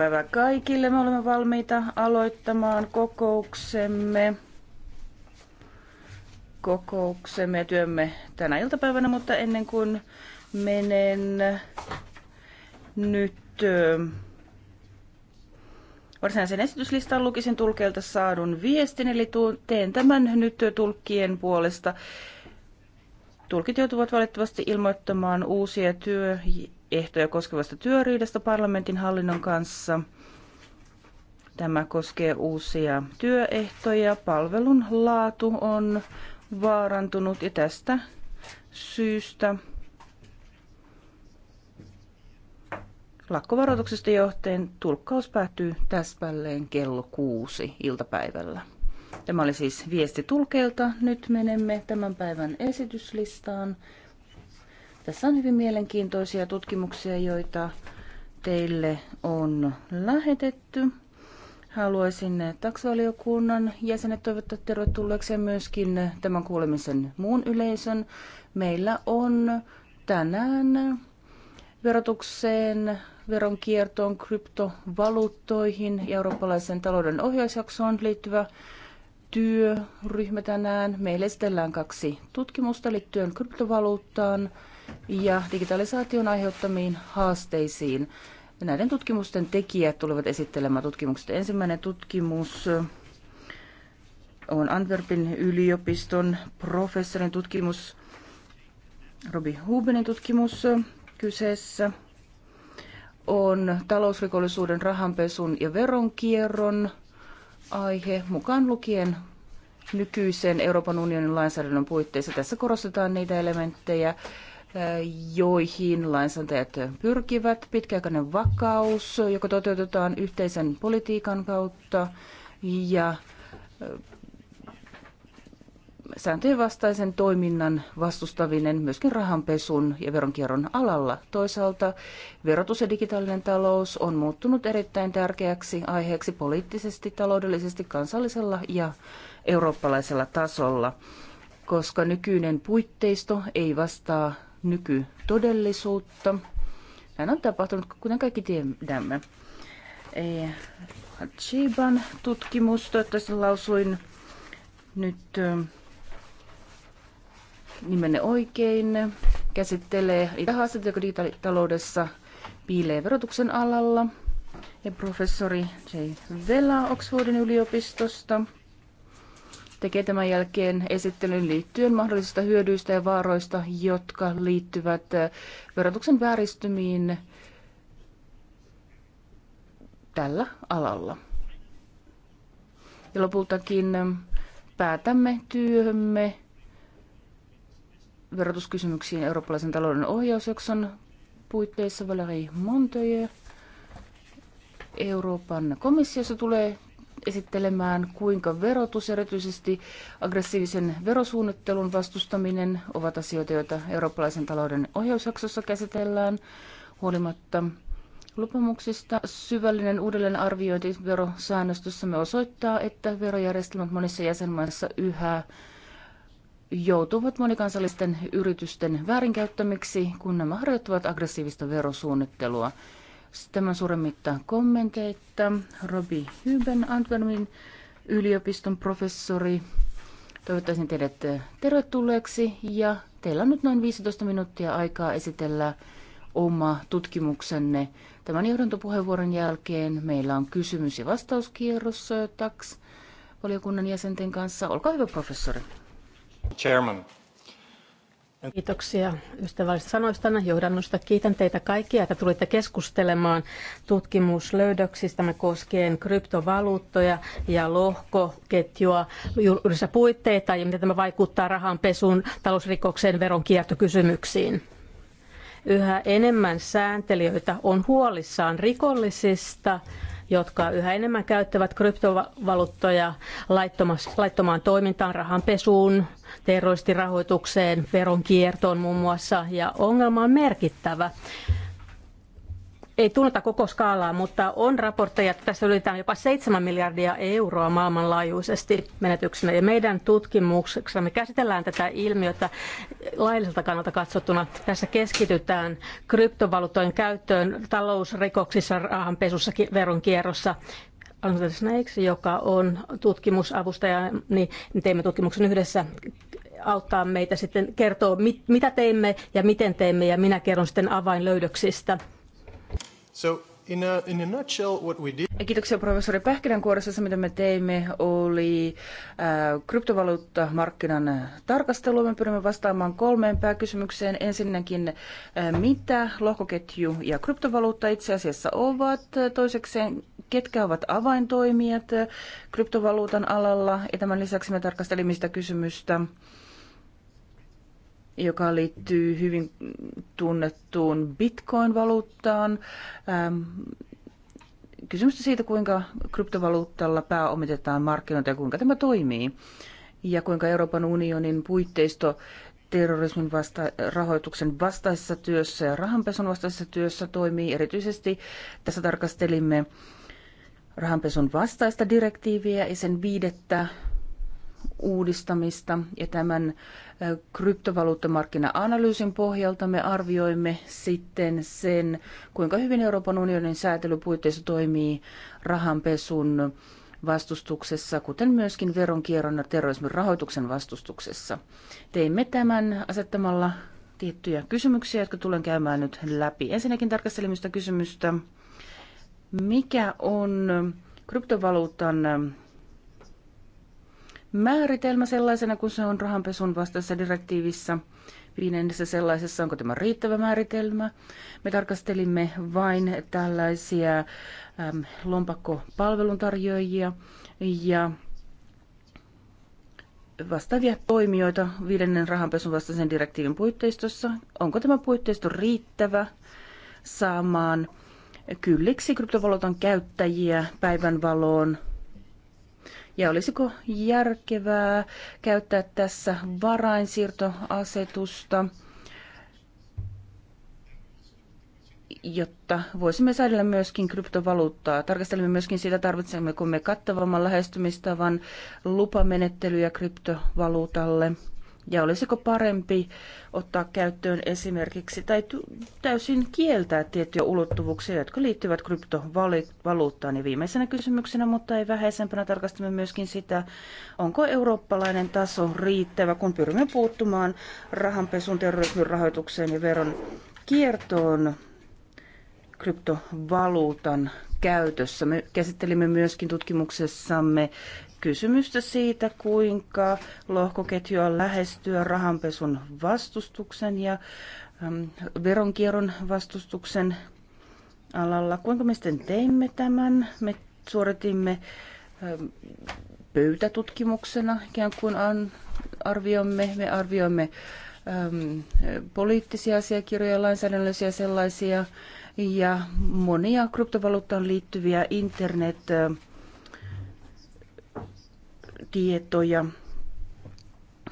Päivää kaikille. Me olemme valmiita aloittamaan kokouksemme. Kokouksemme ja työmme tänä iltapäivänä, mutta ennen kuin menen nyt varsinaisen esityslistan lukisin tulkeilta saadun viestin, eli teen tämän nyt tulkkien puolesta. Tulkit joutuvat valitettavasti ilmoittamaan uusia työ- ehtoja koskevasta työriidasta parlamentin hallinnon kanssa. Tämä koskee uusia työehtoja. Palvelun laatu on vaarantunut ja tästä syystä lakkovaroituksesta johteen tulkkaus päättyy täsmälleen kello kuusi iltapäivällä. Tämä oli siis viesti tulkeilta. Nyt menemme tämän päivän esityslistaan. Tässä on hyvin mielenkiintoisia tutkimuksia, joita teille on lähetetty. Haluaisin taksivaliokunnan jäsenet toivottaa tervetulleeksi ja myöskin tämän kuulemisen muun yleisön. Meillä on tänään verotukseen, veronkiertoon, kryptovaluuttoihin ja eurooppalaisen talouden ohjausjaksoon liittyvä työryhmä tänään. Meille esitellään kaksi tutkimusta liittyen kryptovaluuttaan ja digitalisaation aiheuttamiin haasteisiin. Näiden tutkimusten tekijät tulevat esittelemään tutkimukset. Ensimmäinen tutkimus on Antwerpin yliopiston professorin tutkimus, Robi Hubenin tutkimus kyseessä on talousrikollisuuden, rahanpesun ja veronkierron aihe, mukaan lukien nykyisen Euroopan unionin lainsäädännön puitteissa. Tässä korostetaan niitä elementtejä, joihin lainsäätäjät pyrkivät. Pitkäaikainen vakaus, joka toteutetaan yhteisen politiikan kautta ja sääntöjen vastaisen toiminnan vastustaminen myöskin rahanpesun ja veronkierron alalla. Toisaalta verotus ja digitaalinen talous on muuttunut erittäin tärkeäksi aiheeksi poliittisesti, taloudellisesti, kansallisella ja eurooppalaisella tasolla, koska nykyinen puitteisto ei vastaa nykytodellisuutta. Näin on tapahtunut, kuten kaikki tiedämme. E, Hachiban tutkimus, toivottavasti lausuin nyt nimenne oikein, käsittelee niitä haasteita, jotka digitaloudessa piilee verotuksen alalla. Ja professori J. Vela Oxfordin yliopistosta tekee tämän jälkeen esittelyn liittyen mahdollisista hyödyistä ja vaaroista, jotka liittyvät verotuksen vääristymiin tällä alalla. Ja lopultakin päätämme työhömme verotuskysymyksiin eurooppalaisen talouden ohjausjakson puitteissa Valerie Montoyer Euroopan komissiossa tulee esittelemään, kuinka verotus, erityisesti aggressiivisen verosuunnittelun vastustaminen, ovat asioita, joita eurooppalaisen talouden ohjausjaksossa käsitellään huolimatta lupamuksista. Syvällinen uudelleenarviointi verosäännöstössämme osoittaa, että verojärjestelmät monissa jäsenmaissa yhä joutuvat monikansallisten yritysten väärinkäyttämiksi, kun nämä harjoittavat aggressiivista verosuunnittelua tämän mittaan kommenteita. Robi Hyben, Antwerpin yliopiston professori. Toivottaisin teidät tervetulleeksi ja teillä on nyt noin 15 minuuttia aikaa esitellä oma tutkimuksenne. Tämän johdantopuheenvuoron jälkeen meillä on kysymys- ja vastauskierros TAX valiokunnan jäsenten kanssa. Olkaa hyvä, professori. Chairman. Kiitoksia ystävällisistä ja johdannosta. Kiitän teitä kaikkia, että tulitte keskustelemaan tutkimuslöydöksistämme koskien kryptovaluuttoja ja lohkoketjua yhdessä puitteita ja miten tämä vaikuttaa rahanpesuun, talousrikokseen, veronkiertokysymyksiin. Yhä enemmän sääntelijöitä on huolissaan rikollisista jotka yhä enemmän käyttävät kryptovaluuttoja laittomaan toimintaan, rahanpesuun, terroristirahoitukseen, veronkiertoon muun muassa, ja ongelma on merkittävä ei tunneta koko skaalaa, mutta on raportteja, että tässä ylitetään jopa 7 miljardia euroa maailmanlaajuisesti menetyksenä. Ja meidän tutkimuksessa me käsitellään tätä ilmiötä lailliselta kannalta katsottuna. Tässä keskitytään kryptovaluuttojen käyttöön talousrikoksissa, rahanpesussa, veronkierrossa. Angela Snakes, joka on tutkimusavustaja, niin teimme tutkimuksen yhdessä auttaa meitä sitten kertoa, mit, mitä teimme ja miten teimme, ja minä kerron sitten avainlöydöksistä So in a, in a nutshell, what we did... Kiitoksia professori Pähkinänkuoressa. Se, mitä me teimme, oli äh, kryptovaluuttamarkkinan tarkastelu. Me pyrimme vastaamaan kolmeen pääkysymykseen. Ensinnäkin, äh, mitä lohkoketju ja kryptovaluutta itse asiassa ovat. Toisekseen, ketkä ovat avaintoimijat kryptovaluutan alalla. Ja tämän lisäksi me tarkastelimme sitä kysymystä, äh, joka liittyy hyvin tunnettuun bitcoin-valuuttaan. Ähm, kysymystä siitä, kuinka kryptovaluuttalla pääomitetaan markkinoita ja kuinka tämä toimii. Ja kuinka Euroopan unionin puitteisto terrorismin vasta- rahoituksen vastaisessa työssä ja rahanpesun vastaisessa työssä toimii. Erityisesti tässä tarkastelimme rahanpesun vastaista direktiiviä ja sen viidettä uudistamista ja tämän kryptovaluuttamarkkina-analyysin pohjalta me arvioimme sitten sen, kuinka hyvin Euroopan unionin säätelypuitteissa toimii rahanpesun vastustuksessa, kuten myöskin veronkierron ja terrorismin rahoituksen vastustuksessa. Teimme tämän asettamalla tiettyjä kysymyksiä, jotka tulen käymään nyt läpi. Ensinnäkin tarkastelemista kysymystä, mikä on kryptovaluutan määritelmä sellaisena kuin se on rahanpesun vastaisessa direktiivissä viidennessä sellaisessa, onko tämä riittävä määritelmä. Me tarkastelimme vain tällaisia äm, lompakkopalveluntarjoajia ja vastaavia toimijoita viidennen rahanpesun vastaisen direktiivin puitteistossa. Onko tämä puitteisto riittävä saamaan kylliksi kryptovaluutan käyttäjiä päivänvaloon – ja olisiko järkevää käyttää tässä varainsiirtoasetusta, jotta voisimme säädellä myöskin kryptovaluuttaa. Tarkastelemme myöskin sitä, tarvitsemmeko me kattavamman lähestymistavan lupamenettelyjä kryptovaluutalle – ja olisiko parempi ottaa käyttöön esimerkiksi tai täysin kieltää tiettyjä ulottuvuuksia, jotka liittyvät kryptovaluuttaan. Ja viimeisenä kysymyksenä, mutta ei vähäisempänä, tarkastamme myöskin sitä, onko eurooppalainen taso riittävä, kun pyrimme puuttumaan rahanpesun, terrorismin rahoitukseen ja veron kiertoon kryptovaluutan käytössä. Me käsittelimme myöskin tutkimuksessamme kysymystä siitä, kuinka lohkoketjua lähestyä rahanpesun vastustuksen ja veronkierron vastustuksen alalla. Kuinka me sitten teimme tämän? Me suoritimme pöytätutkimuksena ikään kuin arvioimme. Me arvioimme äm, poliittisia asiakirjoja, lainsäädännöllisiä sellaisia ja monia kryptovaluuttaan liittyviä internet- tietoja.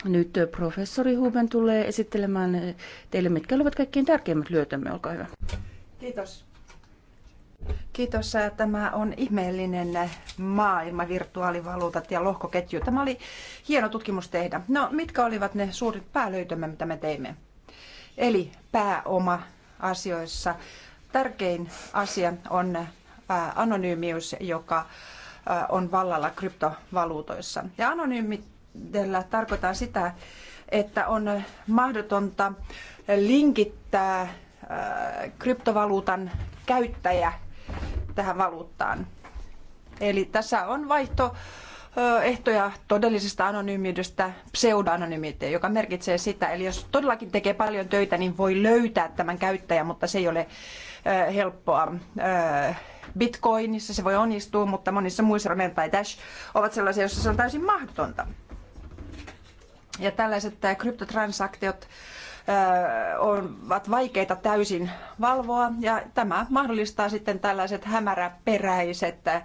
Nyt professori Huben tulee esittelemään teille, mitkä olivat kaikkein tärkeimmät lyötämme. Olkaa hyvä. Kiitos. Kiitos. Tämä on ihmeellinen maailma, virtuaalivaluutat ja lohkoketju. Tämä oli hieno tutkimus tehdä. No, mitkä olivat ne suurit päälöytömme, mitä me teimme? Eli pääoma asioissa. Tärkein asia on anonyymius, joka Äh, on vallalla kryptovaluutoissa. Ja anonyymitellä tarkoittaa sitä, että on mahdotonta linkittää äh, kryptovaluutan käyttäjä tähän valuuttaan. Eli tässä on vaihto äh, ehtoja todellisesta anonyymiydestä pseudoanonyymiteen, joka merkitsee sitä, eli jos todellakin tekee paljon töitä, niin voi löytää tämän käyttäjän, mutta se ei ole helppoa Bitcoinissa se voi onnistua, mutta monissa muissa Ramen tai Dash ovat sellaisia, joissa se on täysin mahdotonta. Ja tällaiset äh, kryptotransaktiot äh, ovat vaikeita täysin valvoa ja tämä mahdollistaa sitten tällaiset hämäräperäiset äh,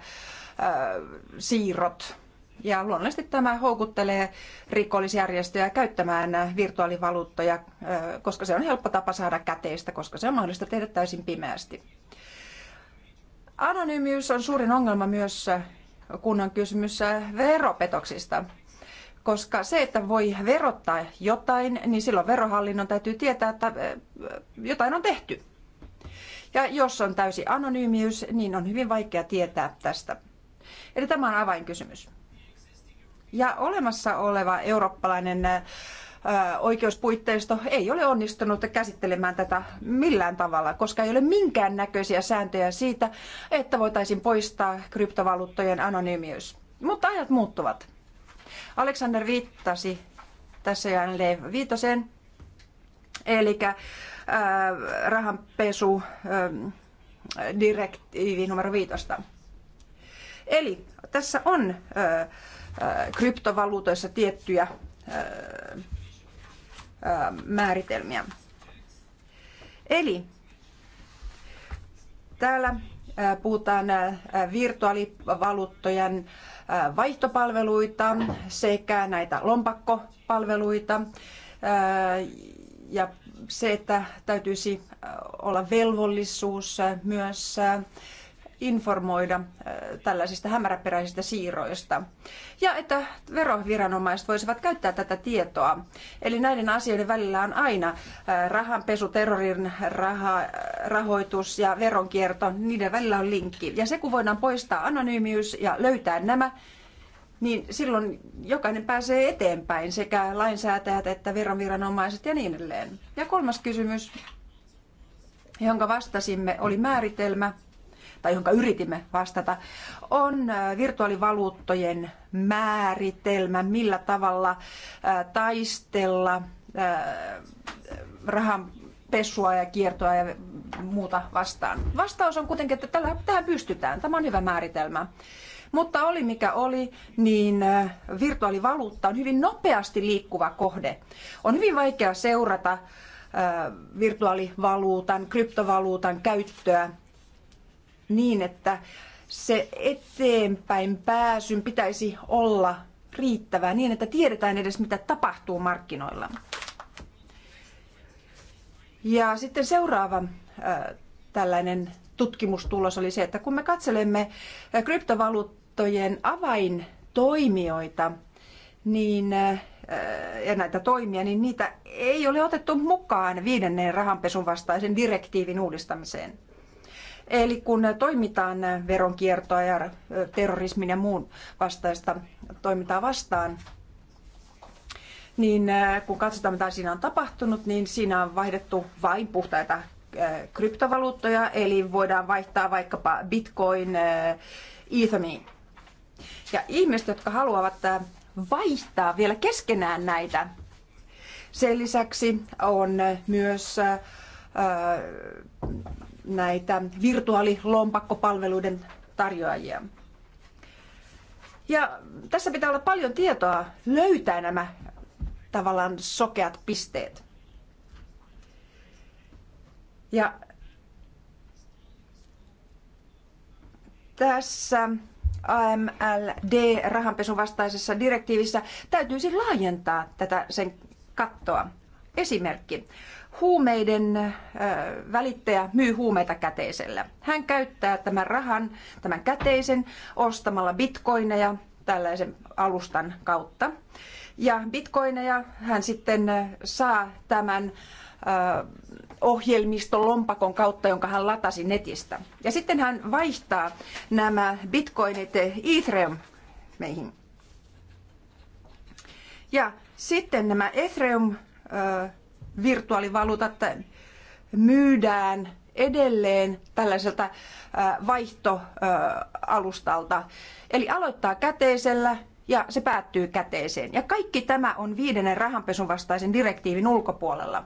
siirrot. Ja luonnollisesti tämä houkuttelee rikollisjärjestöjä käyttämään virtuaalivaluuttoja, koska se on helppo tapa saada käteistä, koska se on mahdollista tehdä täysin pimeästi. Anonyymiys on suurin ongelma myös, kun on kysymys veropetoksista. Koska se, että voi verottaa jotain, niin silloin verohallinnon täytyy tietää, että eh, jotain on tehty. Ja jos on täysi anonyymiys, niin on hyvin vaikea tietää tästä. Eli tämä on avainkysymys. Ja olemassa oleva eurooppalainen eh, oikeuspuitteisto ei ole onnistunut käsittelemään tätä millään tavalla, koska ei ole minkään näköisiä sääntöjä siitä, että voitaisiin poistaa kryptovaluuttojen anonyymiys. Mutta ajat muuttuvat. Alexander viittasi tässä jälleen viitoseen, eli rahanpesu direktiivi numero viitosta. Eli tässä on ö, ö, kryptovaluutoissa tiettyjä ö, määritelmiä. Eli täällä puhutaan virtuaalivaluuttojen vaihtopalveluita sekä näitä lompakkopalveluita ja se, että täytyisi olla velvollisuus myös informoida äh, tällaisista hämäräperäisistä siirroista. Ja että veroviranomaiset voisivat käyttää tätä tietoa. Eli näiden asioiden välillä on aina äh, rahanpesu, terrorin raha, äh, rahoitus ja veronkierto, niiden välillä on linkki. Ja se kun voidaan poistaa anonyymiys ja löytää nämä, niin silloin jokainen pääsee eteenpäin, sekä lainsäätäjät että veronviranomaiset ja niin edelleen. Ja kolmas kysymys, jonka vastasimme, oli määritelmä tai jonka yritimme vastata, on virtuaalivaluuttojen määritelmä, millä tavalla taistella rahan pesua ja kiertoa ja muuta vastaan. Vastaus on kuitenkin, että tähän pystytään. Tämä on hyvä määritelmä. Mutta oli mikä oli, niin virtuaalivaluutta on hyvin nopeasti liikkuva kohde. On hyvin vaikea seurata virtuaalivaluutan, kryptovaluutan käyttöä niin, että se eteenpäin pääsyn pitäisi olla riittävää niin, että tiedetään edes mitä tapahtuu markkinoilla. Ja sitten seuraava äh, tällainen tutkimustulos oli se, että kun me katselemme äh, kryptovaluuttojen avaintoimijoita, niin äh, ja näitä toimia, niin niitä ei ole otettu mukaan viidenneen rahanpesun vastaisen direktiivin uudistamiseen. Eli kun toimitaan veronkiertoa ja terrorismin ja muun vastaista toimintaa vastaan, niin kun katsotaan mitä siinä on tapahtunut, niin siinä on vaihdettu vain puhtaita kryptovaluuttoja, eli voidaan vaihtaa vaikkapa bitcoin ethermiin. Ja ihmiset, jotka haluavat vaihtaa vielä keskenään näitä, sen lisäksi on myös näitä virtuaalilompakkopalveluiden tarjoajia. Ja tässä pitää olla paljon tietoa löytää nämä tavallaan sokeat pisteet. Ja tässä AMLD rahanpesun vastaisessa direktiivissä täytyisi laajentaa tätä sen kattoa. Esimerkki huumeiden välittäjä myy huumeita käteisellä. Hän käyttää tämän rahan, tämän käteisen, ostamalla bitcoineja tällaisen alustan kautta. Ja bitcoineja hän sitten saa tämän ohjelmiston lompakon kautta, jonka hän latasi netistä. Ja sitten hän vaihtaa nämä bitcoinit Ethereum meihin. Ja sitten nämä Ethereum virtuaalivaluutat myydään edelleen tällaiselta äh, vaihtoalustalta. Eli aloittaa käteisellä ja se päättyy käteiseen. Ja kaikki tämä on viidennen rahanpesun vastaisen direktiivin ulkopuolella.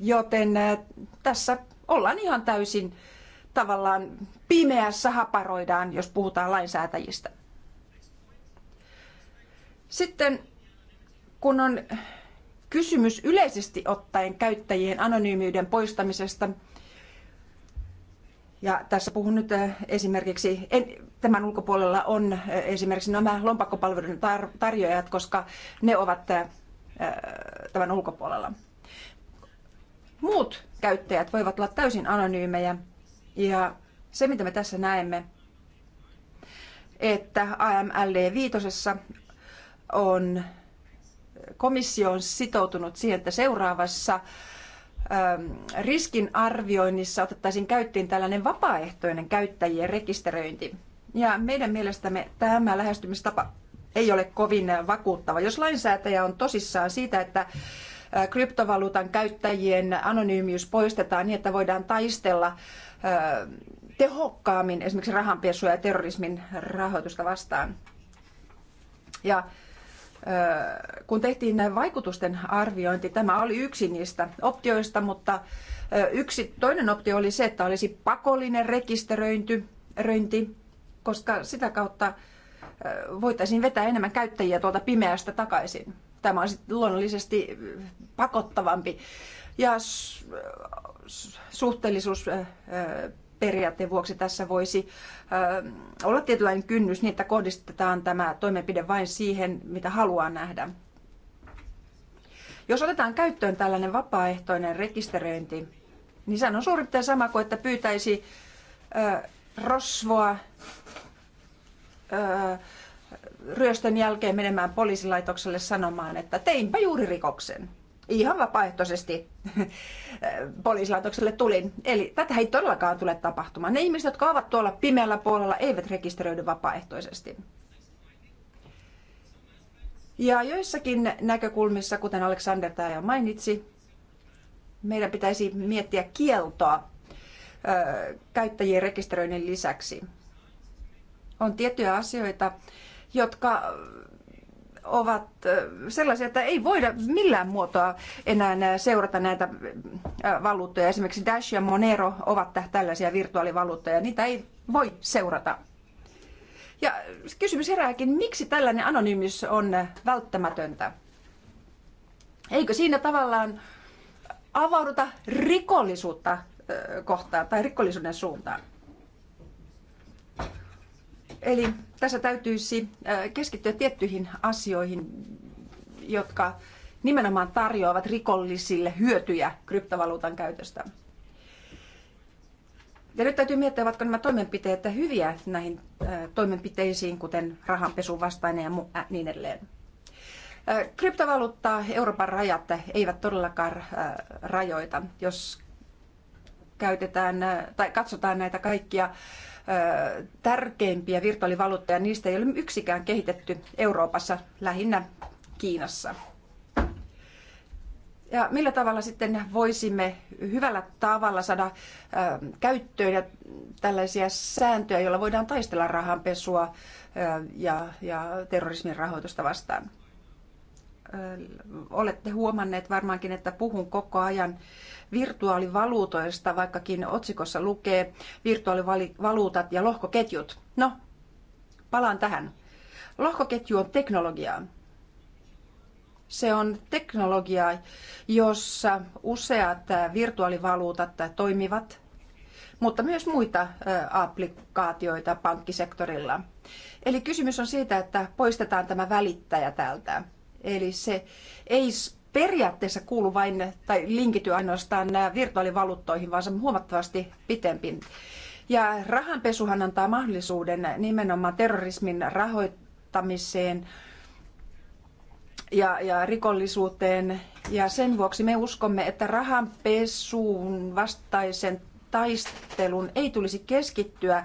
Joten äh, tässä ollaan ihan täysin tavallaan pimeässä haparoidaan, jos puhutaan lainsäätäjistä. Sitten kun on Kysymys yleisesti ottaen käyttäjien anonyymiyden poistamisesta ja tässä puhun nyt eh, esimerkiksi, en, tämän ulkopuolella on eh, esimerkiksi nämä lompakkopalveluiden tar- tarjoajat, koska ne ovat eh, tämän ulkopuolella. Muut käyttäjät voivat olla täysin anonyymejä ja se mitä me tässä näemme, että AMLD 5 on komissio on sitoutunut siihen, että seuraavassa ähm, riskinarvioinnissa otettaisiin käyttöön tällainen vapaaehtoinen käyttäjien rekisteröinti. Ja meidän mielestämme tämä lähestymistapa ei ole kovin vakuuttava. Jos lainsäätäjä on tosissaan siitä, että äh, kryptovaluutan käyttäjien anonyymiys poistetaan niin, että voidaan taistella äh, tehokkaammin esimerkiksi rahanpesua ja terrorismin rahoitusta vastaan. Ja kun tehtiin vaikutusten arviointi, tämä oli yksi niistä optioista, mutta yksi toinen optio oli se, että olisi pakollinen rekisteröinti, koska sitä kautta voitaisiin vetää enemmän käyttäjiä tuolta pimeästä takaisin. Tämä on sitten luonnollisesti pakottavampi ja suhteellisuus periaatteen vuoksi tässä voisi olla tietynlainen kynnys niin, että kohdistetaan tämä toimenpide vain siihen, mitä haluaa nähdä. Jos otetaan käyttöön tällainen vapaaehtoinen rekisteröinti, niin sehän on suurin sama kuin, että pyytäisi ö, rosvoa ö, ryöstön jälkeen menemään poliisilaitokselle sanomaan, että teinpä juuri rikoksen. Ihan vapaaehtoisesti poliisilaitokselle tulin. Eli tätä ei todellakaan tule tapahtumaan. Ne ihmiset, jotka ovat tuolla pimeällä puolella, eivät rekisteröidy vapaaehtoisesti. Ja joissakin näkökulmissa, kuten Alexander tämä jo mainitsi, meidän pitäisi miettiä kieltoa käyttäjien rekisteröinnin lisäksi. On tiettyjä asioita, jotka ovat sellaisia, että ei voida millään muotoa enää seurata näitä valuuttoja. Esimerkiksi Dash ja Monero ovat tällaisia virtuaalivaluuttoja. Niitä ei voi seurata. Ja kysymys herääkin, miksi tällainen anonyymis on välttämätöntä? Eikö siinä tavallaan avauduta rikollisuutta kohtaan tai rikollisuuden suuntaan? Eli tässä täytyisi keskittyä tiettyihin asioihin, jotka nimenomaan tarjoavat rikollisille hyötyjä kryptovaluutan käytöstä. Ja nyt täytyy miettiä, ovatko nämä toimenpiteet hyviä näihin toimenpiteisiin, kuten rahanpesun vastainen ja niin edelleen. Kryptovaluuttaa Euroopan rajat eivät todellakaan rajoita, jos käytetään tai katsotaan näitä kaikkia tärkeimpiä virtuaalivaluuttoja, niistä ei ole yksikään kehitetty Euroopassa, lähinnä Kiinassa. Ja millä tavalla sitten voisimme hyvällä tavalla saada käyttöön tällaisia sääntöjä, joilla voidaan taistella rahanpesua ja, ja terrorismin rahoitusta vastaan? olette huomanneet varmaankin, että puhun koko ajan virtuaalivaluutoista, vaikkakin otsikossa lukee virtuaalivaluutat ja lohkoketjut. No, palaan tähän. Lohkoketju on teknologiaa. Se on teknologiaa, jossa useat virtuaalivaluutat toimivat, mutta myös muita applikaatioita pankkisektorilla. Eli kysymys on siitä, että poistetaan tämä välittäjä täältä. Eli se ei periaatteessa kuulu vain tai linkity ainoastaan äh, virtuaalivaluuttoihin, vaan se on huomattavasti pitempi. Ja rahanpesuhan antaa mahdollisuuden nimenomaan terrorismin rahoittamiseen ja, ja rikollisuuteen. Ja sen vuoksi me uskomme, että rahanpesuun vastaisen taistelun ei tulisi keskittyä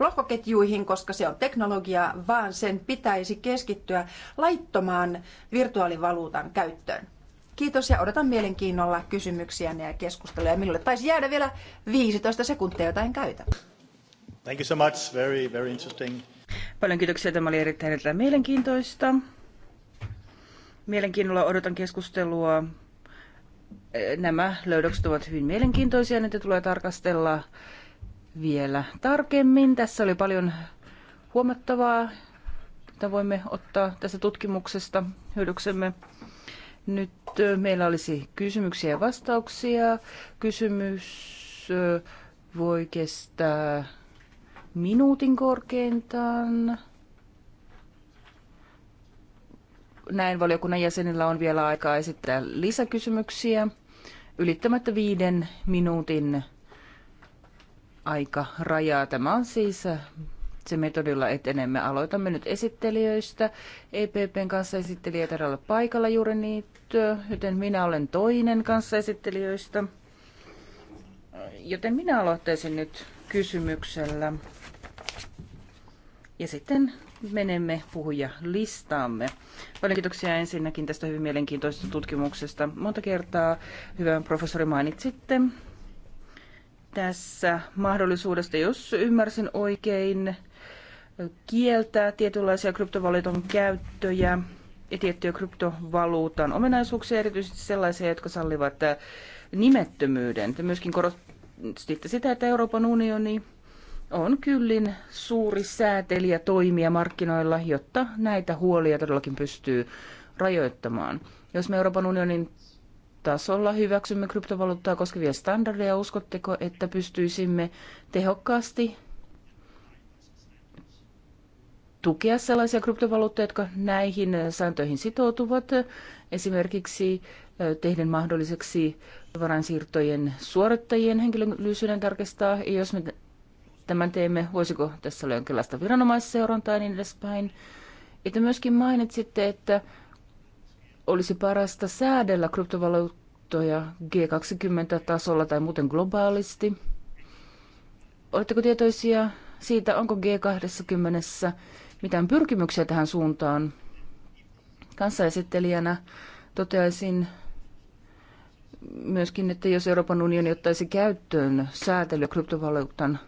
lohkoketjuihin, koska se on teknologia, vaan sen pitäisi keskittyä laittomaan virtuaalivaluutan käyttöön. Kiitos ja odotan mielenkiinnolla kysymyksiä ja keskusteluja. Minulle taisi jäädä vielä 15 sekuntia, jota en käytä. Thank you so much. Very, very interesting. Paljon kiitoksia. Tämä oli erittäin, erittäin mielenkiintoista. Mielenkiinnolla odotan keskustelua. Eh, nämä löydökset ovat hyvin mielenkiintoisia. Niitä tulee tarkastella vielä tarkemmin. Tässä oli paljon huomattavaa, mitä voimme ottaa tästä tutkimuksesta hyödyksemme. Nyt meillä olisi kysymyksiä ja vastauksia. Kysymys voi kestää minuutin korkeintaan. Näin valiokunnan jäsenillä on vielä aikaa esittää lisäkysymyksiä ylittämättä viiden minuutin aika rajaa. Tämä on siis se metodilla etenemme. Aloitamme nyt esittelijöistä. EPPn kanssa esittelijät ei ole paikalla juuri niitä, joten minä olen toinen kanssa esittelijöistä. Joten minä aloittaisin nyt kysymyksellä. Ja sitten menemme puhuja listaamme. Paljon kiitoksia ensinnäkin tästä hyvin mielenkiintoisesta tutkimuksesta. Monta kertaa, hyvän professori, mainitsitte tässä mahdollisuudesta, jos ymmärsin oikein, kieltää tietynlaisia kryptovaluutan käyttöjä ja tiettyjä kryptovaluutan ominaisuuksia, erityisesti sellaisia, jotka sallivat äh, nimettömyyden. Te myöskin korostitte sitä, että Euroopan unioni on kyllin suuri säätelijä toimia markkinoilla, jotta näitä huolia todellakin pystyy rajoittamaan. Jos me Euroopan unionin tasolla hyväksymme kryptovaluuttaa koskevia standardeja, uskotteko, että pystyisimme tehokkaasti tukea sellaisia kryptovaluuttoja, jotka näihin sääntöihin sitoutuvat, esimerkiksi tehden mahdolliseksi varansiirtojen suorittajien henkilöllisyyden tarkistaa, ja jos me tämän teemme, voisiko tässä olla jonkinlaista viranomaisseurantaa ja niin edespäin. Että myöskin mainitsitte, että olisi parasta säädellä kryptovaluuttoja G20-tasolla tai muuten globaalisti. Oletteko tietoisia siitä, onko G20 mitään pyrkimyksiä tähän suuntaan. Kanssaesittelijänä toteaisin myöskin, että jos Euroopan unioni ottaisi käyttöön säätelyä kryptovaluutan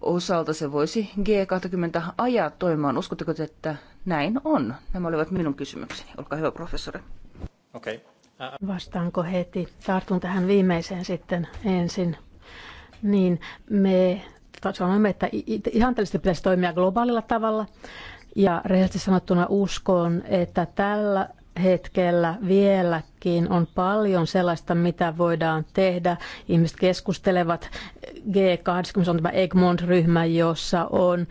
osalta, se voisi G20 ajaa toimimaan. Uskotteko että näin on? Nämä olivat minun kysymykseni. Olkaa hyvä, professori. Uh-huh. Vastaanko heti? Tartun tähän viimeiseen sitten ensin. Niin, me sanomme, että ihanteellisesti pitäisi toimia globaalilla tavalla. Ja rehellisesti sanottuna uskon, että tällä hetkellä vieläkin on paljon sellaista, mitä voidaan tehdä. Ihmiset keskustelevat. G20 on tämä Egmont-ryhmä, jossa on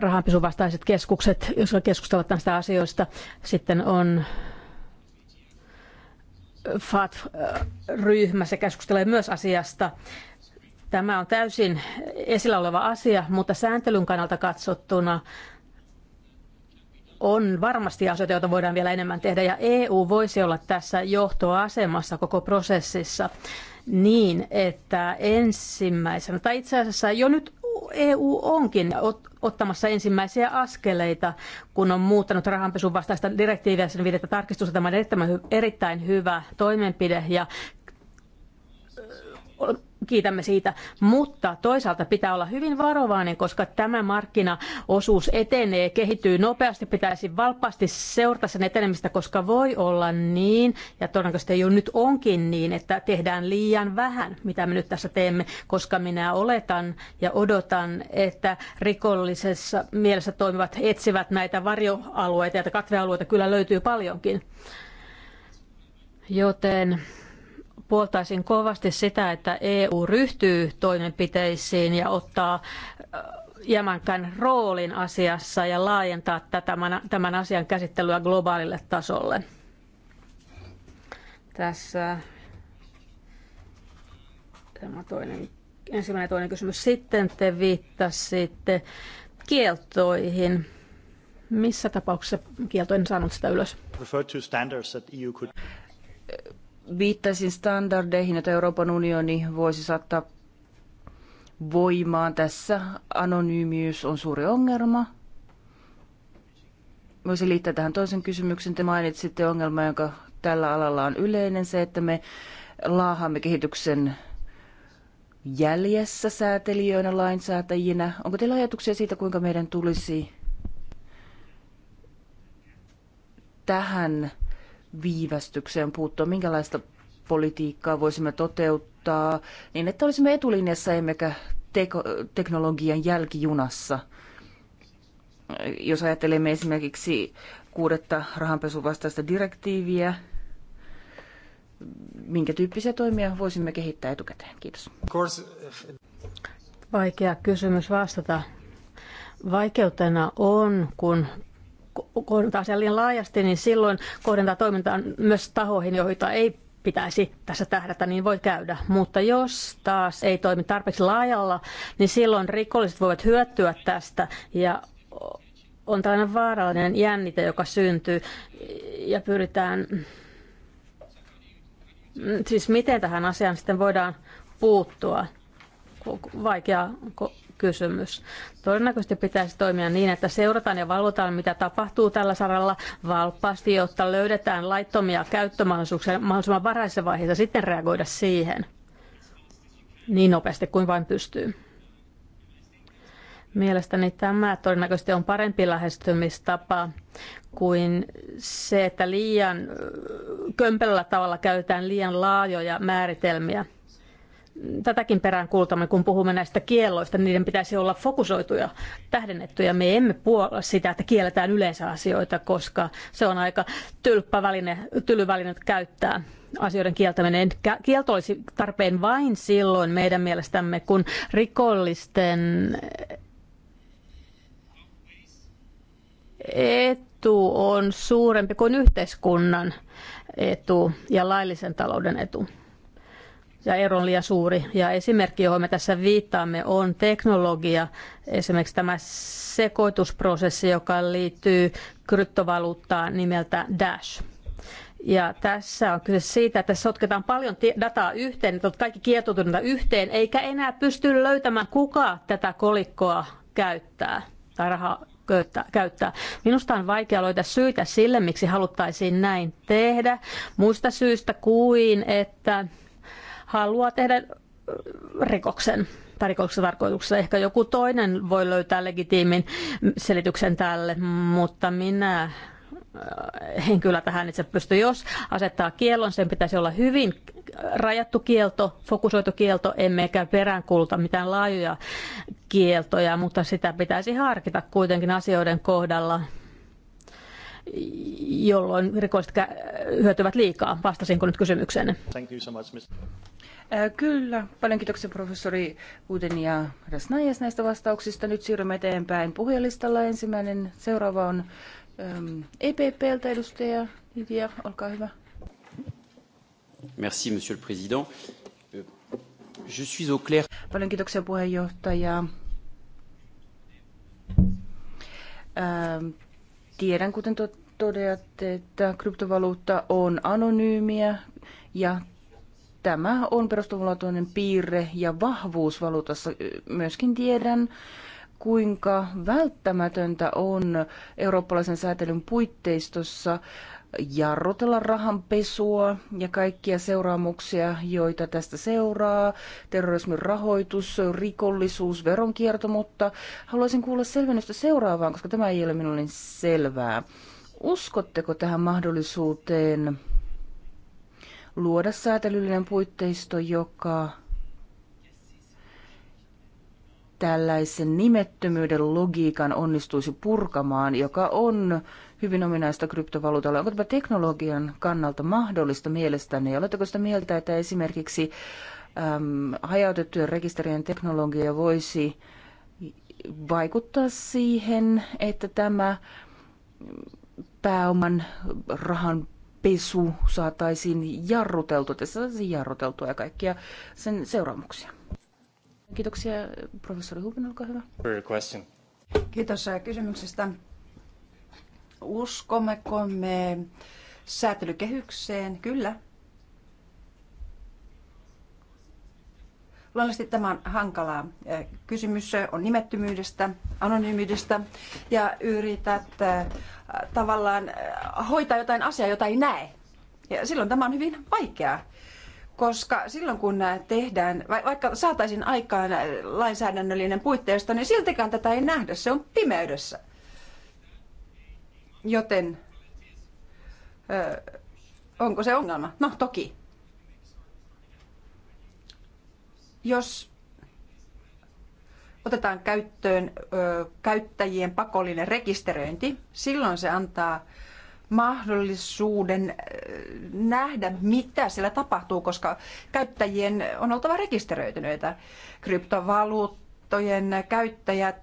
rahanpisuvastaiset keskukset, jossa keskustelevat näistä asioista. Sitten on FAT-ryhmä, se keskustelee myös asiasta. Tämä on täysin esillä oleva asia, mutta sääntelyn kannalta katsottuna on varmasti asioita, joita voidaan vielä enemmän tehdä, ja EU voisi olla tässä johtoasemassa koko prosessissa niin, että ensimmäisenä, tai itse asiassa jo nyt EU onkin ottamassa ensimmäisiä askeleita, kun on muuttanut rahanpesun vastaista direktiiviä sen viidettä tarkistusta. Tämä on erittäin, hyvä toimenpide ja kiitämme siitä, mutta toisaalta pitää olla hyvin varovainen, koska tämä markkinaosuus etenee, kehittyy nopeasti, pitäisi valppaasti seurata sen etenemistä, koska voi olla niin, ja todennäköisesti jo nyt onkin niin, että tehdään liian vähän, mitä me nyt tässä teemme, koska minä oletan ja odotan, että rikollisessa mielessä toimivat etsivät näitä varjoalueita ja katvealueita kyllä löytyy paljonkin. Joten puoltaisin kovasti sitä, että EU ryhtyy toimenpiteisiin ja ottaa äh, jämänkän roolin asiassa ja laajentaa tämän, tämän asian käsittelyä globaalille tasolle. Tässä tämä toinen, ensimmäinen ja toinen kysymys. Sitten te viittasitte kieltoihin. Missä tapauksessa kieltoin saanut sitä ylös? Viittaisin standardeihin, joita Euroopan unioni voisi saattaa voimaan. Tässä anonyymiys on suuri ongelma. Voisin liittää tähän toisen kysymyksen. Te mainitsitte ongelma, jonka tällä alalla on yleinen, se, että me laahamme kehityksen jäljessä säätelijöinä, lainsäätäjinä. Onko teillä ajatuksia siitä, kuinka meidän tulisi tähän viivästykseen puuttua, minkälaista politiikkaa voisimme toteuttaa niin, että olisimme etulinjassa emmekä teko- teknologian jälkijunassa. Jos ajattelemme esimerkiksi kuudetta vastaista direktiiviä, minkä tyyppisiä toimia voisimme kehittää etukäteen? Kiitos. Vaikea kysymys vastata. Vaikeutena on, kun kohdentaa sen liian laajasti, niin silloin kohdentaa toimintaa myös tahoihin, joita ei pitäisi tässä tähdätä, niin voi käydä. Mutta jos taas ei toimi tarpeeksi laajalla, niin silloin rikolliset voivat hyötyä tästä ja on tällainen vaarallinen jännite, joka syntyy ja pyritään... Siis miten tähän asiaan sitten voidaan puuttua? Vaikea kysymys. Todennäköisesti pitäisi toimia niin, että seurataan ja valvotaan, mitä tapahtuu tällä saralla valppaasti, jotta löydetään laittomia käyttömahdollisuuksia mahdollisimman varhaisessa vaiheessa sitten reagoida siihen niin nopeasti kuin vain pystyy. Mielestäni tämä todennäköisesti on parempi lähestymistapa kuin se, että liian kömpelöllä tavalla käytetään liian laajoja määritelmiä – tätäkin perään kuultamme, kun puhumme näistä kielloista, niin niiden pitäisi olla fokusoituja, tähdennettyjä. Me emme puolla sitä, että kielletään yleensä asioita, koska se on aika tylppäväline, tylyväline käyttää asioiden kieltäminen. Kielto olisi tarpeen vain silloin meidän mielestämme, kun rikollisten etu on suurempi kuin yhteiskunnan etu ja laillisen talouden etu ja ero on liian suuri. Ja esimerkki, johon me tässä viittaamme, on teknologia. Esimerkiksi tämä sekoitusprosessi, joka liittyy kryptovaluuttaan nimeltä Dash. Ja tässä on kyse siitä, että sotketaan paljon dataa yhteen, että kaikki kietoutuneita yhteen, eikä enää pysty löytämään, kuka tätä kolikkoa käyttää tai rahaa käyttää. Minusta on vaikea löytää syitä sille, miksi haluttaisiin näin tehdä, muista syystä kuin, että haluaa tehdä rikoksen tai rikoksen tarkoituksessa. Ehkä joku toinen voi löytää legitiimin selityksen tälle, mutta minä en kyllä tähän itse pysty. Jos asettaa kiellon, sen pitäisi olla hyvin rajattu kielto, fokusoitu kielto, emmekä peräänkuuluta mitään laajoja kieltoja, mutta sitä pitäisi harkita kuitenkin asioiden kohdalla, jolloin rikolliset hyötyvät liikaa. Vastasinko nyt kysymykseenne? Äh, kyllä. Paljon kiitoksia professori Uuden ja Rasnaijas näistä vastauksista. Nyt siirrymme eteenpäin puhujalistalla. Ensimmäinen seuraava on äm, EPPltä edustaja Lidia, Olkaa hyvä. Merci, monsieur le président. Euh, je suis au clair. Paljon kiitoksia puheenjohtaja. Ähm, tiedän, kuten toteatte, että kryptovaluutta on anonyymiä ja tämä on perustavanlaatuinen piirre ja vahvuus valuutassa. Myöskin tiedän, kuinka välttämätöntä on eurooppalaisen säätelyn puitteistossa jarrutella rahanpesua ja kaikkia seuraamuksia, joita tästä seuraa, terrorismin rahoitus, rikollisuus, veronkierto, mutta haluaisin kuulla selvennystä seuraavaan, koska tämä ei ole minulle niin selvää. Uskotteko tähän mahdollisuuteen? luoda säätelyllinen puitteisto, joka tällaisen nimettömyyden logiikan onnistuisi purkamaan, joka on hyvin ominaista kryptovaluutalle. Onko tämä teknologian kannalta mahdollista mielestäni? Oletteko sitä mieltä, että esimerkiksi äm, hajautettujen rekisterien teknologia voisi vaikuttaa siihen, että tämä pääoman rahan pesu saataisiin jarruteltua, että saataisiin jarruteltua ja kaikkia sen seuraamuksia. Kiitoksia. Professori Hubin, olkaa hyvä. Kiitos äh, kysymyksestä. Uskommeko me säätelykehykseen? Kyllä, Luonnollisesti tämä on hankalaa. Kysymys on nimettömyydestä, anonyymyydestä ja yrität tavallaan hoitaa jotain asiaa, jota ei näe. Ja silloin tämä on hyvin vaikeaa, koska silloin kun tehdään, vaikka saataisiin aikaan lainsäädännöllinen puitteista, niin siltikään tätä ei nähdä, se on pimeydessä. Joten onko se ongelma? No toki, Jos otetaan käyttöön ö, käyttäjien pakollinen rekisteröinti, silloin se antaa mahdollisuuden nähdä, mitä siellä tapahtuu, koska käyttäjien on oltava rekisteröityneitä. Kryptovaluuttojen käyttäjät,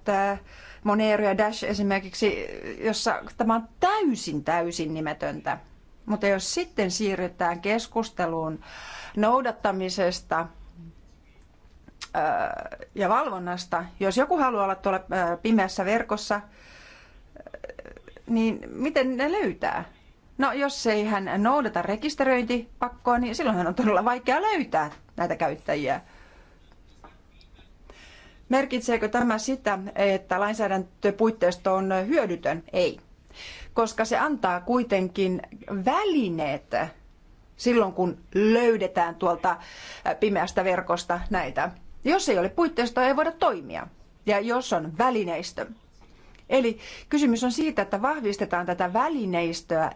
Monero ja Dash esimerkiksi, jossa tämä on täysin täysin nimetöntä. Mutta jos sitten siirrytään keskusteluun noudattamisesta – ja valvonnasta. Jos joku haluaa olla tuolla pimeässä verkossa, niin miten ne löytää? No jos ei hän noudata rekisteröintipakkoa, niin silloin hän on todella vaikea löytää näitä käyttäjiä. Merkitseekö tämä sitä, että lainsäädäntöpuitteisto on hyödytön? Ei, koska se antaa kuitenkin välineet silloin, kun löydetään tuolta pimeästä verkosta näitä jos ei ole puitteistoa, ei voida toimia. Ja jos on välineistö. Eli kysymys on siitä, että vahvistetaan tätä välineistöä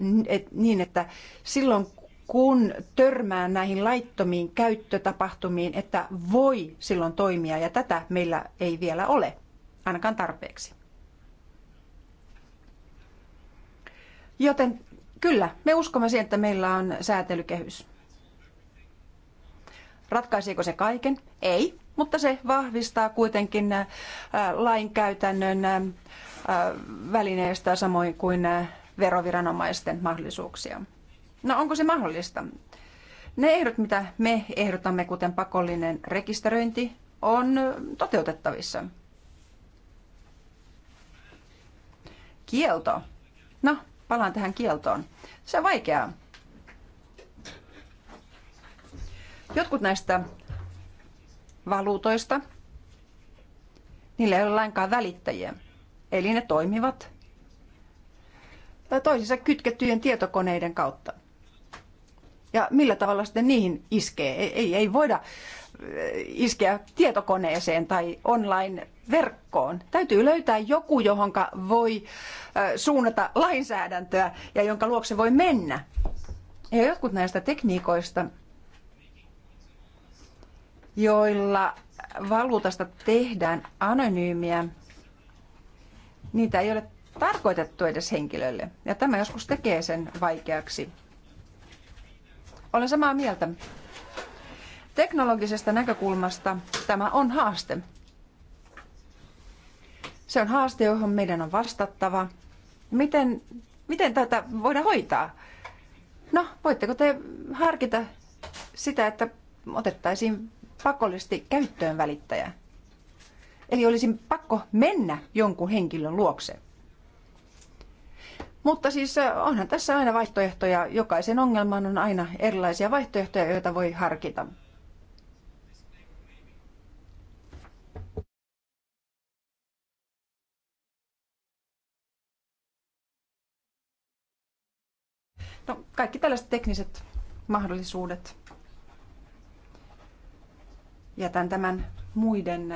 niin, että silloin kun törmää näihin laittomiin käyttötapahtumiin, että voi silloin toimia. Ja tätä meillä ei vielä ole, ainakaan tarpeeksi. Joten kyllä, me uskomme siihen, että meillä on säätelykehys. Ratkaisiko se kaiken? Ei mutta se vahvistaa kuitenkin äh, lainkäytännön äh, välineistä samoin kuin äh, veroviranomaisten mahdollisuuksia. No onko se mahdollista? Ne ehdot, mitä me ehdotamme, kuten pakollinen rekisteröinti, on toteutettavissa. Kielto. No, palaan tähän kieltoon. Se on vaikeaa. Jotkut näistä valuutoista, niillä ei ole lainkaan välittäjiä. Eli ne toimivat tai kytkettyjen tietokoneiden kautta. Ja millä tavalla sitten niihin iskee? Ei, ei, ei voida eh, iskeä tietokoneeseen tai online-verkkoon. Täytyy löytää joku, johon voi eh, suunnata lainsäädäntöä ja jonka luokse voi mennä. Ja jotkut näistä tekniikoista – joilla valuutasta tehdään anonyymiä, niitä ei ole tarkoitettu edes henkilölle. Ja tämä joskus tekee sen vaikeaksi. Olen samaa mieltä. Teknologisesta näkökulmasta tämä on haaste. Se on haaste, johon meidän on vastattava. Miten, miten tätä voidaan hoitaa? No, voitteko te harkita sitä, että otettaisiin pakollisesti käyttöön välittäjä. Eli olisi pakko mennä jonkun henkilön luokse. Mutta siis äh, onhan tässä aina vaihtoehtoja. Jokaisen ongelman on aina erilaisia vaihtoehtoja, joita voi harkita. No, kaikki tällaiset tekniset mahdollisuudet jätän tämän muiden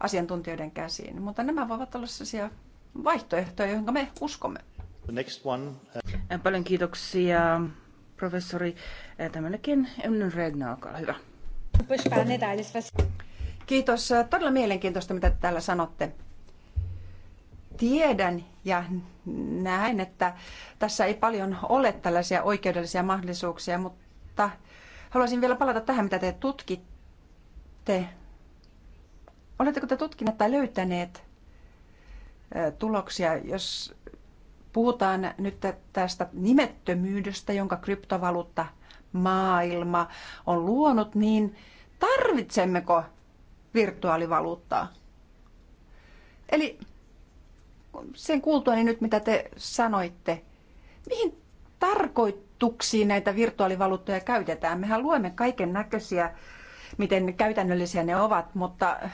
asiantuntijoiden käsiin. Mutta nämä voivat olla sellaisia vaihtoehtoja, joihin me uskomme. The next one. Paljon kiitoksia professori. Tämänäkin ennen Regna, olkaa hyvä. Kiitos. Todella mielenkiintoista, mitä täällä sanotte. Tiedän ja näen, että tässä ei paljon ole tällaisia oikeudellisia mahdollisuuksia, mutta haluaisin vielä palata tähän, mitä te tutkitte te, oletteko te tutkineet tai löytäneet tuloksia, jos puhutaan nyt tästä nimettömyydestä, jonka kryptovaluutta maailma on luonut, niin tarvitsemmeko virtuaalivaluuttaa? Eli sen kuultua niin nyt, mitä te sanoitte, mihin tarkoituksiin näitä virtuaalivaluuttoja käytetään? Mehän luemme kaiken näköisiä miten käytännöllisiä ne ovat, mutta äh,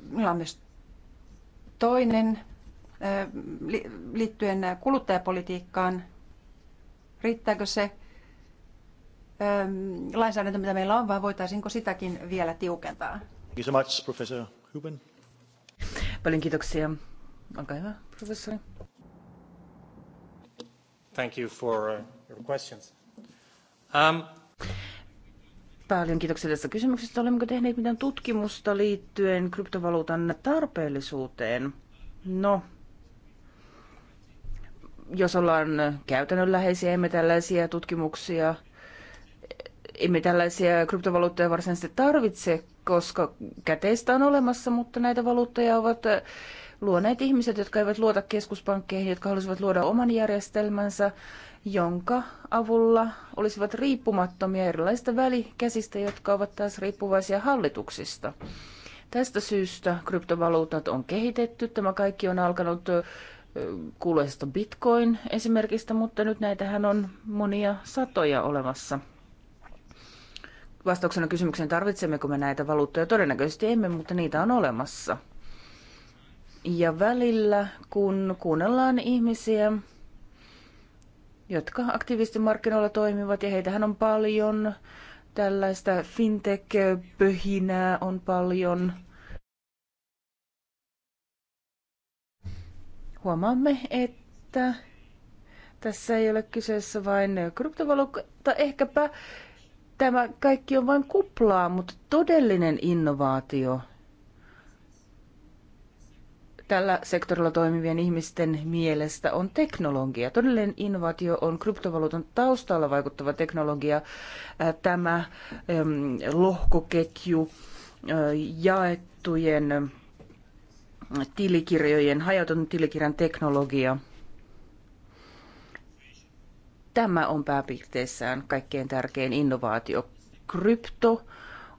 minulla on myös toinen äh, liittyen kuluttajapolitiikkaan. Riittääkö se ähm, lainsäädäntö, mitä meillä on, vai voitaisiinko sitäkin vielä tiukentaa? Much, professor Huben. Paljon kiitoksia. Olkaa hyvä, professori. Thank you for uh, your questions. Um, Paljon kiitoksia tästä kysymyksestä. Olemmeko tehneet mitään tutkimusta liittyen kryptovaluutan tarpeellisuuteen? No, jos ollaan käytännönläheisiä, emme tällaisia tutkimuksia, emme tällaisia kryptovaluuttoja varsinaisesti tarvitse, koska käteistä on olemassa, mutta näitä valuuttoja ovat luoneet ihmiset, jotka eivät luota keskuspankkeihin, jotka haluaisivat luoda oman järjestelmänsä jonka avulla olisivat riippumattomia erilaisista välikäsistä, jotka ovat taas riippuvaisia hallituksista. Tästä syystä kryptovaluutat on kehitetty. Tämä kaikki on alkanut kuuluisesta bitcoin esimerkistä, mutta nyt näitähän on monia satoja olemassa. Vastauksena kysymykseen, tarvitsemmeko me näitä valuuttoja? Todennäköisesti emme, mutta niitä on olemassa. Ja välillä, kun kuunnellaan ihmisiä, jotka aktiivisesti toimivat, ja heitähän on paljon. Tällaista fintech-pöhinää on paljon. Huomaamme, että tässä ei ole kyseessä vain kryptovaluutta, ehkäpä tämä kaikki on vain kuplaa, mutta todellinen innovaatio – tällä sektorilla toimivien ihmisten mielestä on teknologia. Todellinen innovaatio on kryptovaluutan taustalla vaikuttava teknologia, äh, tämä ähm, lohkoketju, äh, jaettujen äh, tilikirjojen, hajautetun tilikirjan teknologia. Tämä on pääpiirteissään kaikkein tärkein innovaatio. Krypto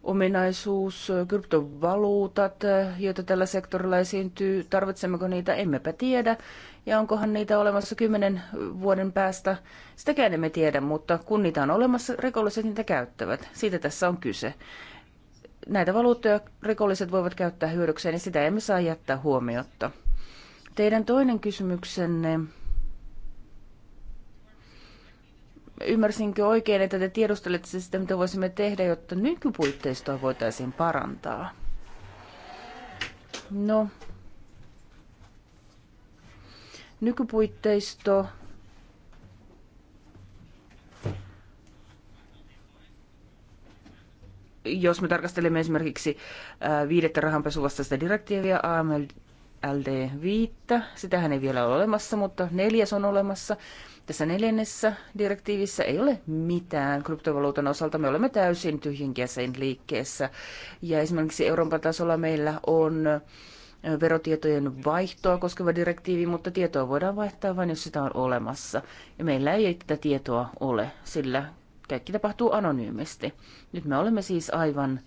ominaisuus, kryptovaluutat, joita tällä sektorilla esiintyy, tarvitsemmeko niitä, emmepä tiedä. Ja onkohan niitä olemassa kymmenen vuoden päästä, sitäkään emme tiedä, mutta kun niitä on olemassa, rikolliset niitä käyttävät. Siitä tässä on kyse. Näitä valuuttoja rikolliset voivat käyttää hyödykseen, niin sitä emme saa jättää huomiotta. Teidän toinen kysymyksenne Ymmärsinkö oikein, että te tiedustelette siis sitä, mitä voisimme tehdä, jotta nykypuitteistoa voitaisiin parantaa? No, nykypuitteisto jos me tarkastelemme esimerkiksi äh, viidettä sitä direktiiviä AMLD 5, sitähän ei vielä ole olemassa, mutta neljäs on olemassa. Tässä neljännessä direktiivissä ei ole mitään kryptovaluutan osalta. Me olemme täysin tyhjinkäsen liikkeessä. Ja esimerkiksi Euroopan tasolla meillä on verotietojen vaihtoa koskeva direktiivi, mutta tietoa voidaan vaihtaa vain, jos sitä on olemassa. Ja meillä ei tätä tietoa ole, sillä kaikki tapahtuu anonyymisti. Nyt me olemme siis aivan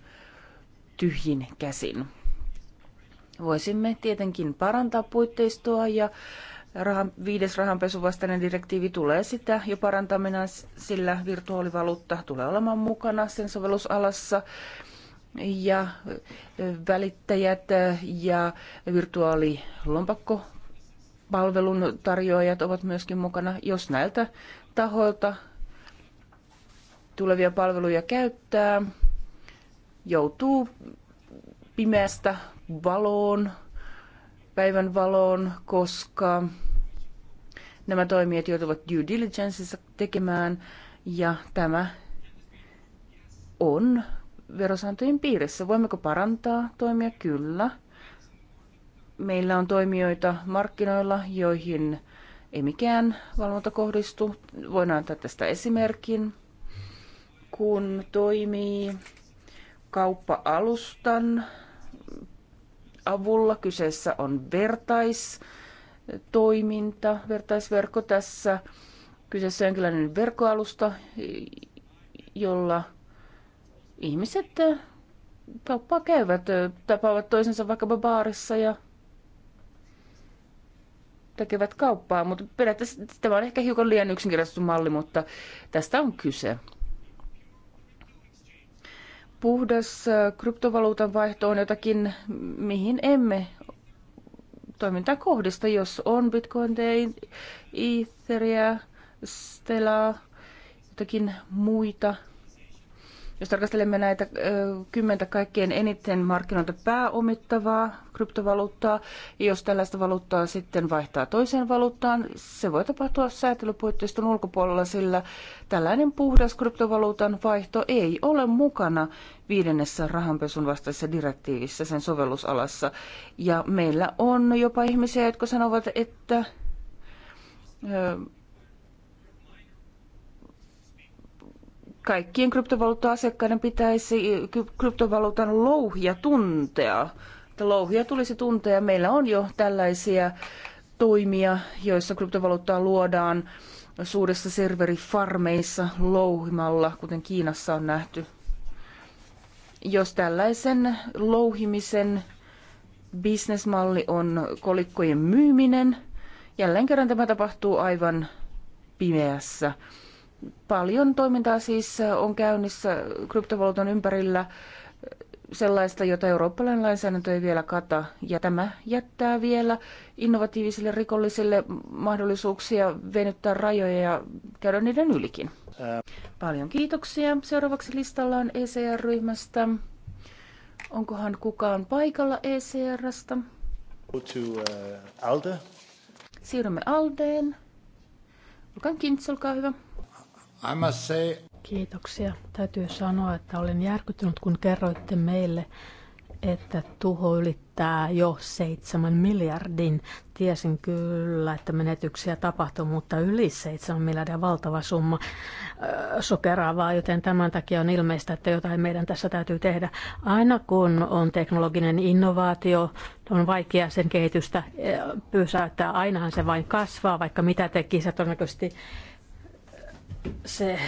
tyhjin käsin. Voisimme tietenkin parantaa puitteistoa ja rahan, viides rahanpesuvastainen direktiivi tulee sitä jo parantamina, sillä virtuaalivaluutta tulee olemaan mukana sen sovellusalassa ja välittäjät ja virtuaalilompakkopalvelun palvelun tarjoajat ovat myöskin mukana, jos näiltä tahoilta tulevia palveluja käyttää, joutuu pimeästä valoon päivän valoon, koska nämä toimijat joutuvat due diligencensa tekemään ja tämä on verosääntöjen piirissä. Voimmeko parantaa toimia? Kyllä. Meillä on toimijoita markkinoilla, joihin ei mikään valvonta kohdistu. Voidaan antaa tästä esimerkin. Kun toimii kauppa-alustan avulla. Kyseessä on vertaistoiminta, vertaisverkko tässä. Kyseessä on jonkinlainen verkkoalusta, jolla ihmiset äh, kauppaa käyvät, äh, tapaavat toisensa vaikkapa baarissa ja tekevät kauppaa, mutta periaatteessa tämä on ehkä hiukan liian yksinkertaistettu malli, mutta tästä on kyse puhdas kryptovaluutan vaihto on jotakin, mihin emme toimintaa kohdista, jos on Bitcoin, Ethereum, Stellaa, jotakin muita jos tarkastelemme näitä kymmentä kaikkien eniten markkinoita pääomittavaa kryptovaluuttaa, jos tällaista valuuttaa sitten vaihtaa toiseen valuuttaan, se voi tapahtua säätelypuitteiston ulkopuolella, sillä tällainen puhdas kryptovaluutan vaihto ei ole mukana viidennessä rahanpesun vastaisessa direktiivissä sen sovellusalassa. Ja meillä on jopa ihmisiä, jotka sanovat, että kaikkien kryptovaluutta-asiakkaiden pitäisi kryptovaluutan louhia tuntea. Että louhia tulisi tuntea. Meillä on jo tällaisia toimia, joissa kryptovaluuttaa luodaan suuressa serverifarmeissa louhimalla, kuten Kiinassa on nähty. Jos tällaisen louhimisen bisnesmalli on kolikkojen myyminen, jälleen kerran tämä tapahtuu aivan pimeässä. Paljon toimintaa siis äh, on käynnissä kryptovaluutan ympärillä äh, sellaista, jota eurooppalainen lainsäädäntö ei vielä kata, ja tämä jättää vielä innovatiivisille rikollisille mahdollisuuksia venyttää rajoja ja käydä niiden ylikin. Paljon kiitoksia. Seuraavaksi listalla on ECR-ryhmästä. Onkohan kukaan paikalla ECRstä? Go to, uh, Alde. Siirrymme Aldeen. Olkaa kintsi, olkaa hyvä. I must say... Kiitoksia. Täytyy sanoa, että olen järkyttynyt, kun kerroitte meille, että tuho ylittää jo seitsemän miljardin. Tiesin kyllä, että menetyksiä tapahtuu, mutta yli seitsemän miljardia valtava summa äh, sokeraavaa, joten tämän takia on ilmeistä, että jotain meidän tässä täytyy tehdä. Aina kun on teknologinen innovaatio, on vaikea sen kehitystä äh, pysäyttää. Ainahan se vain kasvaa, vaikka mitä tekisi, todennäköisesti se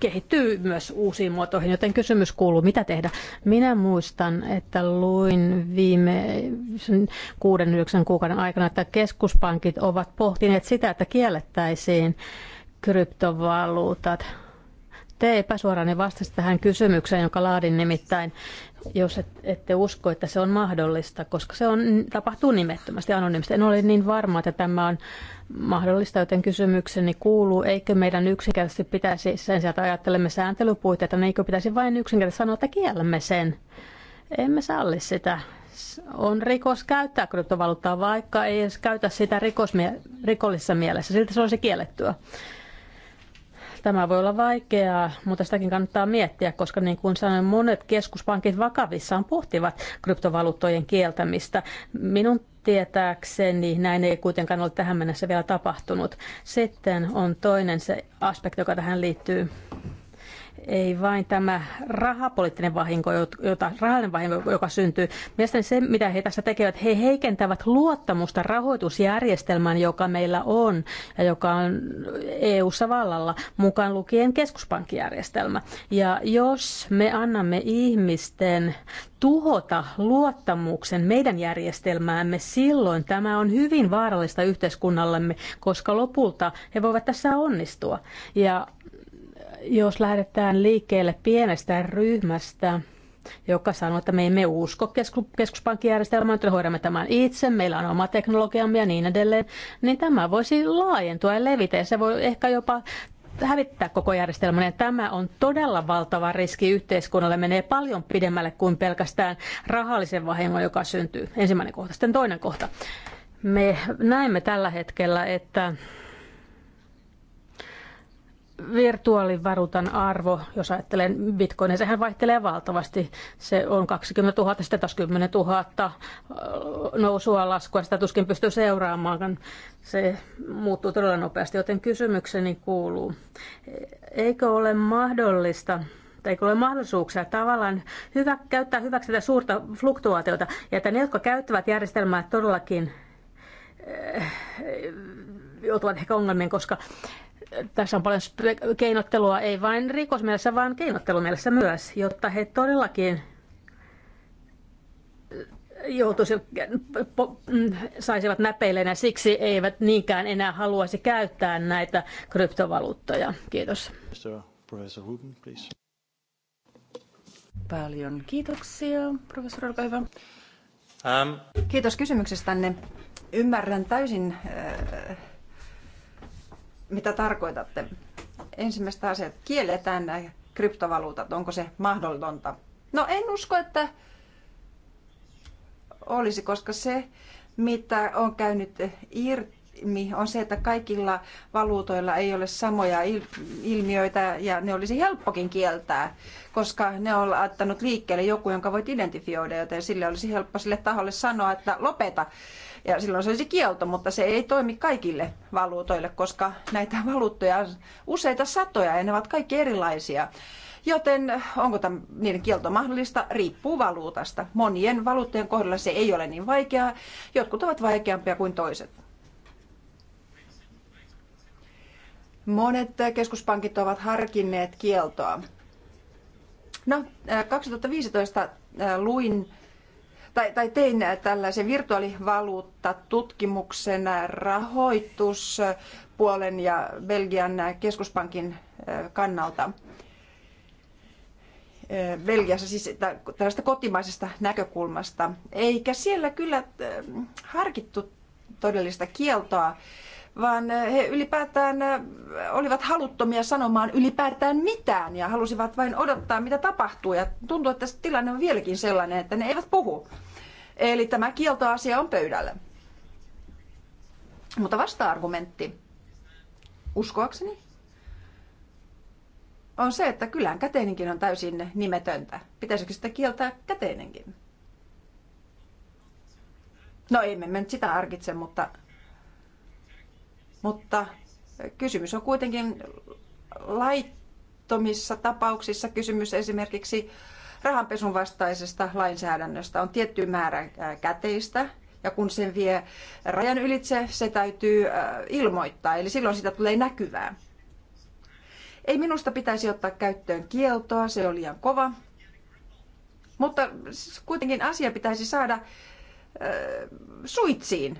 kehittyy myös uusiin muotoihin, joten kysymys kuuluu, mitä tehdä. Minä muistan, että luin viime kuuden, yhdeksän kuukauden aikana, että keskuspankit ovat pohtineet sitä, että kiellettäisiin kryptovaluutat. Te epäsuorani vastasitte tähän kysymykseen, jonka laadin nimittäin jos et, ette usko, että se on mahdollista, koska se on, tapahtuu nimettömästi anonyymisti. En ole niin varma, että tämä on mahdollista, joten kysymykseni kuuluu, eikö meidän yksinkertaisesti pitäisi sen sieltä ajattelemme sääntelypuitteita, niin eikö pitäisi vain yksinkertaisesti sanoa, että kiellämme sen. Emme salli sitä. On rikos käyttää kryptovaluuttaa, vaikka ei edes käytä sitä rikos, rikollisessa mielessä. Silti se olisi kiellettyä. Tämä voi olla vaikeaa, mutta sitäkin kannattaa miettiä, koska niin kuin sanoin, monet keskuspankit vakavissaan pohtivat kryptovaluuttojen kieltämistä. Minun tietääkseni näin ei kuitenkaan ole tähän mennessä vielä tapahtunut. Sitten on toinen se aspekti, joka tähän liittyy ei vain tämä rahapoliittinen vahinko, jota, rahallinen vahinko, joka syntyy. Mielestäni se, mitä he tässä tekevät, he heikentävät luottamusta rahoitusjärjestelmään, joka meillä on ja joka on EU-ssa vallalla, mukaan lukien keskuspankkijärjestelmä. Ja jos me annamme ihmisten tuhota luottamuksen meidän järjestelmäämme, silloin tämä on hyvin vaarallista yhteiskunnallemme, koska lopulta he voivat tässä onnistua. Ja jos lähdetään liikkeelle pienestä ryhmästä, joka sanoo, että me emme usko keskuspankkijärjestelmään, että hoidamme tämän itse, meillä on oma teknologiamme ja niin edelleen, niin tämä voisi laajentua ja levitä ja se voi ehkä jopa hävittää koko järjestelmän. Ja tämä on todella valtava riski yhteiskunnalle, menee paljon pidemmälle kuin pelkästään rahallisen vahingon, joka syntyy. Ensimmäinen kohta, sitten toinen kohta. Me näemme tällä hetkellä, että virtuaalivaruutan arvo, jos ajattelen bitcoinia, sehän vaihtelee valtavasti. Se on 20 000, sitten taas 10 000 nousua laskua, sitä tuskin pystyy seuraamaan. Se muuttuu todella nopeasti, joten kysymykseni kuuluu, eikö ole mahdollista tai eikö ole mahdollisuuksia tavallaan hyvä, käyttää hyväksi tätä suurta fluktuaatiota, ja että ne, jotka käyttävät järjestelmää todellakin joutuvat ehkä ongelmiin, koska tässä on paljon keinottelua, ei vain rikosmielessä, vaan keinottelumielessä myös, jotta he todellakin eh, joutuisivat, mm, saisivat näpeilleen ja siksi eivät niinkään enää haluaisi käyttää näitä kryptovaluuttoja. Kiitos. Professor Rubin, please. Paljon kiitoksia. Professori, olkaa hyvä. Um. Kiitos kysymyksestänne. Ymmärrän täysin äh, mitä tarkoitatte. Ensimmäistä että kielletään nämä kryptovaluutat, onko se mahdollista? No en usko, että olisi, koska se, mitä on käynyt irmi, on se, että kaikilla valuutoilla ei ole samoja ilmiöitä ja ne olisi helppokin kieltää, koska ne on laittanut liikkeelle joku, jonka voit identifioida, joten sille olisi helppo sille taholle sanoa, että lopeta ja silloin se olisi kielto, mutta se ei toimi kaikille valuutoille, koska näitä valuuttoja on useita satoja ja ne ovat kaikki erilaisia. Joten onko tämän, niiden kielto mahdollista, riippuu valuutasta. Monien valuuttojen kohdalla se ei ole niin vaikeaa, jotkut ovat vaikeampia kuin toiset. Monet keskuspankit ovat harkinneet kieltoa. No, 2015 luin tai, tai tein tällaisen virtuaalivaluuttatutkimuksen rahoituspuolen ja Belgian keskuspankin kannalta. Belgiassa siis tällaista kotimaisesta näkökulmasta, eikä siellä kyllä harkittu todellista kieltoa, vaan he ylipäätään olivat haluttomia sanomaan ylipäätään mitään ja halusivat vain odottaa, mitä tapahtuu. Ja tuntuu, että tilanne on vieläkin sellainen, että ne eivät puhu. Eli tämä kieltoasia on pöydällä. Mutta vasta-argumentti, uskoakseni, on se, että kyllähän käteinenkin on täysin nimetöntä. Pitäisikö sitä kieltää käteinenkin? No ei me nyt sitä harkitse, mutta, mutta kysymys on kuitenkin laittomissa tapauksissa. Kysymys esimerkiksi äh, rahanpesun vastaisesta lainsäädännöstä. On tietty määrä äh, käteistä, ja kun sen vie rajan ylitse, se täytyy äh, ilmoittaa, eli silloin sitä tulee näkyvää. Ei minusta pitäisi ottaa käyttöön kieltoa, se on liian kova. Mutta kuitenkin asia pitäisi saada äh, suitsiin.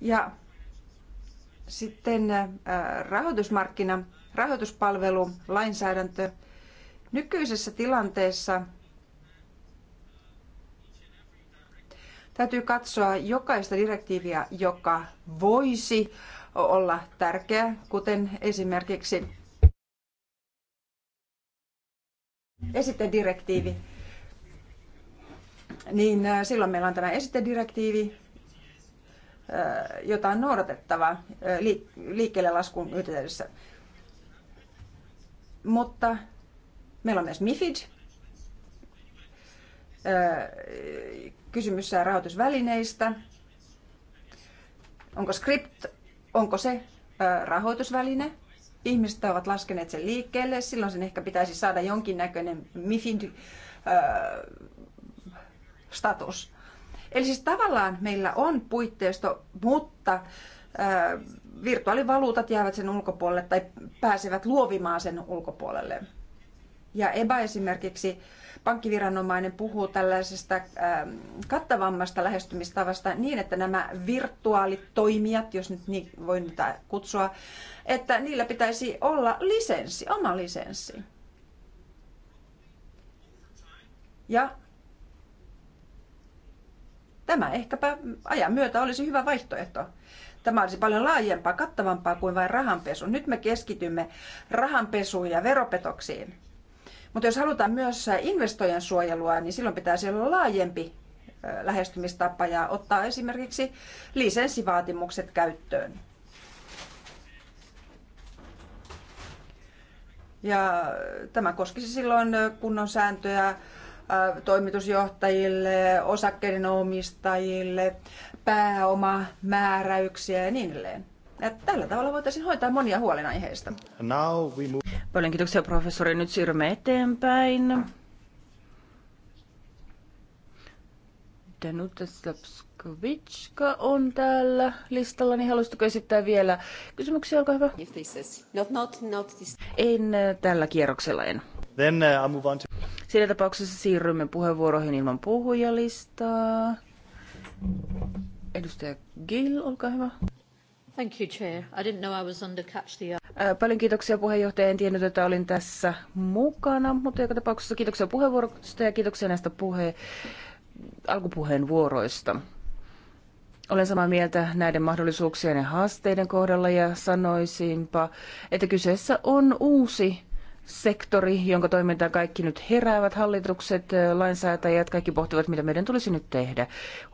Ja sitten äh, rahoitusmarkkina, rahoituspalvelu, lainsäädäntö. Nykyisessä tilanteessa täytyy katsoa jokaista direktiiviä, joka voisi olla tärkeä, kuten esimerkiksi esitedirektiivi. Niin äh, silloin meillä on tämä esitedirektiivi, jotain noudatettavaa liikkeelle laskun yhteydessä. Mutta meillä on myös MIFID, kysymys rahoitusvälineistä. Onko script, onko se rahoitusväline? Ihmiset ovat laskeneet sen liikkeelle, silloin sen ehkä pitäisi saada jonkinnäköinen MIFID-status. Eli siis tavallaan meillä on puitteisto, mutta virtuaalivaluutat jäävät sen ulkopuolelle tai pääsevät luovimaan sen ulkopuolelle. Ja EBA esimerkiksi, pankkiviranomainen puhuu tällaisesta kattavammasta lähestymistavasta niin, että nämä virtuaalitoimijat, jos nyt niin voi niitä kutsua, että niillä pitäisi olla lisenssi, oma lisenssi. Ja Tämä ehkäpä ajan myötä olisi hyvä vaihtoehto. Tämä olisi paljon laajempaa, kattavampaa kuin vain rahanpesu. Nyt me keskitymme rahanpesuun ja veropetoksiin. Mutta jos halutaan myös investoijan suojelua, niin silloin pitäisi olla laajempi lähestymistapa ja ottaa esimerkiksi lisenssivaatimukset käyttöön. Ja tämä koskisi silloin kunnon sääntöjä toimitusjohtajille, osakkeiden omistajille, pääomamääräyksiä ja niin edelleen. Ja tällä tavalla voitaisiin hoitaa monia huolenaiheista. Paljon kiitoksia professori. Nyt siirrymme eteenpäin. Danuta Slapska. Kovitska on täällä listalla, niin haluaisitko esittää vielä kysymyksiä? Olkaa hyvä. Not, not, not this. En äh, tällä kierroksella, en. Then, uh, move on to... Siinä tapauksessa siirrymme puheenvuoroihin ilman puhujalistaa. Edustaja Gill, olkaa hyvä. Thank you, Chair. I didn't know I was under catch the... Äh, paljon kiitoksia puheenjohtaja. En tiennyt, että olin tässä mukana, mutta joka tapauksessa kiitoksia puheenvuorosta ja kiitoksia näistä puhe alkupuheenvuoroista. Olen samaa mieltä näiden mahdollisuuksien ja haasteiden kohdalla ja sanoisinpa, että kyseessä on uusi sektori, jonka toimintaan kaikki nyt heräävät, hallitukset, lainsäätäjät, kaikki pohtivat, mitä meidän tulisi nyt tehdä.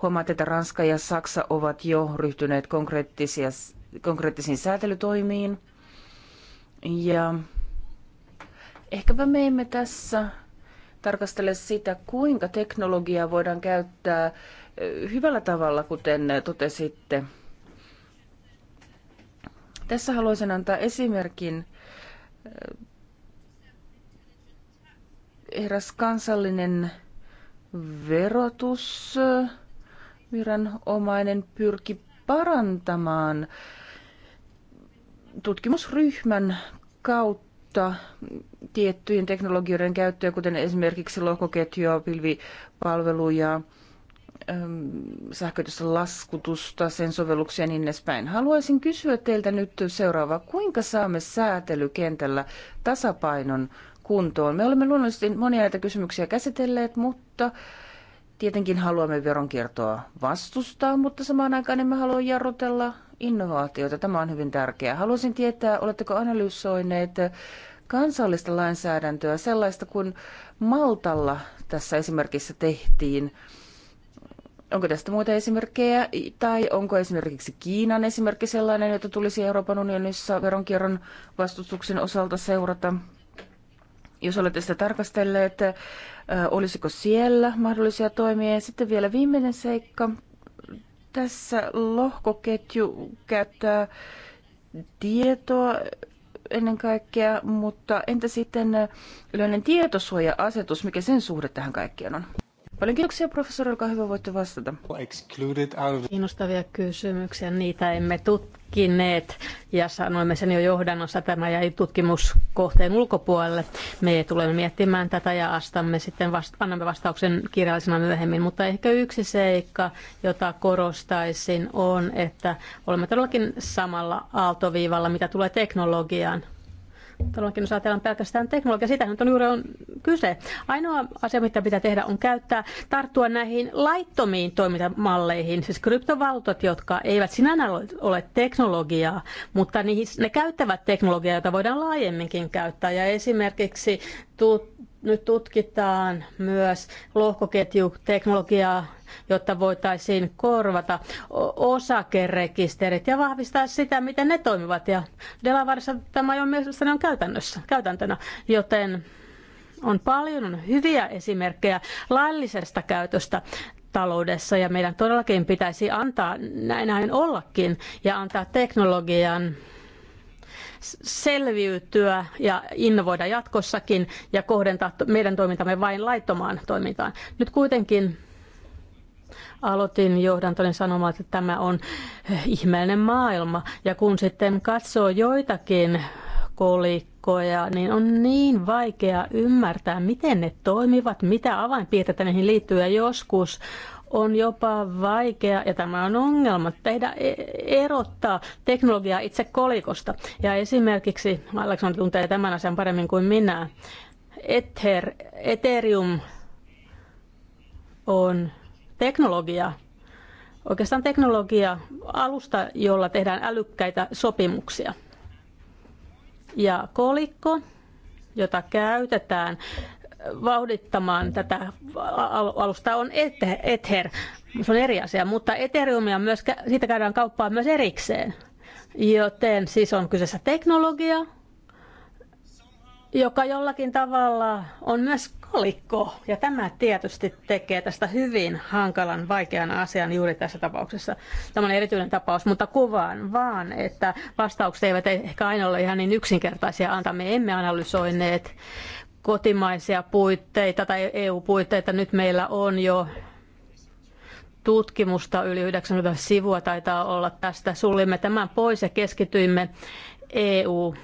Huomaatte, että Ranska ja Saksa ovat jo ryhtyneet konkreettisia, konkreettisiin säätelytoimiin. Ja ehkäpä me emme tässä tarkastele sitä, kuinka teknologiaa voidaan käyttää hyvällä tavalla, kuten totesitte. Tässä haluaisin antaa esimerkin. Eh, eräs kansallinen verotusviranomainen pyrki parantamaan tutkimusryhmän kautta tiettyjen teknologioiden käyttöä, kuten esimerkiksi lohkoketjua, pilvipalveluja, Ähm, sähköistä laskutusta, sen sovelluksia ja niin edespäin. Haluaisin kysyä teiltä nyt seuraava: Kuinka saamme säätelykentällä tasapainon kuntoon? Me olemme luonnollisesti monia näitä kysymyksiä käsitelleet, mutta tietenkin haluamme veronkiertoa vastustaa, mutta samaan aikaan emme halua jarrutella innovaatioita. Tämä on hyvin tärkeää. Haluaisin tietää, oletteko analysoineet kansallista lainsäädäntöä, sellaista kuin Maltalla tässä esimerkissä tehtiin, Onko tästä muita esimerkkejä, tai onko esimerkiksi Kiinan esimerkki sellainen, jota tulisi Euroopan unionissa veronkierron vastustuksen osalta seurata? Jos olette sitä tarkastelleet, olisiko siellä mahdollisia toimia? Ja sitten vielä viimeinen seikka. Tässä lohkoketju käyttää tietoa ennen kaikkea, mutta entä sitten yleinen tietosuoja-asetus, mikä sen suhde tähän kaikkeen on? Paljon kiitoksia professori, olkaa hyvä, voitte vastata. Kiinnostavia kysymyksiä, niitä emme tutkineet ja sanoimme sen jo johdannossa, tämä jäi tutkimuskohteen ulkopuolelle. Me tulemme miettimään tätä ja astamme sitten vasta- annamme vastauksen kirjallisena myöhemmin, mutta ehkä yksi seikka, jota korostaisin on, että olemme todellakin samalla aaltoviivalla, mitä tulee teknologiaan Todellakin jos ajatellaan pelkästään teknologiaa, sitä nyt on juuri on kyse. Ainoa asia, mitä pitää tehdä, on käyttää, tarttua näihin laittomiin toimintamalleihin, siis kryptovaluutat, jotka eivät sinänsä ole teknologiaa, mutta niihin, ne käyttävät teknologiaa, jota voidaan laajemminkin käyttää. Ja esimerkiksi tu, nyt tutkitaan myös lohkoketjuteknologiaa, jotta voitaisiin korvata osakerekisterit ja vahvistaa sitä, miten ne toimivat. Ja Delavarissa tämä jo mielestäni on käytännössä, käytäntönä, joten on paljon hyviä esimerkkejä laillisesta käytöstä taloudessa ja meidän todellakin pitäisi antaa näin ollakin ja antaa teknologian selviytyä ja innovoida jatkossakin ja kohdentaa meidän toimintamme vain laittomaan toimintaan. Nyt kuitenkin aloitin johdantoni sanomaan, että tämä on ihmeellinen maailma. Ja kun sitten katsoo joitakin kolikkoja, niin on niin vaikea ymmärtää, miten ne toimivat, mitä avainpiirteitä niihin liittyy. Ja joskus on jopa vaikea, ja tämä on ongelma, tehdä e- erottaa teknologiaa itse kolikosta. Ja esimerkiksi, Aleksan tuntee tämän asian paremmin kuin minä, Ether, Ethereum on teknologia, oikeastaan teknologia, alusta, jolla tehdään älykkäitä sopimuksia. Ja kolikko, jota käytetään vauhdittamaan tätä alusta on Ether. Se on eri asia, mutta Ethereumia myös, siitä käydään kauppaa myös erikseen. Joten siis on kyseessä teknologia, joka jollakin tavalla on myös kolikko. Ja tämä tietysti tekee tästä hyvin hankalan, vaikean asian juuri tässä tapauksessa. Tämä on erityinen tapaus, mutta kuvaan vaan, että vastaukset eivät ehkä aina ole ihan niin yksinkertaisia antaa. Me emme analysoineet kotimaisia puitteita tai EU-puitteita. Nyt meillä on jo tutkimusta yli 90 sivua taitaa olla tästä. Sulimme tämän pois ja keskityimme EU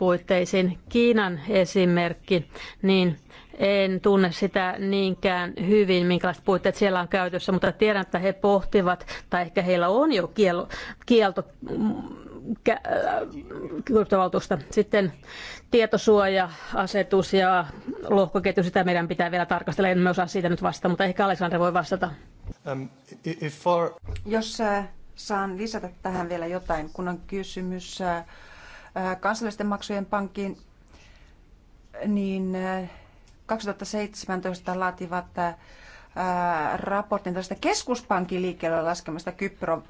puitteisiin. Kiinan esimerkki, niin en tunne sitä niinkään hyvin, minkälaiset puitteet siellä on käytössä, mutta tiedän, että he pohtivat, tai ehkä heillä on jo kielto, kielto mm, kryptovaltuusta. Äh, Sitten tietosuoja-asetus ja lohkoketju, sitä meidän pitää vielä tarkastella. En osaa siitä nyt vastata, mutta ehkä Aleksandra voi vastata. Um, for... Jos äh, saan lisätä tähän vielä jotain, kun on kysymys äh, Äh, kansallisten maksujen pankkiin, niin 2017 äh, laativat äh, raportin tästä keskuspankin liikkeelle laskemasta kypro,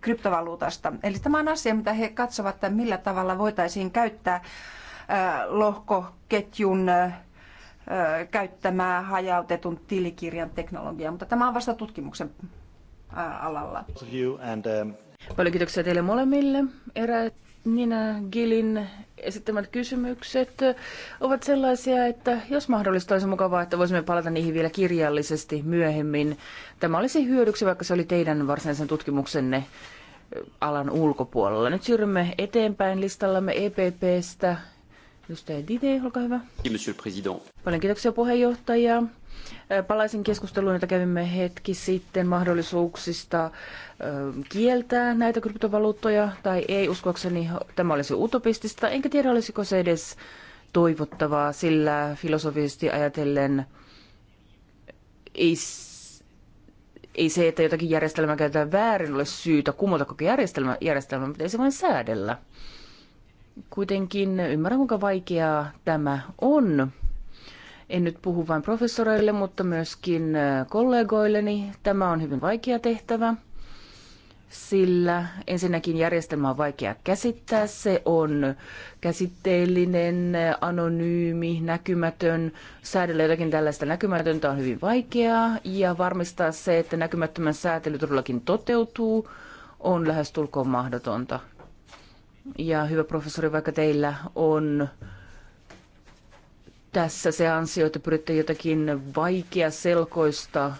kryptovaluutasta. Eli tämä on asia, mitä he katsovat, että millä tavalla voitaisiin käyttää lohkoketjun käyttämää hajautetun tilikirjan teknologiaa, mutta tämä on vasta tutkimuksen alalla. Um, Paljon kiitoksia teille molemmille. Erä... Nina Gilin esittämät kysymykset ovat sellaisia, että jos mahdollista olisi mukavaa, että voisimme palata niihin vielä kirjallisesti myöhemmin. Tämä olisi hyödyksi, vaikka se oli teidän varsinaisen tutkimuksenne alan ulkopuolella. Nyt siirrymme eteenpäin listallamme EPPstä. Edustaja Dide, olkaa hyvä. Monsieur le Président. Paljon kiitoksia puheenjohtaja. Palaisin keskusteluun, jota kävimme hetki sitten mahdollisuuksista kieltää näitä kryptovaluuttoja tai ei. Uskoakseni tämä olisi utopistista, enkä tiedä olisiko se edes toivottavaa, sillä filosofisesti ajatellen ei, ei se, että jotakin järjestelmää käytetään väärin, ole syytä kumota koko järjestelmä, järjestelmä se vain säädellä. Kuitenkin ymmärrän, kuinka vaikeaa tämä on en nyt puhu vain professoreille, mutta myöskin äh, kollegoilleni. Tämä on hyvin vaikea tehtävä, sillä ensinnäkin järjestelmä on vaikea käsittää. Se on käsitteellinen, anonyymi, näkymätön. Säädellä jotakin tällaista näkymätöntä on hyvin vaikeaa ja varmistaa se, että näkymättömän säätely todellakin toteutuu, on lähestulkoon mahdotonta. Ja hyvä professori, vaikka teillä on tässä se ansio, että pyritte jotakin vaikea selkoista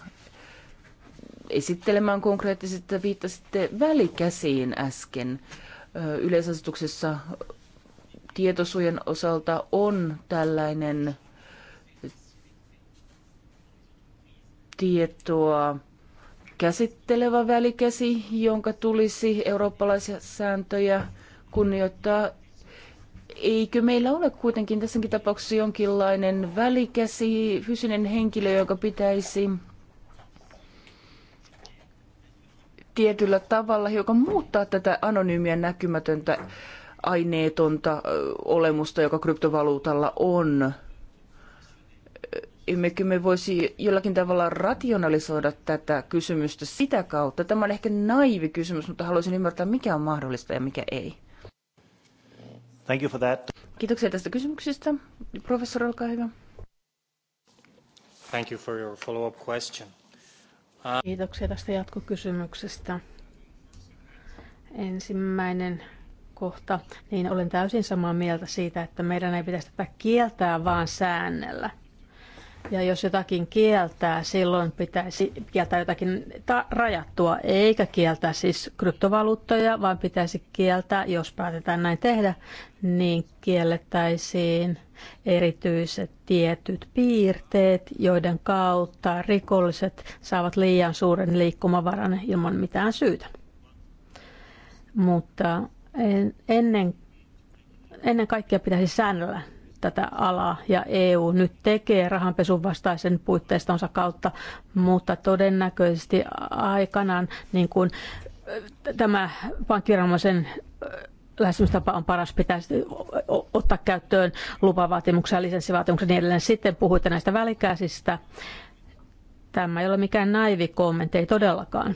esittelemään konkreettisesti, viittasitte välikäsiin äsken. Yleisasetuksessa tietosuojan osalta on tällainen tietoa käsittelevä välikäsi, jonka tulisi eurooppalaisia sääntöjä kunnioittaa Eikö meillä ole kuitenkin tässäkin tapauksessa jonkinlainen välikäsi, fyysinen henkilö, joka pitäisi tietyllä tavalla hiukan muuttaa tätä anonyymiä näkymätöntä aineetonta olemusta, joka kryptovaluutalla on? Emmekö me voisi jollakin tavalla rationalisoida tätä kysymystä sitä kautta? Tämä on ehkä naivi kysymys, mutta haluaisin ymmärtää, mikä on mahdollista ja mikä ei. Thank you for that. Kiitoksia tästä kysymyksestä. Professori, olkaa hyvä. Thank you for your follow-up question. Uh... Kiitoksia tästä jatkokysymyksestä. Ensimmäinen kohta, niin olen täysin samaa mieltä siitä, että meidän ei pitäisi tätä kieltää, vaan säännellä – ja jos jotakin kieltää, silloin pitäisi kieltää jotakin ta- rajattua, eikä kieltää siis kryptovaluuttoja, vaan pitäisi kieltää, jos päätetään näin tehdä, niin kiellettäisiin erityiset tietyt piirteet, joiden kautta rikolliset saavat liian suuren liikkumavaran ilman mitään syytä. Mutta ennen, ennen kaikkea pitäisi säännellä tätä alaa ja EU nyt tekee rahanpesun vastaisen puitteistonsa kautta, mutta todennäköisesti aikanaan niin kuin, tämä pankkiramoisen lähestymistapa on paras, pitää ottaa käyttöön lupavaatimuksia, lisenssivaatimuksia ja niin edelleen. Sitten puhuitte näistä välikäsistä. Tämä ei ole mikään naivi kommentti, ei todellakaan.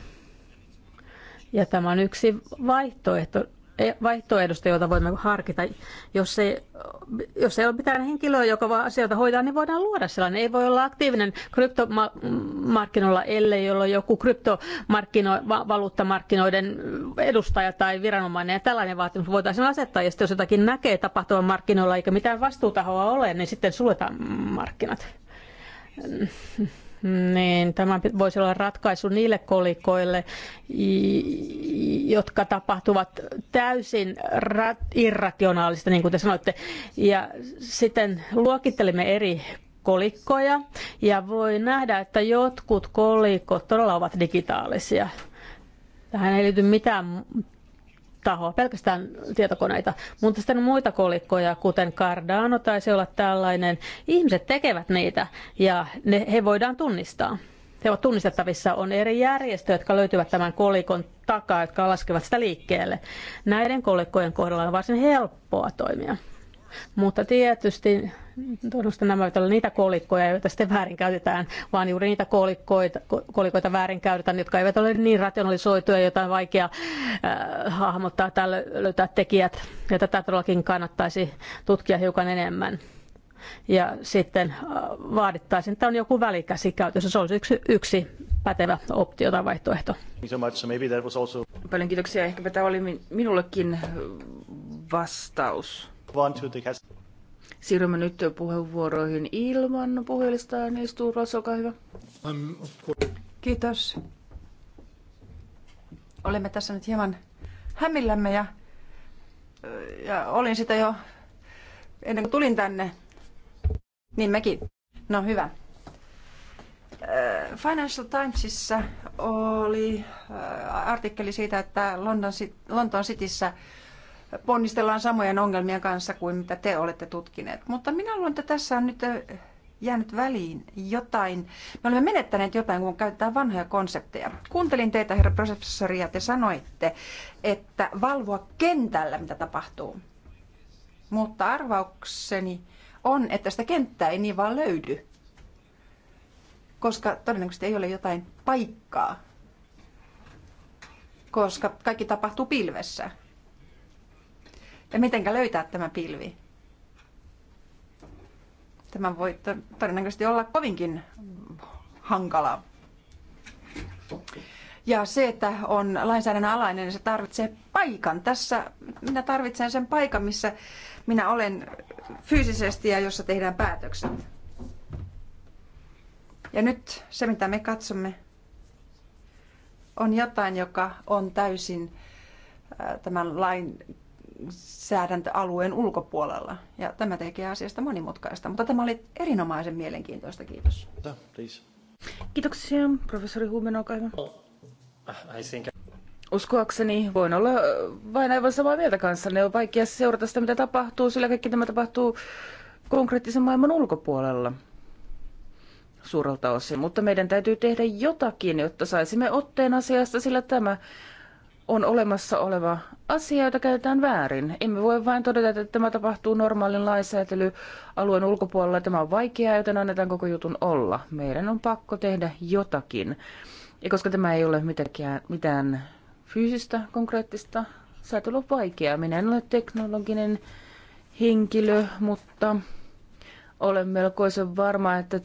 Ja tämä on yksi vaihtoehto vaihtoehdosta, jota voimme harkita. Jos ei, jos ei ole mitään henkilöä, joka asioita hoitaa, niin voidaan luoda sellainen. Ei voi olla aktiivinen kryptomarkkinoilla, ellei ole joku kryptovaluuttamarkkinoiden edustaja tai viranomainen. Ja tällainen vaatimus voitaisiin asettaa. Ja sitten jos jotakin näkee tapahtuvan markkinoilla eikä mitään vastuutahoa ole, niin sitten suljetaan markkinat niin tämä voisi olla ratkaisu niille kolikoille, jotka tapahtuvat täysin irrationaalista, niin kuin te sanoitte. Ja sitten luokittelimme eri kolikkoja ja voi nähdä, että jotkut kolikot todella ovat digitaalisia. Tähän ei liity mitään tahoa, pelkästään tietokoneita, mutta sitten on muita kolikkoja, kuten Cardano taisi olla tällainen. Ihmiset tekevät niitä ja ne, he voidaan tunnistaa. He ovat tunnistettavissa. On eri järjestöjä, jotka löytyvät tämän kolikon takaa, jotka laskevat sitä liikkeelle. Näiden kolikkojen kohdalla on varsin helppoa toimia. Mutta tietysti todennäköisesti nämä ovat niitä kolikkoja, joita sitten väärinkäytetään, vaan juuri niitä kolikoita, kolikoita väärinkäytetään, jotka eivät ole niin rationalisoituja, joita on vaikea äh, hahmottaa tai löytää tekijät. Ja tätä todellakin kannattaisi tutkia hiukan enemmän. Ja sitten äh, vaadittaisiin, että on joku välikäsi käytössä. Se olisi yksi, yksi pätevä optio tai vaihtoehto. Paljon kiitoksia. Ehkäpä tämä oli minullekin vastaus. Siirrymme nyt puheenvuoroihin ilman puhujalistaa. Niin Sturvas, olkaa hyvä. Kiitos. Olemme tässä nyt hieman hämillämme ja, ja olin sitä jo ennen kuin tulin tänne. Niin mekin. No hyvä. Äh, Financial Timesissa oli äh, artikkeli siitä, että London, Lontoon Cityssä ponnistellaan samojen ongelmien kanssa kuin mitä te olette tutkineet. Mutta minä luulen, että tässä on nyt jäänyt väliin jotain. Me olemme menettäneet jotain, kun käytetään vanhoja konsepteja. Kuuntelin teitä, herra professori, ja te sanoitte, että valvoa kentällä, mitä tapahtuu. Mutta arvaukseni on, että sitä kenttää ei niin vaan löydy, koska todennäköisesti ei ole jotain paikkaa, koska kaikki tapahtuu pilvessä. Ja mitenkä löytää tämä pilvi? Tämä voi todennäköisesti olla kovinkin hankala. Ja se, että on lainsäädännön alainen, niin se tarvitsee paikan. Tässä minä tarvitsen sen paikan, missä minä olen fyysisesti ja jossa tehdään päätökset. Ja nyt se, mitä me katsomme, on jotain, joka on täysin tämän lain lainsäädäntöalueen ulkopuolella. Ja tämä tekee asiasta monimutkaista. Mutta tämä oli erinomaisen mielenkiintoista. Kiitos. Kiitoksia. Professori Huumen, olkaa hyvä. Oh, Uskoakseni voin olla vain aivan samaa mieltä kanssa. Ne on vaikea seurata sitä, mitä tapahtuu, sillä kaikki tämä tapahtuu konkreettisen maailman ulkopuolella suurelta osin. Mutta meidän täytyy tehdä jotakin, jotta saisimme otteen asiasta, sillä tämä on olemassa oleva asia, jota käytetään väärin. Emme voi vain todeta, että tämä tapahtuu normaalin lainsäätelyalueen ulkopuolella. Tämä on vaikeaa, joten annetaan koko jutun olla. Meidän on pakko tehdä jotakin. Ja koska tämä ei ole mitenkään, mitään fyysistä, konkreettista, säätely on vaikeaa. Minä en ole teknologinen henkilö, mutta olen melkoisen varma, että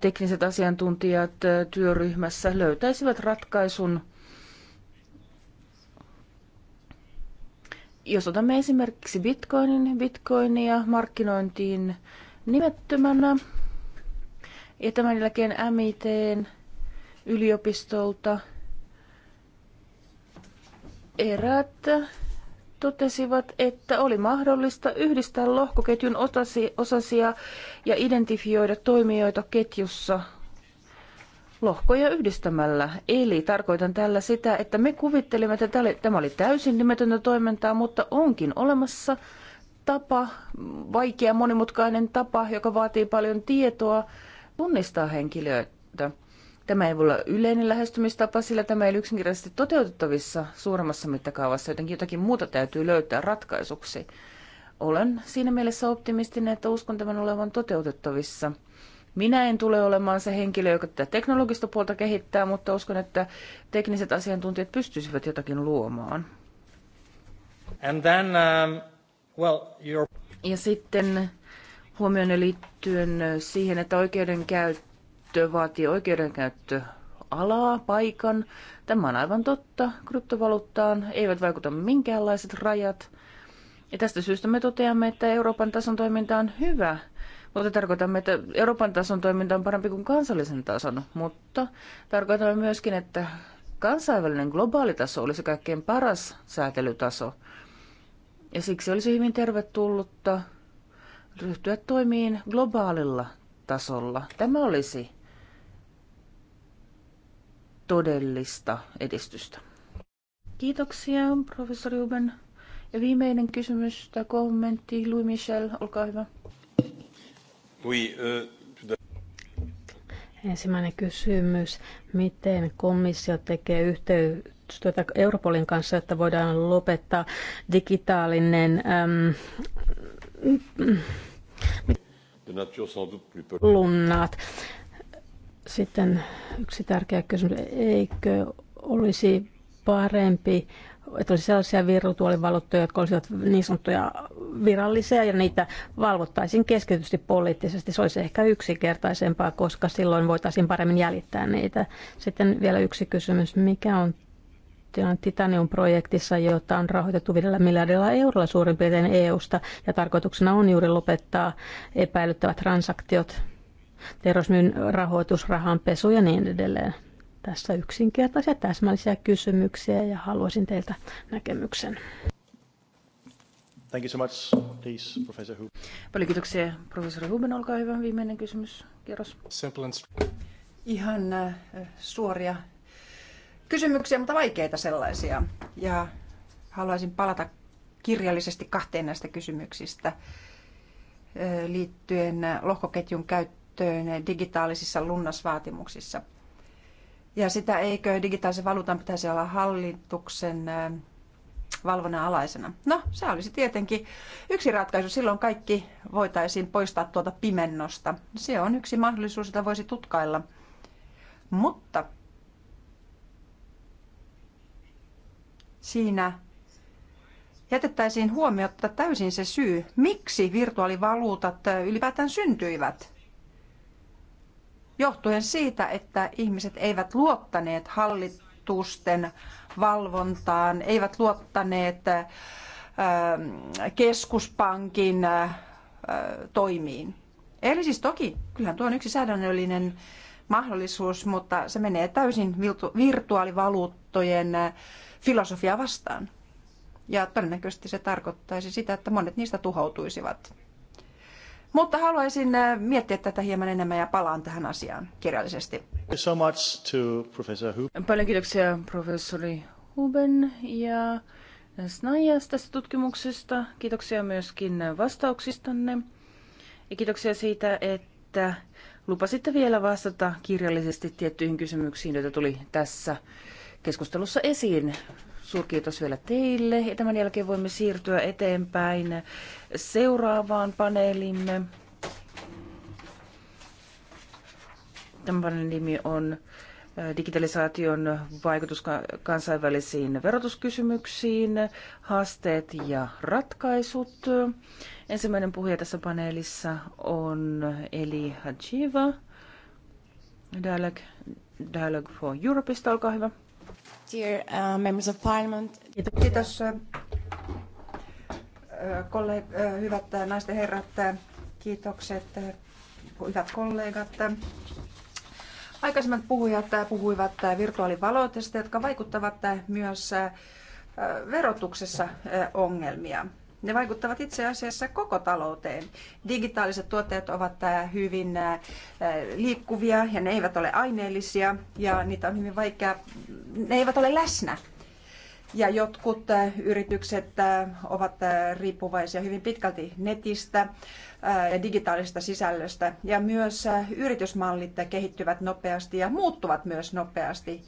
tekniset asiantuntijat työryhmässä löytäisivät ratkaisun – Jos otamme esimerkiksi bitcoinin, bitcoinia markkinointiin nimettömänä ja tämän jälkeen MIT yliopistolta erät totesivat, että oli mahdollista yhdistää lohkoketjun osasia ja identifioida toimijoita ketjussa lohkoja yhdistämällä. Eli tarkoitan tällä sitä, että me kuvittelimme, että tämä oli täysin nimetöntä toimintaa, mutta onkin olemassa tapa, vaikea monimutkainen tapa, joka vaatii paljon tietoa, tunnistaa henkilöitä. Tämä ei voi olla yleinen lähestymistapa, sillä tämä ei yksinkertaisesti toteutettavissa suuremmassa mittakaavassa, jotenkin jotakin muuta täytyy löytää ratkaisuksi. Olen siinä mielessä optimistinen, että uskon tämän olevan toteutettavissa – minä en tule olemaan se henkilö, joka tätä teknologista puolta kehittää, mutta uskon, että tekniset asiantuntijat pystyisivät jotakin luomaan. And then, um, well, your... Ja sitten huomioon liittyen siihen, että oikeudenkäyttö vaatii oikeudenkäyttö alaa, paikan. Tämä on aivan totta. Kryptovaluuttaan eivät vaikuta minkäänlaiset rajat. Ja tästä syystä me toteamme, että Euroopan tason toiminta on hyvä – mutta tarkoitamme, että Euroopan tason toiminta on parempi kuin kansallisen tason, mutta tarkoitamme myöskin, että kansainvälinen globaali taso olisi kaikkein paras säätelytaso. Ja siksi olisi hyvin tervetullutta ryhtyä toimiin globaalilla tasolla. Tämä olisi todellista edistystä. Kiitoksia, professori Uben. Ja viimeinen kysymys tai kommentti, Louis Michel, olkaa hyvä. Euh, Ensimmäinen kysymys. Miten komissio tekee yhteistyötä Europolin kanssa, että voidaan lopettaa digitaalinen äm, lunnat? Sitten yksi tärkeä kysymys. Eikö olisi parempi että olisi sellaisia virtuaalivaluuttoja, jotka olisivat niin sanottuja virallisia ja niitä valvottaisiin keskitysti poliittisesti. Se olisi ehkä yksinkertaisempaa, koska silloin voitaisiin paremmin jäljittää niitä. Sitten vielä yksi kysymys. Mikä on Titanium-projektissa, jota on rahoitettu 5 miljardilla eurolla suurin piirtein EUsta, ja tarkoituksena on juuri lopettaa epäilyttävät transaktiot, terrorismin rahoitus, rahanpesu ja niin edelleen. Tässä yksinkertaisia täsmällisiä kysymyksiä ja haluaisin teiltä näkemyksen. Thank you so much. Please, Professor Huben. Paljon kiitoksia. Professori Huben, olkaa hyvä. Viimeinen kysymys. Kierros. Simple and... Ihan äh, suoria kysymyksiä, mutta vaikeita sellaisia. Ja haluaisin palata kirjallisesti kahteen näistä kysymyksistä äh, liittyen lohkoketjun käyttöön digitaalisissa lunnasvaatimuksissa. Ja sitä eikö digitaalisen valuutan pitäisi olla hallituksen valvonnan alaisena? No, se olisi tietenkin yksi ratkaisu. Silloin kaikki voitaisiin poistaa tuota pimennosta. Se on yksi mahdollisuus, jota voisi tutkailla. Mutta siinä jätettäisiin huomiota täysin se syy, miksi virtuaalivaluutat ylipäätään syntyivät johtuen siitä, että ihmiset eivät luottaneet hallitusten valvontaan, eivät luottaneet äh, keskuspankin äh, toimiin. Eli siis toki, kyllähän tuo on yksi säädännöllinen mahdollisuus, mutta se menee täysin virtuaalivaluuttojen äh, filosofia vastaan. Ja todennäköisesti se tarkoittaisi sitä, että monet niistä tuhoutuisivat. Mutta haluaisin äh, miettiä tätä hieman enemmän ja palaan tähän asiaan kirjallisesti. So much to professor Paljon kiitoksia professori Huben ja Snajas tästä tutkimuksesta. Kiitoksia myöskin vastauksistanne. Ja kiitoksia siitä, että lupasitte vielä vastata kirjallisesti tiettyihin kysymyksiin, joita tuli tässä keskustelussa esiin. Suurkiitos vielä teille. Ja tämän jälkeen voimme siirtyä eteenpäin seuraavaan paneelimme. Tämän paneelin nimi on digitalisaation vaikutus kansainvälisiin verotuskysymyksiin, haasteet ja ratkaisut. Ensimmäinen puhuja tässä paneelissa on Eli Hajiva, Dialogue, Dialogue for Europeista, olkaa hyvä dear uh, members of parliament. Kiitos äh, äh, hyvät äh, naisten herrat, kiitokset hyvät kollegat. Aikaisemmat puhujat puhuivat virtuaalivaloitteista, jotka vaikuttavat myös verotuksessa ongelmia. Ne vaikuttavat itse asiassa koko talouteen. Digitaaliset tuotteet ovat äh, hyvin äh, liikkuvia ja ne eivät ole aineellisia ja niitä on hyvin vaikea, ne eivät ole läsnä. Ja jotkut äh, yritykset ovat riippuvaisia hyvin pitkälti netistä ja digitaalisesta sisällöstä. Ja myös yritysmallit kehittyvät nopeasti ja muuttuvat myös nopeasti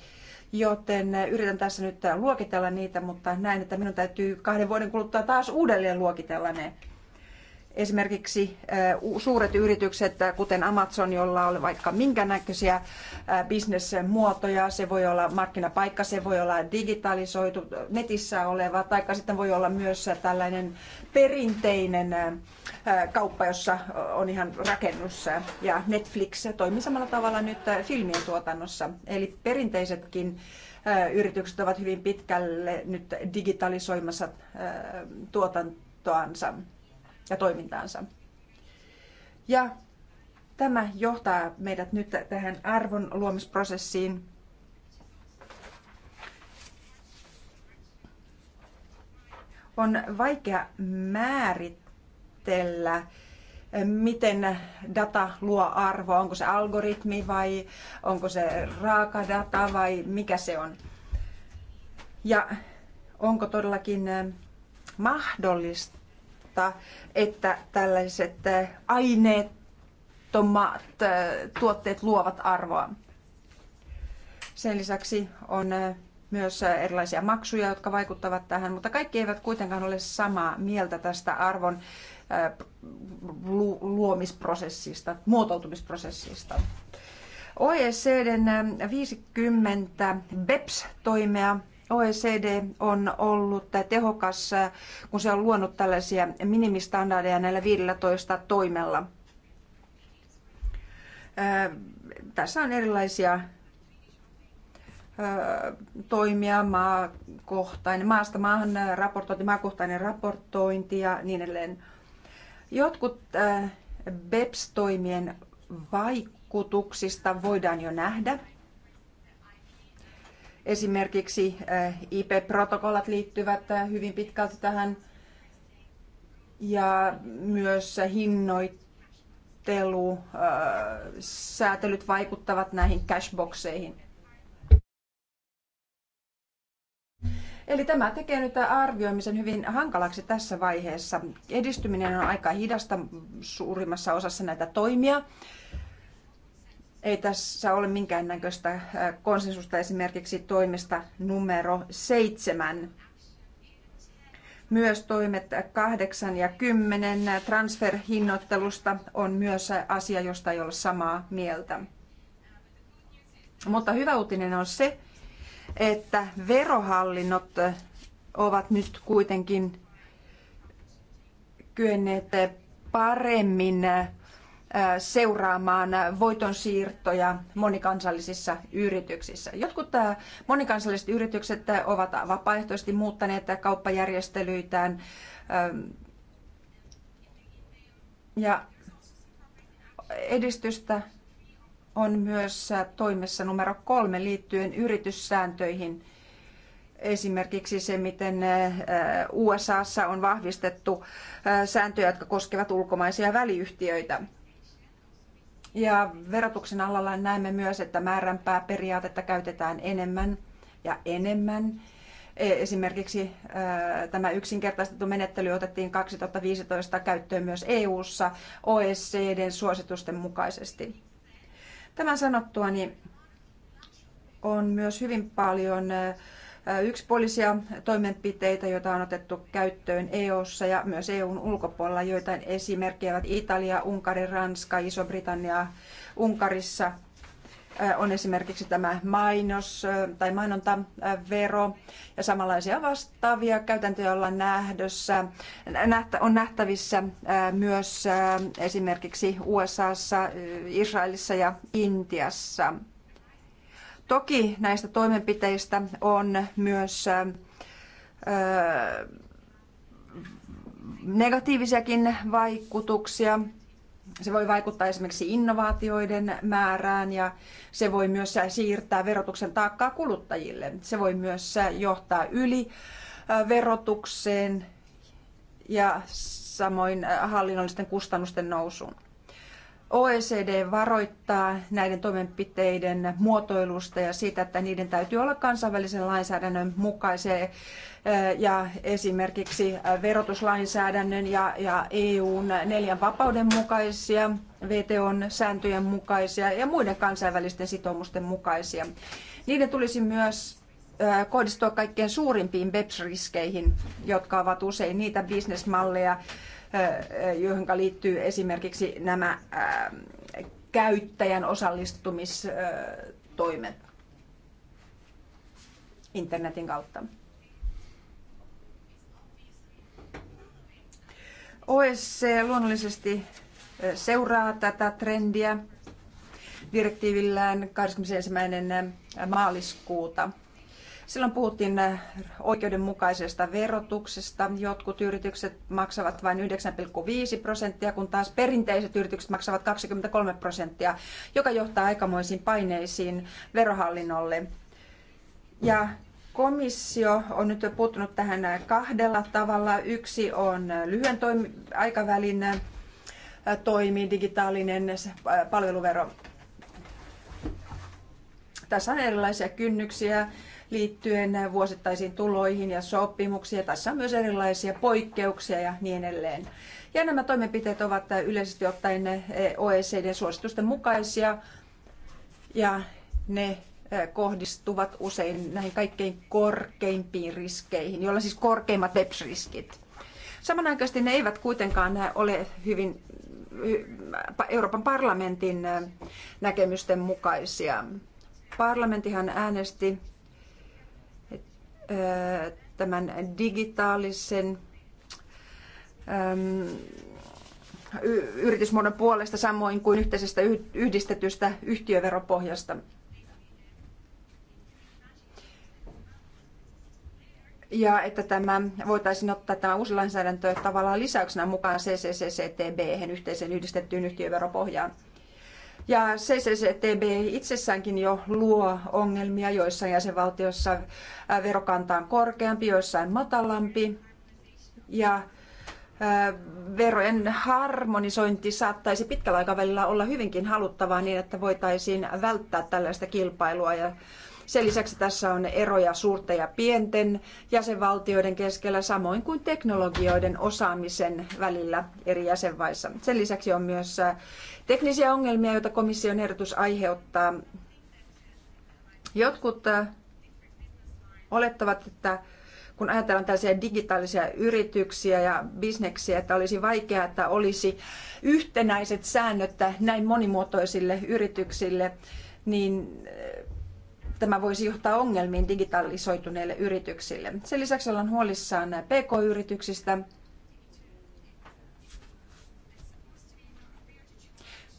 joten eh, yritän tässä nyt eh, luokitella niitä, mutta näin, että minun täytyy kahden vuoden kuluttua taas uudelleen luokitella ne. Esimerkiksi eh, suuret yritykset, kuten Amazon, jolla on vaikka minkä näköisiä bisnesmuotoja, se voi olla markkinapaikka, se voi olla digitalisoitu netissä oleva, tai sitten voi olla myös tällainen perinteinen kauppa, jossa on ihan rakennus. Ja Netflix toimii samalla tavalla nyt filmien tuotannossa. Eli perinteisetkin yritykset ovat hyvin pitkälle nyt digitalisoimassa tuotantoansa ja toimintaansa. Ja tämä johtaa meidät nyt tähän arvon luomisprosessiin. On vaikea määrittää käsitellä, miten data luo arvoa, onko se algoritmi vai onko se raaka data vai mikä se on. Ja onko todellakin mahdollista, että tällaiset aineettomat tuotteet luovat arvoa. Sen lisäksi on myös erilaisia maksuja, jotka vaikuttavat tähän, mutta kaikki eivät kuitenkaan ole samaa mieltä tästä arvon luomisprosessista, muotoutumisprosessista. OECDn 50 BEPS-toimea OECD on ollut tehokas, kun se on luonut tällaisia minimistandardeja näillä 15 toimella. Tässä on erilaisia toimia, maakohtainen, maasta maahan raportointi, maakohtainen raportointi ja niin edelleen. Jotkut äh, BEPS-toimien vaikutuksista voidaan jo nähdä. Esimerkiksi äh, IP-protokollat liittyvät äh, hyvin pitkälti tähän ja myös hinnoittelusäätelyt säätelyt vaikuttavat näihin cashboxeihin. Eli tämä tekee nyt arvioimisen hyvin hankalaksi tässä vaiheessa. Edistyminen on aika hidasta suurimmassa osassa näitä toimia. Ei tässä ole minkäännäköistä äh, konsensusta esimerkiksi toimesta numero seitsemän. Myös toimet kahdeksan ja kymmenen transferhinnoittelusta on myös asia, josta ei ole samaa mieltä. Mutta hyvä uutinen on se, että verohallinnot ovat nyt kuitenkin kyenneet paremmin seuraamaan voitonsiirtoja monikansallisissa yrityksissä. Jotkut monikansalliset yritykset ovat vapaaehtoisesti muuttaneet kauppajärjestelyitään ja edistystä on myös toimessa numero kolme liittyen yrityssääntöihin. Esimerkiksi se, miten USAssa on vahvistettu sääntöjä, jotka koskevat ulkomaisia väliyhtiöitä. Ja verotuksen alalla näemme myös, että määränpää periaatetta käytetään enemmän ja enemmän. E, esimerkiksi tämä yksinkertaistettu menettely otettiin 2015 käyttöön myös EU:ssa OECDn suositusten mukaisesti. Tämän sanottua niin on myös hyvin paljon yksipuolisia toimenpiteitä, joita on otettu käyttöön EU:ssa ja myös EUn ulkopuolella. Joitain esimerkkejä ovat Italia, Unkari, Ranska, Iso-Britannia, Unkarissa on esimerkiksi tämä mainos tai mainontavero ja samanlaisia vastaavia käytäntöjä ollaan nähdössä, on nähtävissä myös esimerkiksi USAssa, Israelissa ja Intiassa. Toki näistä toimenpiteistä on myös negatiivisiakin vaikutuksia se voi vaikuttaa esimerkiksi innovaatioiden määrään ja se voi myös siirtää verotuksen taakkaa kuluttajille. Se voi myös johtaa yli verotukseen ja samoin hallinnollisten kustannusten nousuun. OECD varoittaa näiden toimenpiteiden muotoilusta ja siitä, että niiden täytyy olla kansainvälisen lainsäädännön mukaisia ja esimerkiksi verotuslainsäädännön ja, ja EUn neljän vapauden mukaisia, VTOn sääntöjen mukaisia ja muiden kansainvälisten sitoumusten mukaisia. Niiden tulisi myös kohdistua kaikkein suurimpiin BEPS-riskeihin, jotka ovat usein niitä bisnesmalleja, johon liittyy esimerkiksi nämä käyttäjän osallistumistoimet internetin kautta. OSC luonnollisesti seuraa tätä trendiä direktiivillään 21. maaliskuuta – Silloin puhuttiin äh, oikeudenmukaisesta verotuksesta. Jotkut yritykset maksavat vain 9,5 prosenttia, kun taas perinteiset yritykset maksavat 23 prosenttia, joka johtaa aikamoisiin paineisiin verohallinnolle. Ja komissio on nyt puuttunut tähän äh, kahdella tavalla. Yksi on äh, lyhyen toimi, aikavälin toimi, digitaalinen palveluvero. Tässä on erilaisia kynnyksiä liittyen vuosittaisiin tuloihin ja sopimuksiin. Tässä on myös erilaisia poikkeuksia ja niin edelleen. Ja nämä toimenpiteet ovat yleisesti ottaen OECD-suositusten mukaisia ja ne eh, kohdistuvat usein näihin kaikkein korkeimpiin riskeihin, joilla siis korkeimmat BEPS-riskit. Samanaikaisesti ne eivät kuitenkaan ole hyvin Euroopan parlamentin eh, näkemysten mukaisia. Parlamentihan äänesti tämän digitaalisen yritysmuodon puolesta samoin kuin yhteisestä yhdistetystä yhtiöveropohjasta. Ja että tämä, voitaisiin ottaa tämä uusi lainsäädäntö tavallaan lisäyksenä mukaan CCCCTB, yhteiseen yhdistettyyn yhtiöveropohjaan. Ja CCCTB itsessäänkin jo luo ongelmia, joissain jäsenvaltioissa äh, verokanta on korkeampi, joissain matalampi. Ja äh, verojen harmonisointi saattaisi pitkällä aikavälillä olla hyvinkin haluttavaa niin, että voitaisiin välttää tällaista kilpailua ja sen lisäksi tässä on eroja suurten ja pienten jäsenvaltioiden keskellä, samoin kuin teknologioiden osaamisen välillä eri jäsenvaissa. Sen lisäksi on myös äh, teknisiä ongelmia, joita komission ehdotus aiheuttaa. Jotkut äh, olettavat, että kun ajatellaan tällaisia digitaalisia yrityksiä ja bisneksiä, että olisi vaikeaa, että olisi yhtenäiset säännöt näin monimuotoisille yrityksille, niin äh, tämä voisi johtaa ongelmiin digitalisoituneille yrityksille. Sen lisäksi ollaan huolissaan PK-yrityksistä,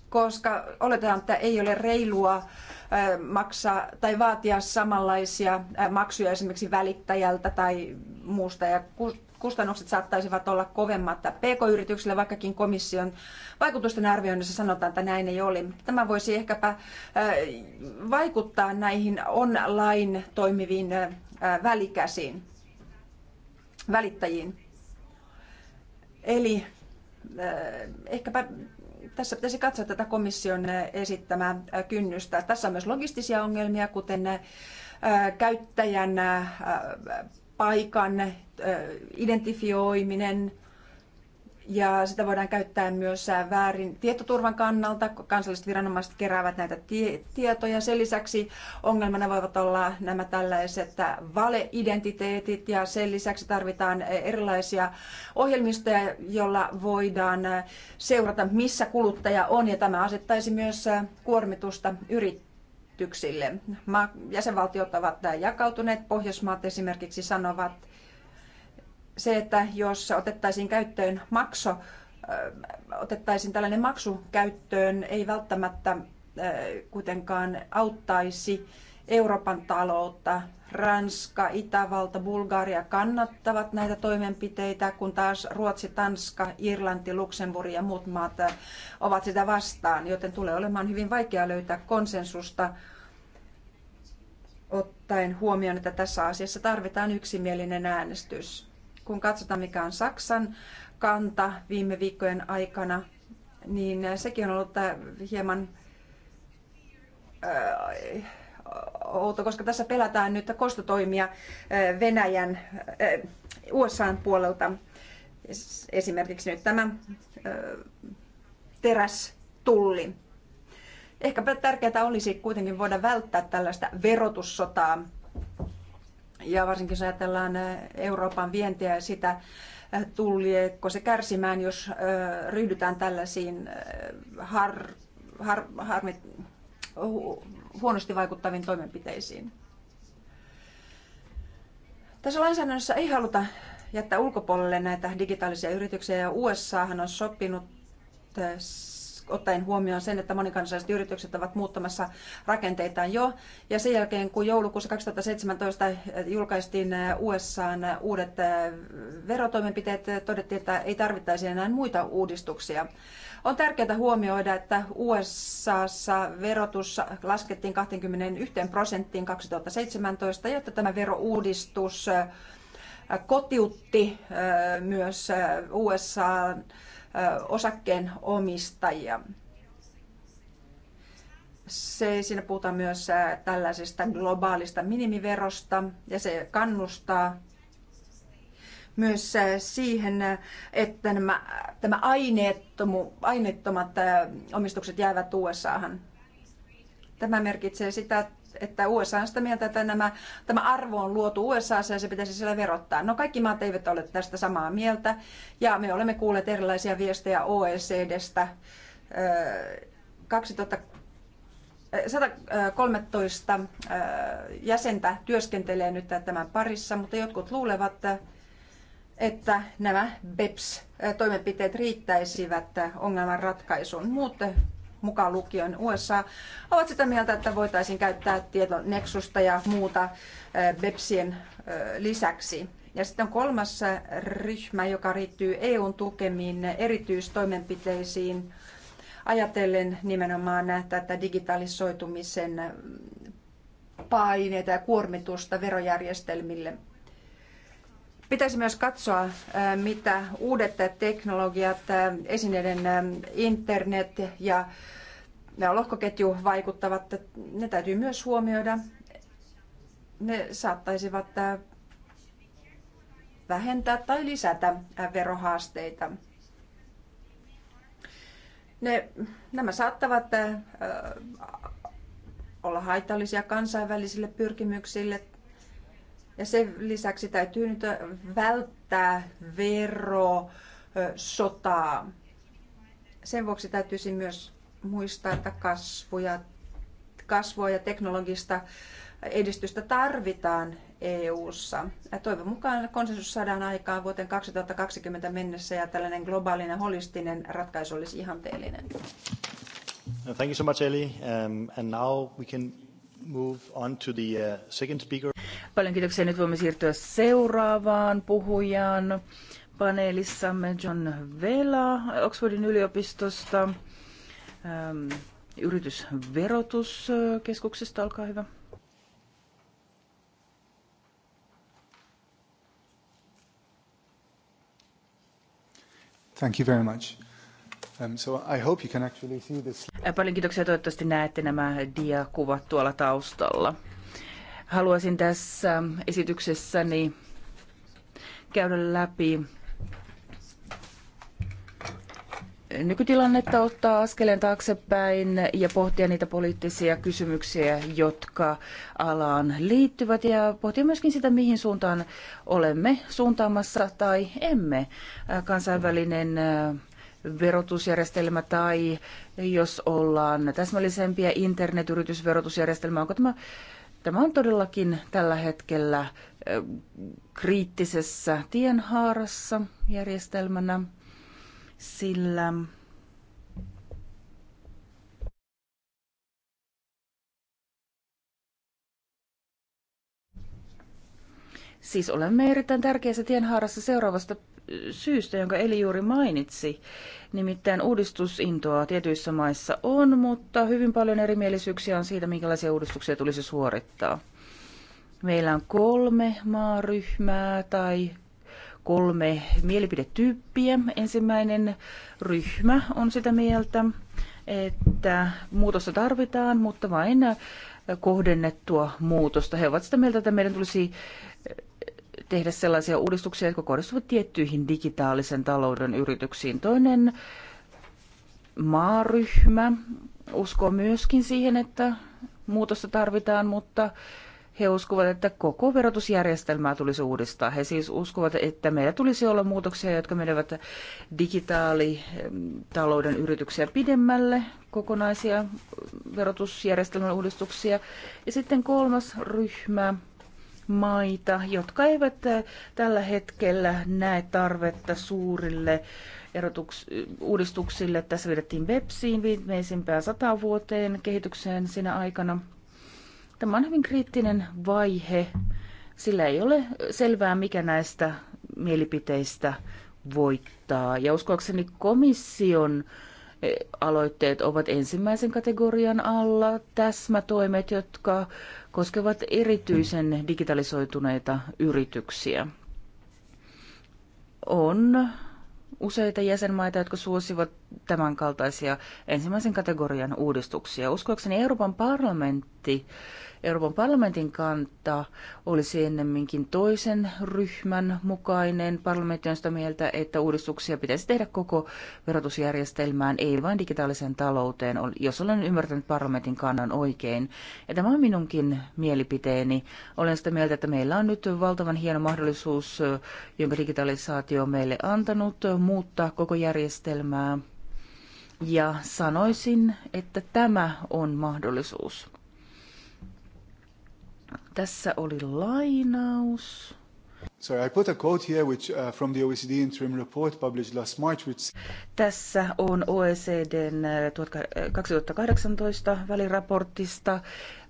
koska oletetaan, että ei ole reilua maksaa tai vaatia samanlaisia maksuja esimerkiksi välittäjältä tai muusta. Ja kustannukset saattaisivat olla kovemmat pk-yrityksille, vaikkakin komission vaikutusten arvioinnissa sanotaan, että näin ei ole. Tämä voisi ehkäpä vaikuttaa näihin online toimiviin välikäsiin, välittäjiin. Eli ehkäpä tässä pitäisi katsoa tätä komission esittämää kynnystä. Tässä on myös logistisia ongelmia, kuten käyttäjän paikan identifioiminen ja sitä voidaan käyttää myös väärin tietoturvan kannalta. Kansalliset viranomaiset keräävät näitä tie- tietoja. Sen lisäksi ongelmana voivat olla nämä tällaiset valeidentiteetit ja sen lisäksi tarvitaan erilaisia ohjelmistoja, joilla voidaan seurata, missä kuluttaja on ja tämä asettaisi myös kuormitusta yrittäjille yrityksille. Jäsenvaltiot ovat jakautuneet. Pohjoismaat esimerkiksi sanovat, se, että jos otettaisiin käyttöön makso, otettaisiin tällainen maksu käyttöön, ei välttämättä kuitenkaan auttaisi Euroopan taloutta. Ranska, Itävalta, Bulgaria kannattavat näitä toimenpiteitä, kun taas Ruotsi, Tanska, Irlanti, Luxemburg ja muut maat äh, ovat sitä vastaan, joten tulee olemaan hyvin vaikea löytää konsensusta ottaen huomioon, että tässä asiassa tarvitaan yksimielinen äänestys. Kun katsotaan, mikä on Saksan kanta viime viikkojen aikana, niin sekin on ollut äh, hieman äh, outo, koska tässä pelataan nyt kostotoimia eh, Venäjän, äh, USAn puolelta. Esimerkiksi nyt tämä äh, terästulli. Ehkä tärkeää olisi kuitenkin voida välttää tällaista verotussotaa. Ja varsinkin jos ajatellaan Euroopan vientiä ja sitä, tullieko se kärsimään, jos ryhdytään tällaisiin har, har, har, har huonosti vaikuttaviin toimenpiteisiin. Tässä lainsäädännössä ei haluta jättää ulkopuolelle näitä digitaalisia yrityksiä ja USAhan on sopinut ottaen huomioon sen, että monikansalliset yritykset ovat muuttamassa rakenteitaan jo. Ja sen jälkeen, kun joulukuussa 2017 julkaistiin USAn uudet verotoimenpiteet, todettiin, että ei tarvittaisi enää muita uudistuksia. On tärkeää huomioida, että USAssa verotus laskettiin 21 prosenttiin 2017, jotta tämä verouudistus kotiutti myös USA osakkeen omistajia. Se, siinä puhutaan myös tällaisesta globaalista minimiverosta ja se kannustaa myös siihen, että nämä, tämä aineettomu, aineettomat omistukset jäävät USAhan. Tämä merkitsee sitä, että USA on sitä mieltä, että nämä, tämä arvo on luotu USAssa ja se pitäisi siellä verottaa. No kaikki maat eivät ole tästä samaa mieltä ja me olemme kuulleet erilaisia viestejä OECDstä. 113 jäsentä työskentelee nyt tämän parissa, mutta jotkut luulevat, että nämä BEPS-toimenpiteet riittäisivät ongelman ratkaisuun. Muut mukaan lukion USA, ovat sitä mieltä, että voitaisiin käyttää tieto- Nexusta ja muuta BEPSien lisäksi. Ja sitten on kolmas ryhmä, joka riittyy EUn tukemiin erityistoimenpiteisiin ajatellen nimenomaan tätä digitalisoitumisen paineita ja kuormitusta verojärjestelmille Pitäisi myös katsoa, äh, mitä uudet teknologiat, äh, esineiden äh, internet ja lohkoketju vaikuttavat. Ne täytyy myös huomioida. Ne saattaisivat vähentää tai lisätä verohaasteita. Ne, nämä saattavat olla haitallisia kansainvälisille pyrkimyksille ja sen lisäksi täytyy nyt välttää vero, sotaa. Sen vuoksi täytyisi myös muistaa, että kasvuja, kasvua ja teknologista edistystä tarvitaan EU-ssa. Ja toivon mukaan konsensus saadaan aikaan vuoteen 2020 mennessä ja tällainen globaalinen holistinen ratkaisu olisi ihanteellinen. Thank you so much, Eli. Um, and now we can move on to the uh, second speaker. Paljon kiitoksia. Nyt voimme siirtyä seuraavaan puhujaan paneelissamme John Vela Oxfordin yliopistosta, ähm, yritysverotuskeskuksesta. Olkaa hyvä. Thank you very much. Um, so I hope you can actually see this. Äh, paljon kiitoksia. Toivottavasti näette nämä diakuvat tuolla taustalla. Haluaisin tässä esityksessäni käydä läpi nykytilannetta, ottaa askeleen taaksepäin ja pohtia niitä poliittisia kysymyksiä, jotka alaan liittyvät ja pohtia myöskin sitä, mihin suuntaan olemme suuntaamassa tai emme. Kansainvälinen verotusjärjestelmä tai jos ollaan täsmällisempiä internetyritysverotusjärjestelmä, onko tämä Tämä on todellakin tällä hetkellä kriittisessä tienhaarassa järjestelmänä, sillä Siis olemme erittäin tärkeässä tienhaarassa seuraavasta syystä, jonka Eli juuri mainitsi. Nimittäin uudistusintoa tietyissä maissa on, mutta hyvin paljon erimielisyyksiä on siitä, minkälaisia uudistuksia tulisi suorittaa. Meillä on kolme maaryhmää tai kolme mielipidetyyppiä. Ensimmäinen ryhmä on sitä mieltä, että muutosta tarvitaan, mutta vain kohdennettua muutosta. He ovat sitä mieltä, että meidän tulisi tehdä sellaisia uudistuksia, jotka kohdistuvat tiettyihin digitaalisen talouden yrityksiin. Toinen maaryhmä uskoo myöskin siihen, että muutosta tarvitaan, mutta he uskovat, että koko verotusjärjestelmää tulisi uudistaa. He siis uskovat, että meillä tulisi olla muutoksia, jotka menevät digitaalitalouden yrityksiä pidemmälle, kokonaisia verotusjärjestelmän uudistuksia. Ja sitten kolmas ryhmä maita, jotka eivät eh, tällä hetkellä näe tarvetta suurille erotuks- uudistuksille. Tässä vedettiin websiin viimeisimpään sata vuoteen kehitykseen sinä aikana. Tämä on hyvin kriittinen vaihe, sillä ei ole selvää, mikä näistä mielipiteistä voittaa. Ja uskoakseni komission aloitteet ovat ensimmäisen kategorian alla täsmätoimet, jotka koskevat erityisen digitalisoituneita yrityksiä. On useita jäsenmaita, jotka suosivat tämänkaltaisia ensimmäisen kategorian uudistuksia. Uskoakseni Euroopan parlamentti Euroopan parlamentin kanta olisi ennemminkin toisen ryhmän mukainen. Parlamentti on sitä mieltä, että uudistuksia pitäisi tehdä koko verotusjärjestelmään, ei vain digitaaliseen talouteen, jos olen ymmärtänyt parlamentin kannan oikein. Ja tämä on minunkin mielipiteeni. Olen sitä mieltä, että meillä on nyt valtavan hieno mahdollisuus, jonka digitalisaatio on meille antanut, muuttaa koko järjestelmää ja sanoisin, että tämä on mahdollisuus. Tässä oli lainaus. Sorry, I put a quote here which uh, from the OECD interim report published last March which Tässä on OECDn 2018 äh, äh, väliraportista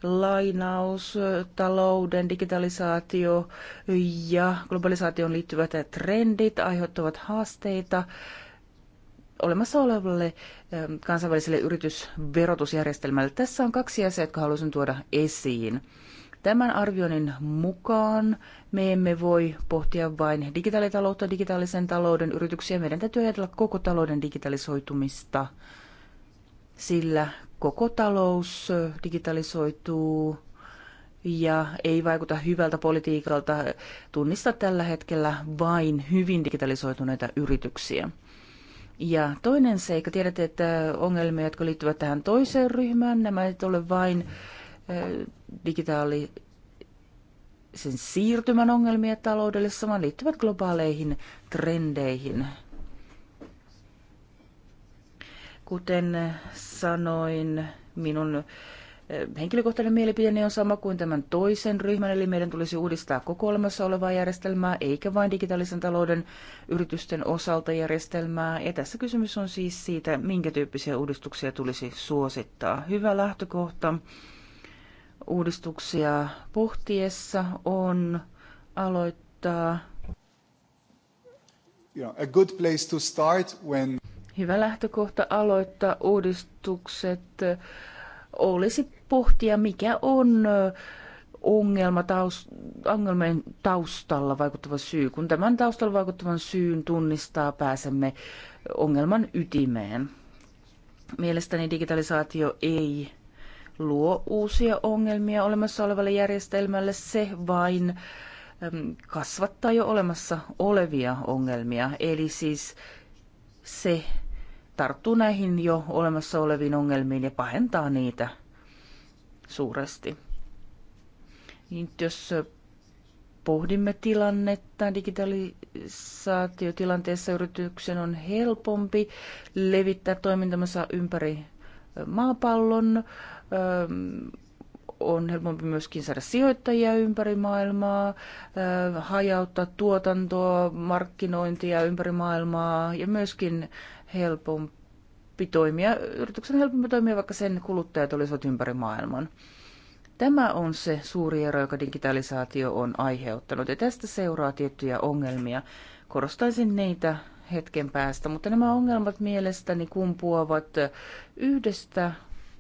lainaus äh, talouden digitalisaatio ja globalisaation liittyvät trendit aiheuttavat haasteita olemassa olevalle ähm, kansainväliselle yritysverotusjärjestelmälle. Tässä on kaksi asiaa, jotka haluaisin tuoda esiin. Tämän arvioinnin mukaan me emme voi pohtia vain digitaalitaloutta, digitaalisen talouden yrityksiä. Meidän täytyy ajatella koko talouden digitalisoitumista, sillä koko talous digitalisoituu ja ei vaikuta hyvältä politiikalta tunnista tällä hetkellä vain hyvin digitalisoituneita yrityksiä. Ja toinen seikka, tiedätte, että ongelmia, jotka liittyvät tähän toiseen ryhmään, nämä eivät ole vain digitaali siirtymän ongelmia taloudelle samaan liittyvät globaaleihin trendeihin. Kuten sanoin, minun henkilökohtainen mielipiteeni on sama kuin tämän toisen ryhmän, eli meidän tulisi uudistaa koko olemassa olevaa järjestelmää, eikä vain digitaalisen talouden yritysten osalta järjestelmää. Ja tässä kysymys on siis siitä, minkä tyyppisiä uudistuksia tulisi suosittaa. Hyvä lähtökohta uudistuksia pohtiessa on aloittaa yeah, a good place to start when... Hyvä lähtökohta aloittaa uudistukset olisi pohtia, mikä on ongelma taus, ongelmien taustalla vaikuttava syy. Kun tämän taustalla vaikuttavan syyn tunnistaa, pääsemme ongelman ytimeen. Mielestäni digitalisaatio ei luo uusia ongelmia olemassa olevalle järjestelmälle, se vain kasvattaa jo olemassa olevia ongelmia. Eli siis se tarttuu näihin jo olemassa oleviin ongelmiin ja pahentaa niitä suuresti. Nyt niin jos pohdimme tilannetta digitalisaatiotilanteessa yrityksen on helpompi levittää toimintamansa ympäri maapallon on helpompi myöskin saada sijoittajia ympäri maailmaa, hajauttaa tuotantoa, markkinointia ympäri maailmaa ja myöskin helpompi toimia, yrityksen helpompi toimia, vaikka sen kuluttajat olisivat ympäri maailman. Tämä on se suuri ero, joka digitalisaatio on aiheuttanut, ja tästä seuraa tiettyjä ongelmia. Korostaisin niitä hetken päästä, mutta nämä ongelmat mielestäni kumpuavat yhdestä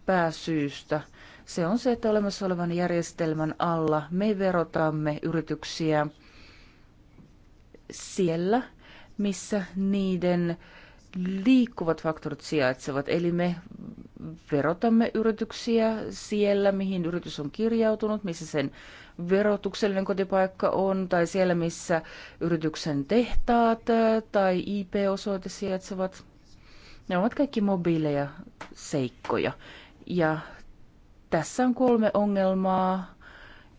pääsyystä. Se on se, että olemassa olevan järjestelmän alla me verotamme yrityksiä siellä, missä niiden liikkuvat faktorit sijaitsevat. Eli me verotamme yrityksiä siellä, mihin yritys on kirjautunut, missä sen verotuksellinen kotipaikka on, tai siellä, missä yrityksen tehtaat tai IP-osoite sijaitsevat. Ne ovat kaikki mobiileja seikkoja. Ja tässä on kolme ongelmaa,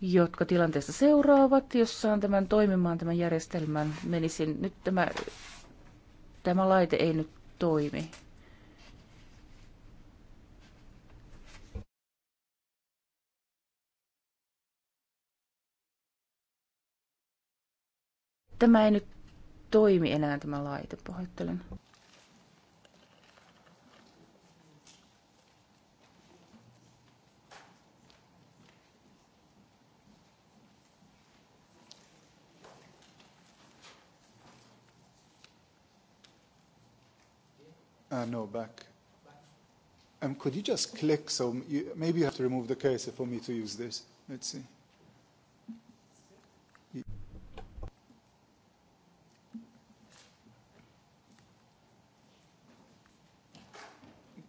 jotka tilanteessa seuraavat, jos saan tämän toimimaan, tämän järjestelmän. Menisin nyt tämä, tämä laite ei nyt toimi. Tämä ei nyt toimi enää tämä laite, pahoittelen. Uh, no, back. Um, could you just click? So you, maybe you have to remove the cursor for me to use this. Let's see.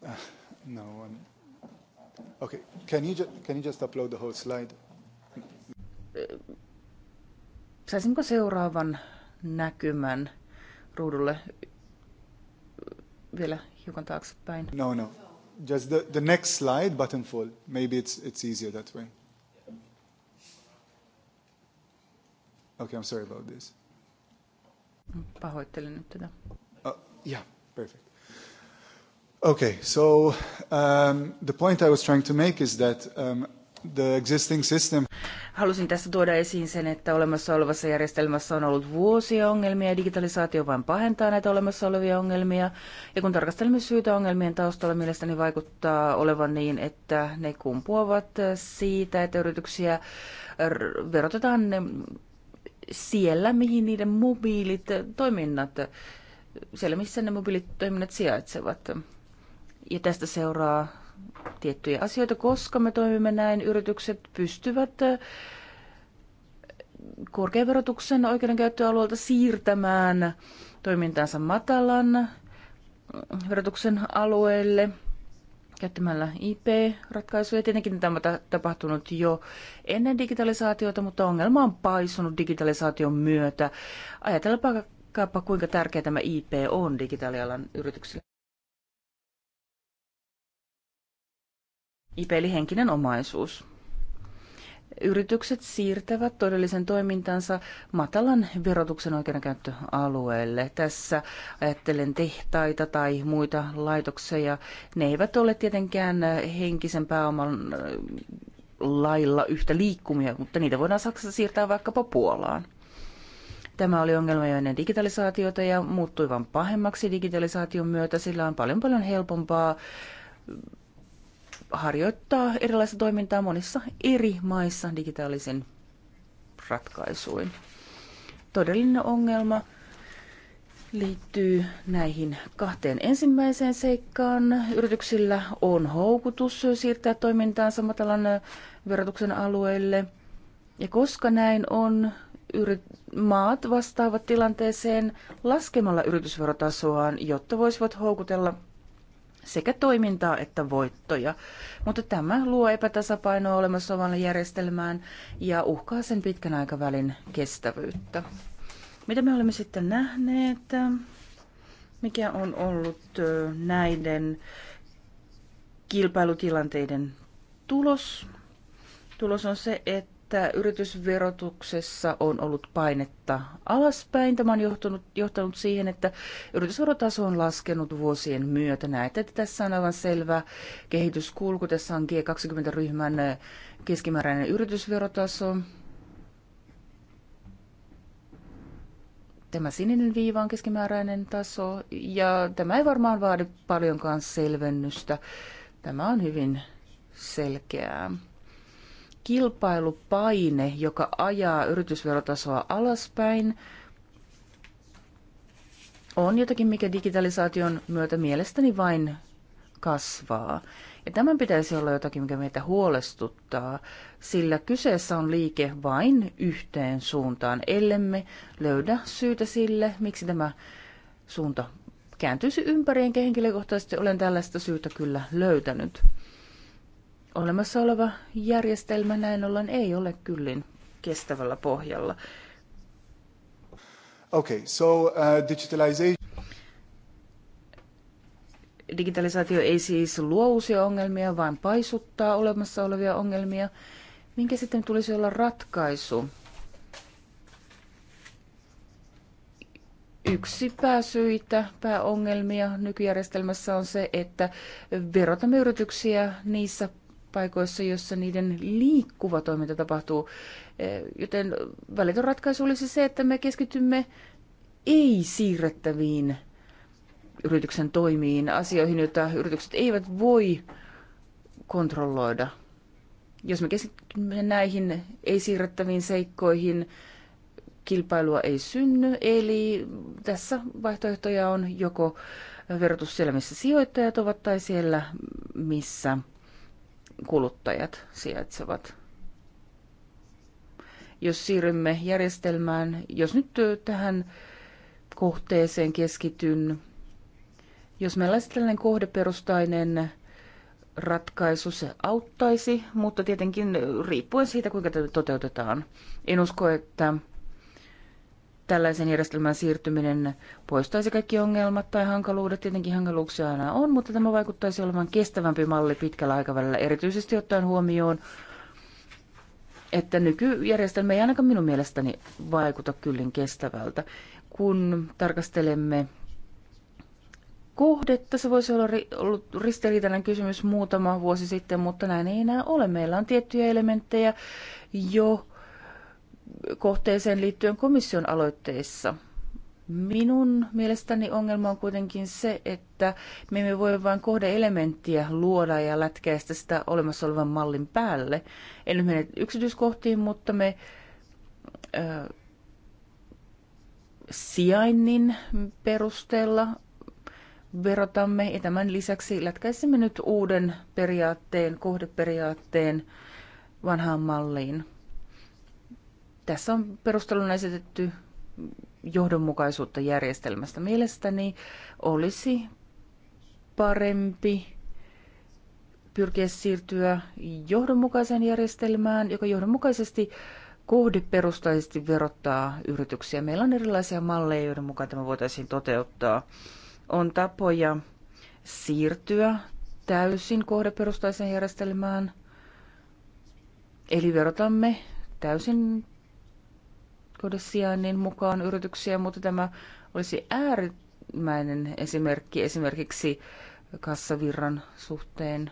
Ah, no one. Okay, can you, just can you just upload the whole slide? Saisinko seuraavan näkymän ruudulle? vielä hiukan taaksepäin. No, no. Just the, the next slide, button full. Maybe it's, it's easier that way. Okay, I'm sorry about this. Pahoittelen nyt tätä. Uh, yeah, perfect. Okay, so um, the point I was trying to make is that um, the existing system. Halusin tässä tuoda esiin sen, että olemassa olevassa järjestelmässä on ollut vuosia ongelmia ja digitalisaatio vain pahentaa näitä olemassa olevia ongelmia. Ja kun tarkastelemme syytä ongelmien taustalla, mielestäni vaikuttaa olevan niin, että ne kumpuavat siitä, että yrityksiä verotetaan siellä, mihin niiden mobiilit toiminnat, siellä missä ne mobiilit toiminnat sijaitsevat. Ja tästä seuraa tiettyjä asioita, koska me toimimme näin, yritykset pystyvät verotuksen oikeudenkäyttöalueelta siirtämään toimintaansa matalan verotuksen alueelle käyttämällä IP-ratkaisuja. Tietenkin tämä on tapahtunut jo ennen digitalisaatiota, mutta ongelma on paisunut digitalisaation myötä. Ajatellaanpa kuinka tärkeä tämä IP on digitaalialan yrityksille. ipelihenkinen henkinen omaisuus. Yritykset siirtävät todellisen toimintansa matalan verotuksen oikeudenkäyttöalueelle. Tässä ajattelen tehtaita tai muita laitoksia. Ne eivät ole tietenkään henkisen pääoman äh, lailla yhtä liikkumia, mutta niitä voidaan Saksassa siirtää vaikkapa Puolaan. Tämä oli ongelma jo ennen digitalisaatiota ja muuttui vain pahemmaksi digitalisaation myötä, sillä on paljon paljon helpompaa harjoittaa erilaista toimintaa monissa eri maissa digitaalisen ratkaisuin. Todellinen ongelma liittyy näihin kahteen ensimmäiseen seikkaan. Yrityksillä on houkutus siirtää toimintaan samatalan verotuksen alueelle. Ja koska näin on, yrit- maat vastaavat tilanteeseen laskemalla yritysverotasoaan, jotta voisivat houkutella sekä toimintaa että voittoja. Mutta tämä luo epätasapainoa olemassa olevan järjestelmään ja uhkaa sen pitkän aikavälin kestävyyttä. Mitä me olemme sitten nähneet? Mikä on ollut näiden kilpailutilanteiden tulos? Tulos on se, että että yritysverotuksessa on ollut painetta alaspäin. Tämä on johtunut, johtanut siihen, että yritysverotaso on laskenut vuosien myötä. Näette, että tässä on aivan selvä kehityskulku. Tässä on G20-ryhmän keskimääräinen yritysverotaso. Tämä sininen viiva on keskimääräinen taso, ja tämä ei varmaan vaadi paljonkaan selvennystä. Tämä on hyvin selkeää kilpailupaine, joka ajaa yritysverotasoa alaspäin, on jotakin, mikä digitalisaation myötä mielestäni vain kasvaa. Ja tämän pitäisi olla jotakin, mikä meitä huolestuttaa, sillä kyseessä on liike vain yhteen suuntaan, ellemme löydä syytä sille, miksi tämä suunta kääntyisi ympäri, enkä henkilökohtaisesti olen tällaista syytä kyllä löytänyt olemassa oleva järjestelmä näin ollen ei ole kyllin kestävällä pohjalla. Okay, so uh, digitalization... Digitalisaatio ei siis luo uusia ongelmia, vaan paisuttaa olemassa olevia ongelmia. Minkä sitten tulisi olla ratkaisu? Yksi pääsyitä, pääongelmia nykyjärjestelmässä on se, että verotamme yrityksiä niissä paikoissa, jossa niiden liikkuva toiminta tapahtuu. Eh, joten välitön ratkaisu olisi se, että me keskitymme ei-siirrettäviin yrityksen toimiin, asioihin, joita yritykset eivät voi kontrolloida. Jos me keskitymme näihin ei-siirrettäviin seikkoihin, kilpailua ei synny, eli tässä vaihtoehtoja on joko verotus siellä, missä sijoittajat ovat, tai siellä, missä kuluttajat sijaitsevat. Jos siirrymme järjestelmään, jos nyt tähän kohteeseen keskityn, jos meillä olisi tällainen kohdeperustainen ratkaisu, se auttaisi, mutta tietenkin riippuen siitä, kuinka tätä toteutetaan. En usko, että tällaisen järjestelmän siirtyminen poistaisi kaikki ongelmat tai hankaluudet. Tietenkin hankaluuksia aina on, mutta tämä vaikuttaisi olevan kestävämpi malli pitkällä aikavälillä, erityisesti ottaen huomioon, että nykyjärjestelmä ei ainakaan minun mielestäni vaikuta kyllin kestävältä. Kun tarkastelemme kohdetta. Se voisi olla ri- ollut ristiriitainen kysymys muutama vuosi sitten, mutta näin ei enää ole. Meillä on tiettyjä elementtejä jo kohteeseen liittyen komission aloitteissa. Minun mielestäni ongelma on kuitenkin se, että me emme voi vain kohdeelementtiä luoda ja lätkäistä sitä olemassa olevan mallin päälle. En nyt mene yksityiskohtiin, mutta me äh, sijainnin perusteella verotamme ja tämän lisäksi lätkäisimme nyt uuden periaatteen, kohdeperiaatteen vanhaan malliin. Tässä on perusteluna esitetty johdonmukaisuutta järjestelmästä. Mielestäni olisi parempi pyrkiä siirtyä johdonmukaiseen järjestelmään, joka johdonmukaisesti kohdeperustaisesti verottaa yrityksiä. Meillä on erilaisia malleja, joiden mukaan tämä voitaisiin toteuttaa. On tapoja siirtyä täysin kohdeperustaiseen järjestelmään, eli verotamme täysin kodesijainnin mukaan yrityksiä, mutta tämä olisi äärimmäinen esimerkki esimerkiksi kassavirran suhteen.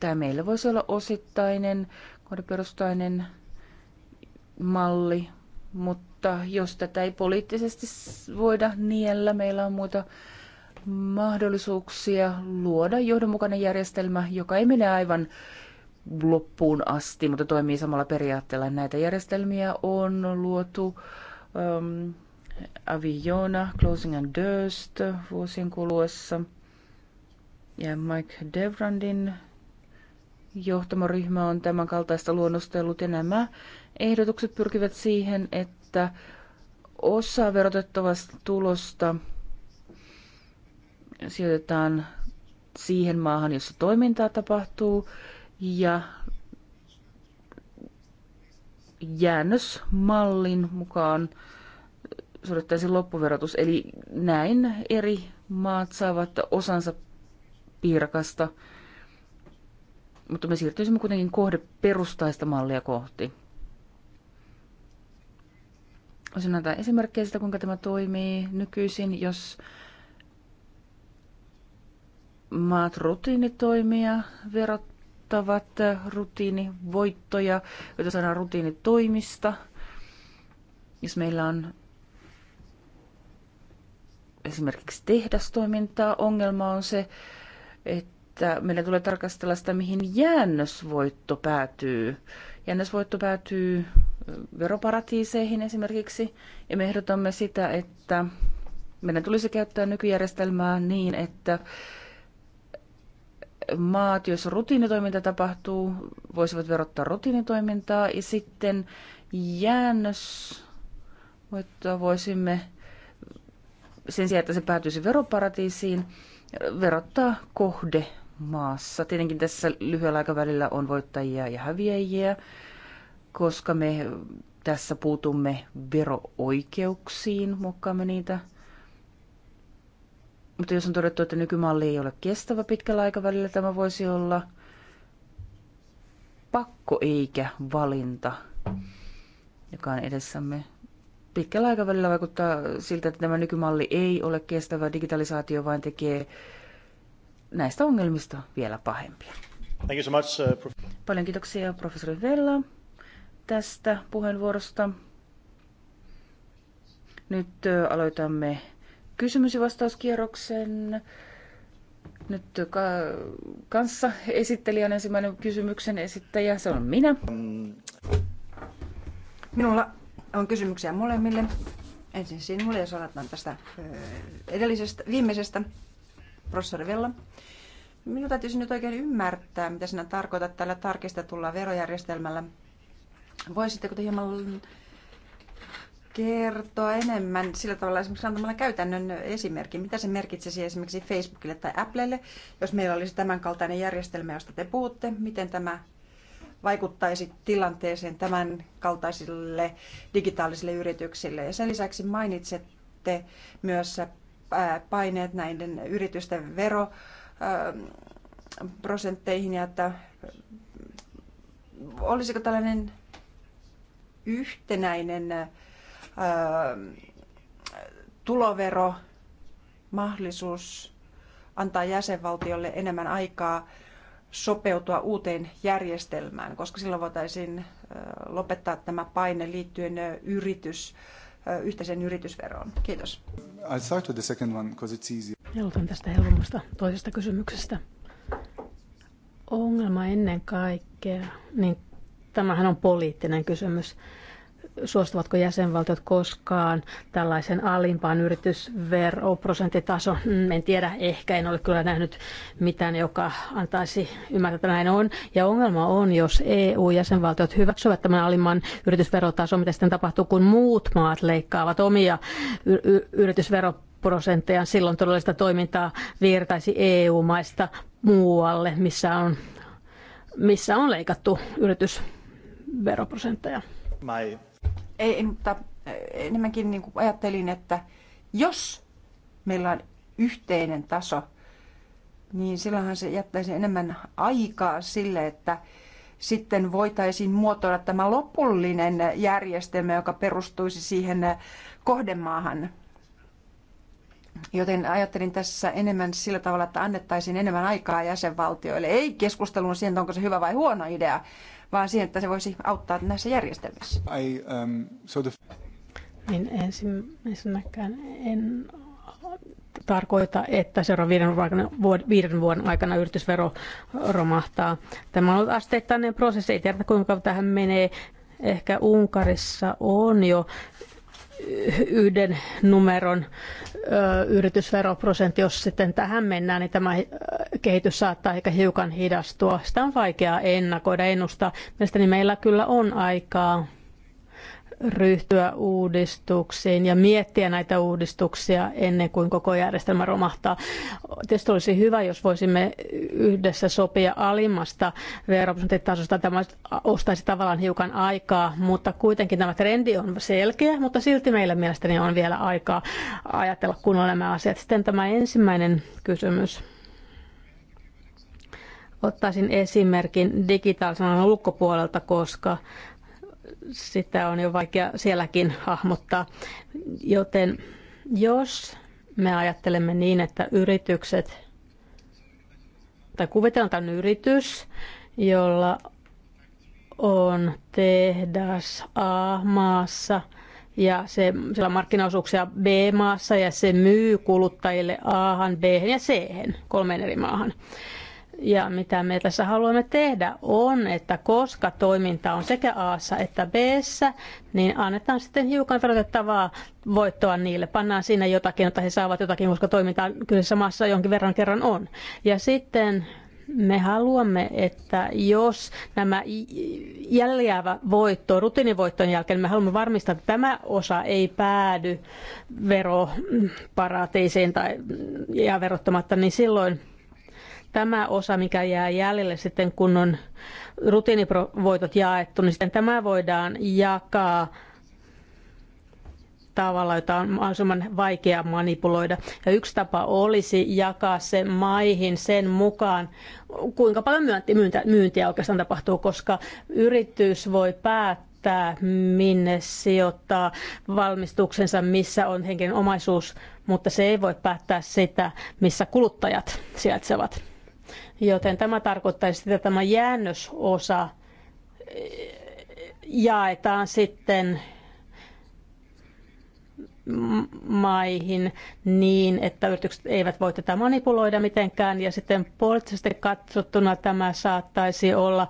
Tämä meillä voisi olla osittainen, kohdeperustainen malli, mutta jos tätä ei poliittisesti voida niellä, meillä on muita mahdollisuuksia luoda johdonmukainen järjestelmä, joka ei mene aivan loppuun asti, mutta toimii samalla periaatteella. Näitä järjestelmiä on luotu um, Aviona, Closing and Durst vuosien kuluessa ja Mike Devrandin johtamoryhmä on tämän kaltaista luonnostellut ja nämä ehdotukset pyrkivät siihen, että osa verotettavasta tulosta sijoitetaan siihen maahan, jossa toimintaa tapahtuu ja jäännösmallin mukaan suorittaisiin loppuverotus. Eli näin eri maat saavat osansa piirakasta, mutta me siirtyisimme kuitenkin perustaista mallia kohti. Voisin antaa esimerkkejä siitä, kuinka tämä toimii nykyisin, jos maat rutiinitoimia verot tuottavat rutiinivoittoja, joita saadaan rutiinitoimista. Jos meillä on esimerkiksi tehdastoimintaa, ongelma on se, että meidän tulee tarkastella sitä, mihin jäännösvoitto päätyy. Jäännösvoitto päätyy veroparatiiseihin esimerkiksi, ja me ehdotamme sitä, että meidän tulisi käyttää nykyjärjestelmää niin, että maat, joissa rutiinitoiminta tapahtuu, voisivat verottaa rutiinitoimintaa ja sitten jäännös, voisimme sen sijaan, että se päätyisi veroparatiisiin, verottaa kohde maassa. Tietenkin tässä lyhyellä aikavälillä on voittajia ja häviäjiä, koska me tässä puutumme vero-oikeuksiin, mukaamme niitä – mutta jos on todettu, että nykymalli ei ole kestävä pitkällä aikavälillä, tämä voisi olla pakko eikä valinta, joka on edessämme. Pitkällä aikavälillä vaikuttaa siltä, että tämä nykymalli ei ole kestävä. Digitalisaatio vain tekee näistä ongelmista vielä pahempia. Thank you so much, uh, Paljon kiitoksia professori Vella tästä puheenvuorosta. Nyt aloitamme kysymys- ja vastauskierroksen nyt ka- kanssa. esittelijän ensimmäinen kysymyksen esittäjä, se on minä. Minulla on kysymyksiä molemmille. Ensin sinulle, jos aloitetaan tästä edellisestä, viimeisestä, professori Vella. Minun täytyisi nyt oikein ymmärtää, mitä sinä tarkoitat tällä tarkistetulla verojärjestelmällä. Voisitteko te hieman kertoa enemmän sillä tavalla esimerkiksi antamalla käytännön esimerkki, mitä se merkitsisi esimerkiksi Facebookille tai Applelle, jos meillä olisi tämänkaltainen järjestelmä, josta te puhutte, miten tämä vaikuttaisi tilanteeseen tämän kaltaisille digitaalisille yrityksille. Ja sen lisäksi mainitsette myös äh, paineet näiden yritysten veroprosentteihin äh, ja että olisiko tällainen yhtenäinen tulovero, mahdollisuus antaa jäsenvaltiolle enemmän aikaa sopeutua uuteen järjestelmään, koska silloin voitaisiin lopettaa tämä paine liittyen yritys, yhteisen yritysveroon. Kiitos. I'll start with the second one because it's easy. Aloitan tästä helpommasta toisesta kysymyksestä. Ongelma ennen kaikkea, niin tämähän on poliittinen kysymys suostuvatko jäsenvaltiot koskaan tällaisen alimpaan yritysveroprosenttitason? Mm, en tiedä, ehkä en ole kyllä nähnyt mitään, joka antaisi ymmärtää, että näin on. Ja ongelma on, jos EU-jäsenvaltiot hyväksyvät tämän alimman yritysverotason, mitä sitten tapahtuu, kun muut maat leikkaavat omia y- yritysveroprosentteja. Silloin todellista toimintaa virtaisi EU-maista muualle, missä on, missä on leikattu yritysveroprosentteja. My ei, mutta eh, enemmänkin niin kuin ajattelin, että jos meillä on yhteinen taso, niin silloinhan se jättäisi enemmän aikaa sille, että sitten voitaisiin muotoilla tämä lopullinen järjestelmä, joka perustuisi siihen eh, kohdemaahan. Joten ajattelin tässä enemmän sillä tavalla, että annettaisiin enemmän aikaa jäsenvaltioille. Ei keskustelun siitä, onko se hyvä vai huono idea, vaan siihen, että se voisi auttaa näissä järjestelmissä? I, um, so the... niin ensimmäisenäkään en tarkoita, että seuraavan viiden, aikana, viiden vuoden aikana yritysvero romahtaa. Tämä on ollut asteittainen prosessi, ei tiedä kuinka tähän menee. Ehkä Unkarissa on jo yhden numeron yritysveroprosentti, jos sitten tähän mennään, niin tämä kehitys saattaa ehkä hiukan hidastua. Sitä on vaikeaa ennakoida, ennustaa. Mielestäni meillä kyllä on aikaa ryhtyä uudistuksiin ja miettiä näitä uudistuksia ennen kuin koko järjestelmä romahtaa. Tietysti olisi hyvä, jos voisimme yhdessä sopia alimmasta veroprosenttitasosta. Tämä ostaisi tavallaan hiukan aikaa, mutta kuitenkin tämä trendi on selkeä, mutta silti meillä mielestäni on vielä aikaa ajatella kunnolla nämä asiat. Sitten tämä ensimmäinen kysymys ottaisin esimerkin digitaalisen ulkopuolelta, koska sitä on jo vaikea sielläkin hahmottaa. Joten jos me ajattelemme niin, että yritykset, tai kuvitellaan tämän yritys, jolla on tehdas A-maassa ja se, sillä on markkinaosuuksia B-maassa ja se myy kuluttajille A-han, b ja c kolmeen eri maahan. Ja mitä me tässä haluamme tehdä on, että koska toiminta on sekä a että b niin annetaan sitten hiukan verotettavaa voittoa niille. Pannaan siinä jotakin, että he saavat jotakin, koska toiminta kyseisessä maassa jonkin verran kerran on. Ja sitten me haluamme, että jos nämä jäljäävä voitto, rutiinivoittojen jälkeen, me haluamme varmistaa, että tämä osa ei päädy veroparatiisiin tai jää verottamatta, niin silloin – tämä osa, mikä jää jäljelle sitten, kun on rutiinivoitot jaettu, niin sitten tämä voidaan jakaa tavalla, jota on mahdollisimman vaikea manipuloida. Ja yksi tapa olisi jakaa se maihin sen mukaan, kuinka paljon myyntiä oikeastaan tapahtuu, koska yritys voi päättää, minne sijoittaa valmistuksensa, missä on henken omaisuus, mutta se ei voi päättää sitä, missä kuluttajat sijaitsevat. Joten tämä tarkoittaisi sitä, että tämä jäännösosa eh, jaetaan sitten maihin niin, että yritykset eivät voi tätä manipuloida mitenkään. Ja sitten poliittisesti katsottuna tämä saattaisi olla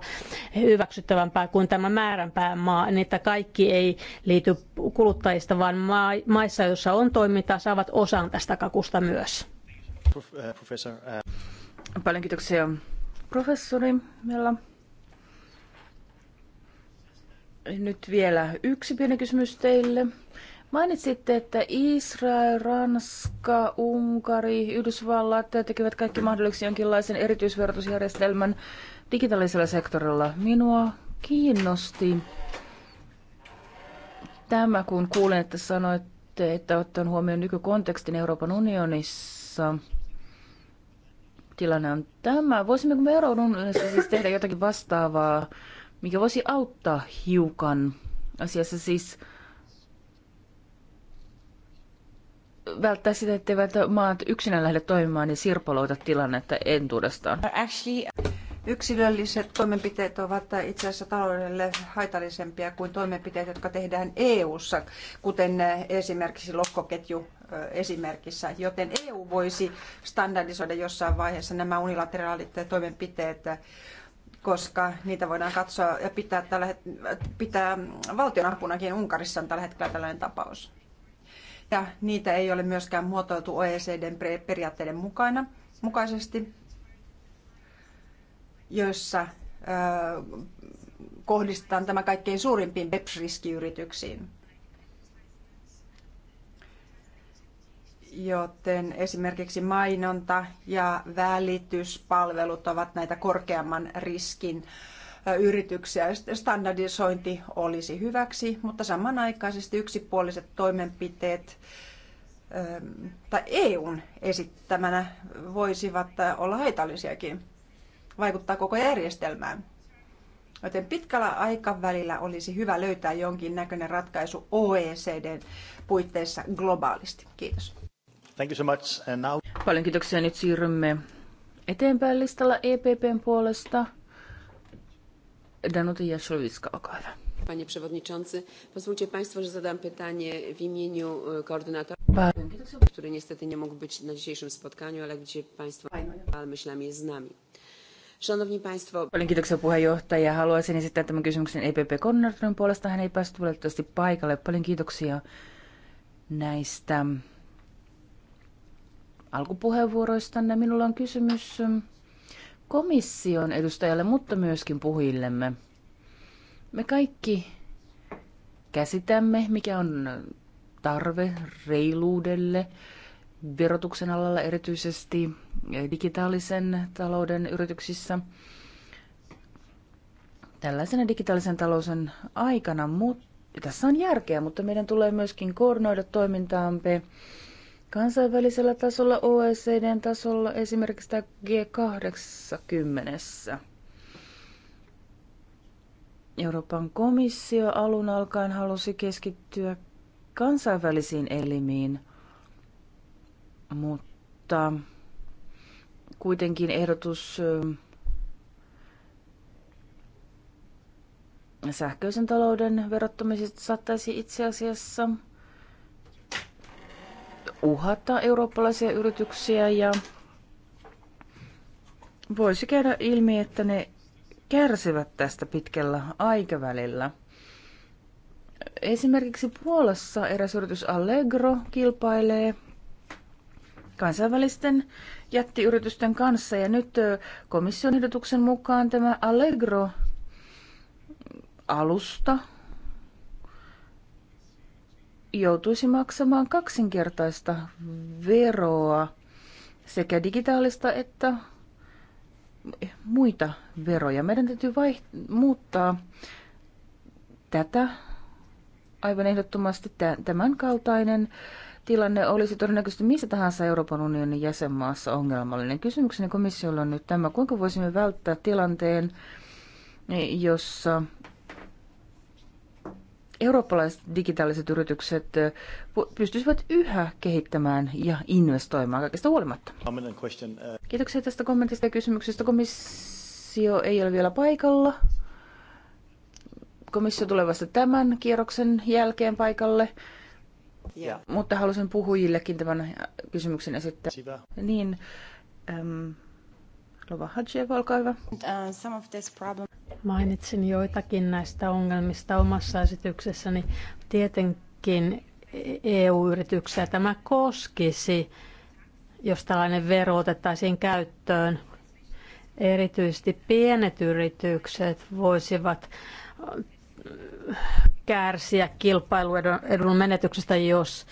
hyväksyttävämpää kuin tämä määränpää maa, niin että kaikki ei liity kuluttajista, vaan maissa, joissa on toimintaa, saavat osan tästä kakusta myös. Eh, professor, uh... Paljon kiitoksia professori Mella. Nyt vielä yksi pieni kysymys teille. Mainitsitte, että Israel, Ranska, Unkari, Yhdysvallat tekevät kaikki mahdolliseksi jonkinlaisen erityisverotusjärjestelmän digitaalisella sektorilla. Minua kiinnosti tämä, kun kuulen, että sanoitte, että ottaen huomioon nykykontekstin Euroopan unionissa – tilanne on tämä. Voisimmeko me Euroopan siis tehdä jotakin vastaavaa, mikä voisi auttaa hiukan asiassa siis välttää sitä, etteivät maat yksinään lähde toimimaan ja niin sirpaloita tilannetta entuudestaan. Actually... Yksilölliset toimenpiteet ovat itse asiassa taloudelle haitallisempia kuin toimenpiteet, jotka tehdään EU-ssa, kuten esimerkiksi lokkoketju esimerkissä, joten EU voisi standardisoida jossain vaiheessa nämä unilateraalit toimenpiteet koska niitä voidaan katsoa ja pitää, tällä, pitää valtionapunakin Unkarissa on tällä hetkellä tällainen tapaus. Ja niitä ei ole myöskään muotoiltu OECDn periaatteiden mukana, mukaisesti, joissa kohdistetaan tämä kaikkein suurimpiin BEPS-riskiyrityksiin. Joten esimerkiksi mainonta ja välityspalvelut ovat näitä korkeamman riskin yrityksiä. Standardisointi olisi hyväksi, mutta samanaikaisesti yksipuoliset toimenpiteet tai EUn esittämänä voisivat olla haitallisiakin vaikuttaa koko järjestelmään. Joten pitkällä aikavälillä olisi hyvä löytää jonkin näköinen ratkaisu OECDn puitteissa globaalisti. Kiitos. Thank you so much. And now... Paljon kiitoksia. Nyt siirrymme eteenpäin listalla EPPn puolesta. Danuta Jaszowiska, olkaa hyvä. Panie Przewodniczący, pozwólcie Państwo, że zadam pytanie w imieniu e, koordynatora, który niestety nie mógł być na dzisiejszym spotkaniu, ale gdzie Państwo myślami jest z nami. Szanowni Paljon kiitoksia puheenjohtaja. Haluaisin esittää tämän kysymyksen EPP Konnardon puolesta. Hän ei päässyt valitettavasti paikalle. Paljon kiitoksia näistä alkupuheenvuoroistanne. Minulla on kysymys komission edustajalle, mutta myöskin puhujillemme. Me kaikki käsitämme, mikä on tarve reiluudelle, verotuksen alalla, erityisesti eh, digitaalisen talouden yrityksissä tällaisena digitaalisen talouden aikana, mutta tässä on järkeä, mutta meidän tulee myöskin koordinoida toimintaamme kansainvälisellä tasolla, OECDn tasolla, esimerkiksi tämä G80. Euroopan komissio alun alkaen halusi keskittyä kansainvälisiin elimiin – mutta kuitenkin ehdotus sähköisen talouden verottamisesta saattaisi itse asiassa uhata eurooppalaisia yrityksiä ja voisi käydä ilmi, että ne kärsivät tästä pitkällä aikavälillä. Esimerkiksi Puolassa eräs yritys Allegro kilpailee kansainvälisten jättiyritysten kanssa. Ja nyt komission ehdotuksen mukaan tämä Allegro-alusta joutuisi maksamaan kaksinkertaista veroa sekä digitaalista että muita veroja. Meidän täytyy vaiht- muuttaa tätä aivan ehdottomasti tämän kaltainen tilanne olisi todennäköisesti missä tahansa Euroopan unionin jäsenmaassa ongelmallinen. Kysymykseni komissiolla on nyt tämä, kuinka voisimme välttää tilanteen, jossa eurooppalaiset digitaaliset yritykset eh, pystyisivät yhä kehittämään ja investoimaan kaikesta huolimatta. Kiitoksia tästä kommentista ja kysymyksestä. Komissio ei ole vielä paikalla. Komissio tulee vasta tämän kierroksen jälkeen paikalle. Ja. Mutta halusin puhujillekin tämän kysymyksen esittää. Siva. Niin, Lova ähm, Hadjev, olkaa hyvä. Uh, some of this problem... Mainitsin joitakin näistä ongelmista omassa esityksessäni. Tietenkin EU-yrityksiä tämä koskisi, jos tällainen vero otettaisiin käyttöön. Erityisesti pienet yritykset voisivat kärsiä kilpailuedun menetyksestä, jos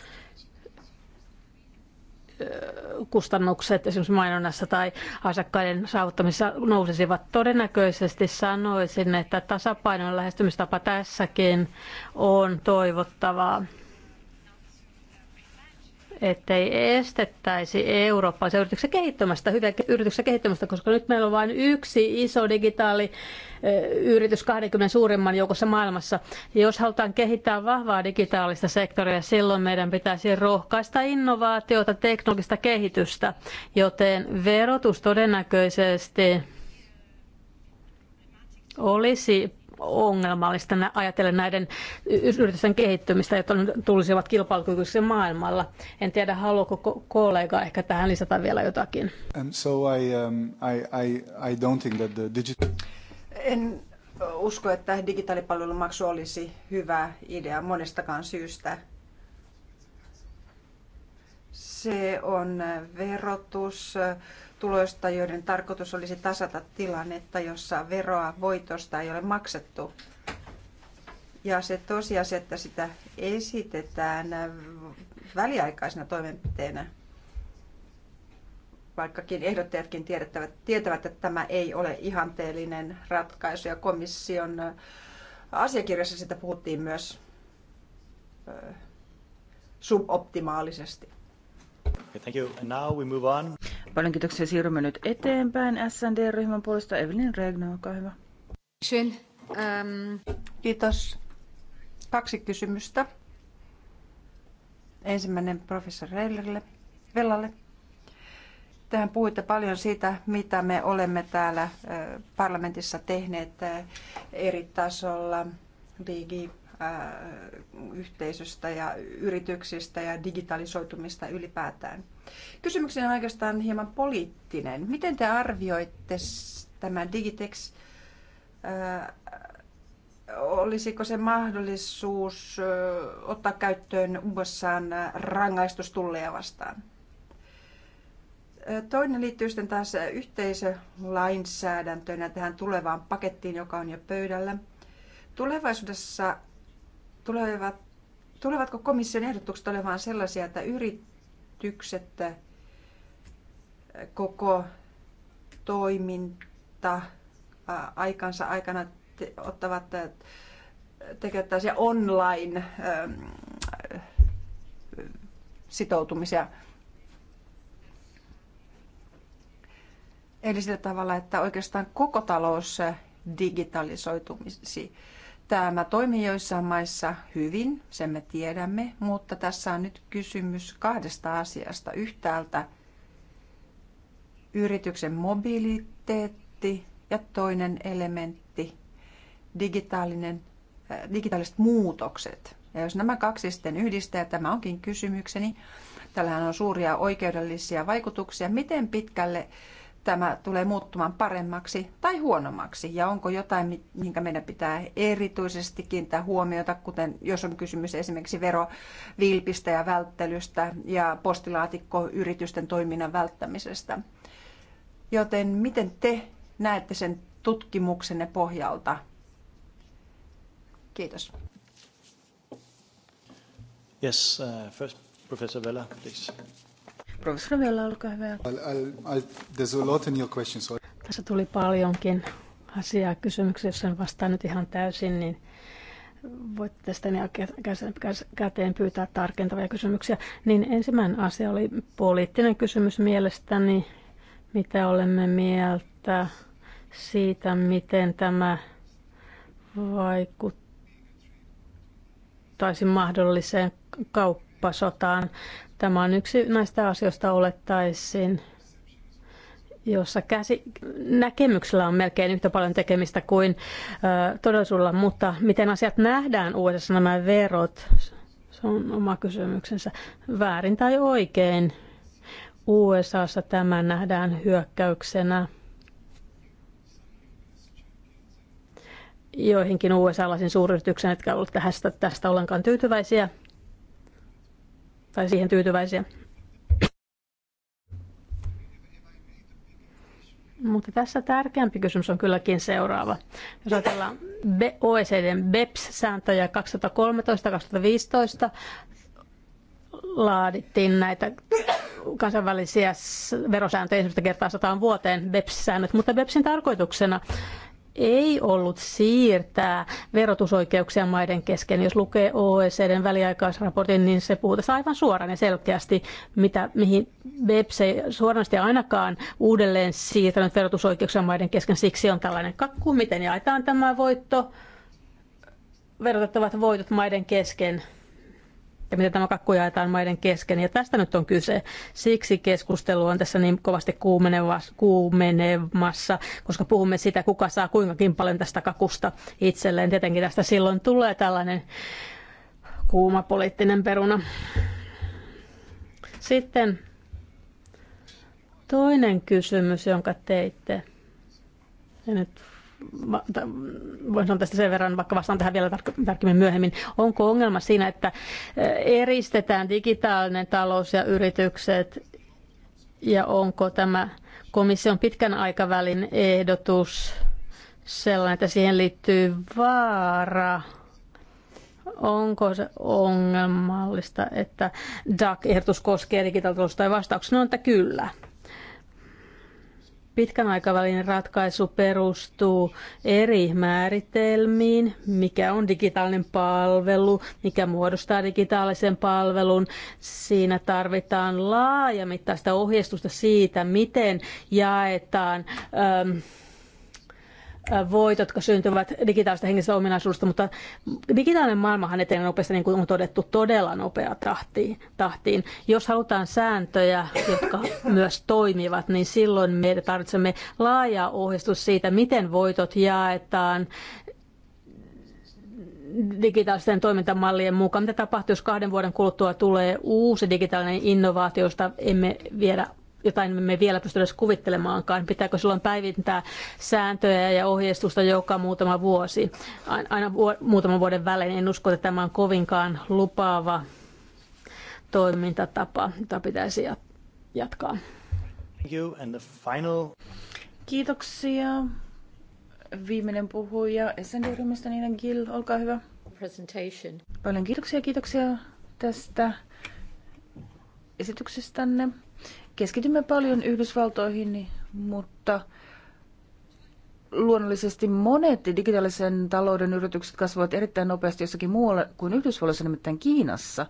kustannukset esimerkiksi mainonnassa tai asiakkaiden saavuttamissa nousisivat. Todennäköisesti sanoisin, että tasapainon lähestymistapa tässäkin on toivottavaa ettei estettäisi eurooppalaisia yrityksiä kehittämästä, hyviä yrityksiä kehittämästä, koska nyt meillä on vain yksi iso digitaali yritys 20 suurimman joukossa maailmassa. Ja jos halutaan kehittää vahvaa digitaalista sektoria, silloin meidän pitäisi rohkaista innovaatiota, teknologista kehitystä, joten verotus todennäköisesti olisi ongelmallista ajatellen näiden yritysten kehittymistä, jotta ne tulisivat kilpailukykyisiä maailmalla. En tiedä, haluaako kollega ehkä tähän lisätä vielä jotakin. Um, en usko, että digitaalipalvelumaksu olisi hyvä idea monestakaan syystä. Se on verotus, tuloista, joiden tarkoitus olisi tasata tilannetta, jossa veroa voitosta ei ole maksettu. Ja se tosiasia, että sitä esitetään väliaikaisena toimenpiteenä, vaikkakin ehdottajatkin tiedettävät, tietävät, että tämä ei ole ihanteellinen ratkaisu. Ja komission asiakirjassa sitä puhuttiin myös suboptimaalisesti. Thank you. And now we move on. Paljon kiitoksia. Siirrymme nyt eteenpäin SND-ryhmän puolesta. Evelyn Regno, olkaa hyvä. Schön. Ähm. Kiitos. Kaksi kysymystä. Ensimmäinen professori Reilerille, Velalle. Tähän puhuitte paljon siitä, mitä me olemme täällä äh, parlamentissa tehneet äh, eri tasolla, Digi, yhteisöstä ja yrityksistä ja digitalisoitumista ylipäätään. Kysymykseni on oikeastaan hieman poliittinen. Miten te arvioitte tämän Digitex? Olisiko se mahdollisuus ottaa käyttöön USAan rangaistustulleja vastaan? Toinen liittyy sitten taas ja tähän tulevaan pakettiin, joka on jo pöydällä. Tulevaisuudessa Tulevat, tulevatko komission ehdotukset olemaan sellaisia, että yritykset äh, koko toiminta äh, aikansa aikana te, ottavat äh, tekevät tällaisia online sitoutumisia. Eli sillä tavalla, että oikeastaan koko talous digitalisoitumisi. Tämä toimii joissain maissa hyvin, sen me tiedämme, mutta tässä on nyt kysymys kahdesta asiasta. Yhtäältä yrityksen mobiliteetti ja toinen elementti, digitaalinen, äh, digitaaliset muutokset. Ja jos nämä kaksi sitten yhdistää, ja tämä onkin kysymykseni, tällähän on suuria oikeudellisia vaikutuksia, miten pitkälle äh, tämä tulee muuttumaan paremmaksi tai huonommaksi? Ja onko jotain, minkä meidän pitää erityisesti kiinnittää huomiota, kuten jos on kysymys esimerkiksi verovilpistä ja välttelystä ja postilaatikkoyritysten toiminnan välttämisestä? Joten miten te näette sen tutkimuksenne pohjalta? Kiitos. Yes, uh, first Professor Vella, please. Professori Vella, olkaa hyvä. there's a lot in your question, so... Tässä tuli paljonkin asiaa kysymyksiä, jos en vastaa nyt ihan täysin, niin voitte tästä niin käteen pyytää tarkentavia kysymyksiä. Niin ensimmäinen asia oli poliittinen kysymys mielestäni, mitä olemme mieltä siitä, miten tämä vaikuttaisi mahdolliseen kauppasotaan Tämä on yksi näistä asioista olettaisin, jossa käsi, näkemyksellä on melkein yhtä paljon tekemistä kuin ö, todellisuudella, mutta miten asiat nähdään uudessa nämä verot, se on oma kysymyksensä, väärin tai oikein. USAssa tämä nähdään hyökkäyksenä joihinkin USA-laisiin suuryrityksiin, jotka ovat tästä, tästä ollenkaan tyytyväisiä – tai siihen tyytyväisiä. Mutta tässä tärkeämpi kysymys on kylläkin seuraava. Jos ajatellaan OECDn BEPS-sääntöjä 2013-2015, laadittiin näitä kansainvälisiä verosääntöjä ensimmäistä kertaa sataan vuoteen BEPS-säännöt, mutta BEPSin tarkoituksena ei ollut siirtää verotusoikeuksia maiden kesken. Jos lukee OECDn väliaikaisraportin, niin se puhutaan aivan suoraan ja selkeästi, mitä, mihin BEPS ei suorasti ainakaan uudelleen siirtänyt verotusoikeuksia maiden kesken. Siksi on tällainen kakku, miten jaetaan tämä voitto, verotettavat voitot maiden kesken ja miten tämä kakku jaetaan maiden kesken. Ja tästä nyt on kyse. Siksi keskustelu on tässä niin kovasti kuumenemassa, koska puhumme sitä, kuka saa kuinkakin paljon tästä kakusta itselleen. Tietenkin tästä silloin tulee tällainen kuuma poliittinen peruna. Sitten toinen kysymys, jonka teitte. Ja nyt voin sanoa tästä sen verran, vaikka vastaan tähän vielä tarkemmin myöhemmin, onko ongelma siinä, että eh, eristetään digitaalinen talous ja yritykset ja onko tämä komission pitkän aikavälin ehdotus sellainen, että siihen liittyy vaara? Onko se ongelmallista, että DAC-ehdotus koskee digitaalista tai vastauksena on, että kyllä. Pitkän aikavälin ratkaisu perustuu eri määritelmiin, mikä on digitaalinen palvelu, mikä muodostaa digitaalisen palvelun. Siinä tarvitaan laajamittaista ohjeistusta siitä, miten jaetaan ähm, voitot, jotka syntyvät digitaalista henkisestä ominaisuudesta, mutta digitaalinen maailmahan etenee nopeasti, niin kuin on todettu, todella nopea tahtiin. tahtiin. Jos halutaan sääntöjä, jotka myös toimivat, niin silloin me tarvitsemme laajaa ohjeistus siitä, miten voitot jaetaan digitaalisten toimintamallien mukaan. Mitä tapahtuu, jos kahden vuoden kuluttua tulee uusi digitaalinen innovaatio, josta emme vielä jotain me vielä pysty edes kuvittelemaankaan. Pitääkö silloin päivittää sääntöjä ja ohjeistusta joka muutama vuosi, aina muutaman vuoden välein. En usko, että tämä on kovinkaan lupaava toimintatapa, jota pitäisi jatkaa. Kiitoksia. Viimeinen puhuja SND-ryhmästä Nina Gill, olkaa hyvä. Presentation. Paljon kiitoksia, kiitoksia tästä esityksestänne keskitymme paljon Yhdysvaltoihin, niin- mutta luonnollisesti monet digitaalisen talouden yritykset kasvavat erittäin nopeasti jossakin muualla kuin Yhdysvalloissa, nimittäin Kiinassa.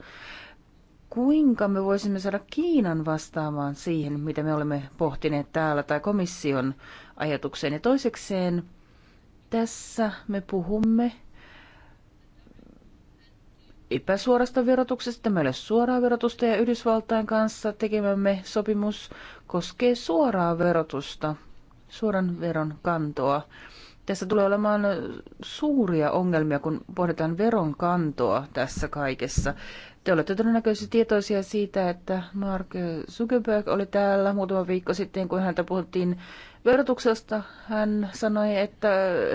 Kuinka me voisimme saada Kiinan vastaamaan siihen, mitä me olemme pohtineet täällä, tai komission ajatukseen? Ja toisekseen, tässä me puhumme epäsuorasta verotuksesta, meillä on suoraa verotusta ja Yhdysvaltain kanssa tekemämme sopimus koskee suoraa verotusta, suoran veron kantoa. Tässä tulee olemaan suuria ongelmia, kun pohditaan veron kantoa tässä kaikessa. Te olette todennäköisesti tietoisia siitä, että Mark Zuckerberg oli täällä muutama viikko sitten, kun häntä puhuttiin verotuksesta. Hän sanoi, että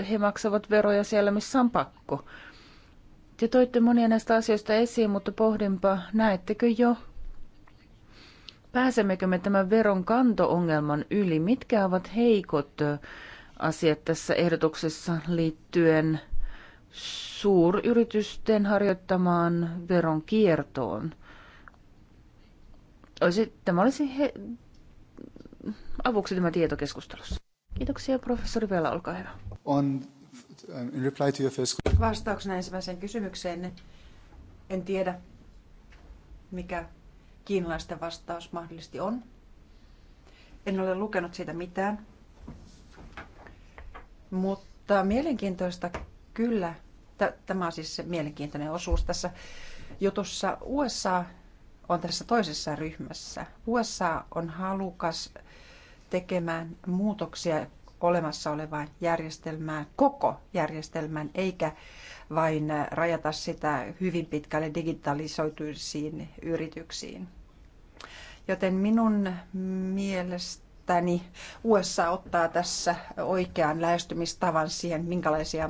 he maksavat veroja siellä, missä on pakko. Te toitte monia näistä asioista esiin, mutta pohdinpa, näettekö jo, pääsemmekö me tämän veron kanto-ongelman yli? Mitkä ovat heikot asiat tässä ehdotuksessa liittyen suuryritysten harjoittamaan veron kiertoon? Olisi, tämä olisi he, avuksi tämä tietokeskustelussa. Kiitoksia, professori Vela, olkaa hyvä. On Um, in reply to your first... Vastauksena ensimmäiseen kysymykseen, en tiedä mikä kiinalaisten vastaus mahdollisesti on. En ole lukenut siitä mitään. Mutta mielenkiintoista kyllä, tämä on siis se mielenkiintoinen osuus tässä jutussa. USA on tässä toisessa ryhmässä. USA on halukas tekemään muutoksia olemassa olevaan järjestelmään, koko järjestelmän, eikä vain rajata sitä hyvin pitkälle digitalisoituisiin yrityksiin. Joten minun mielestäni USA ottaa tässä oikean lähestymistavan siihen, minkälaisia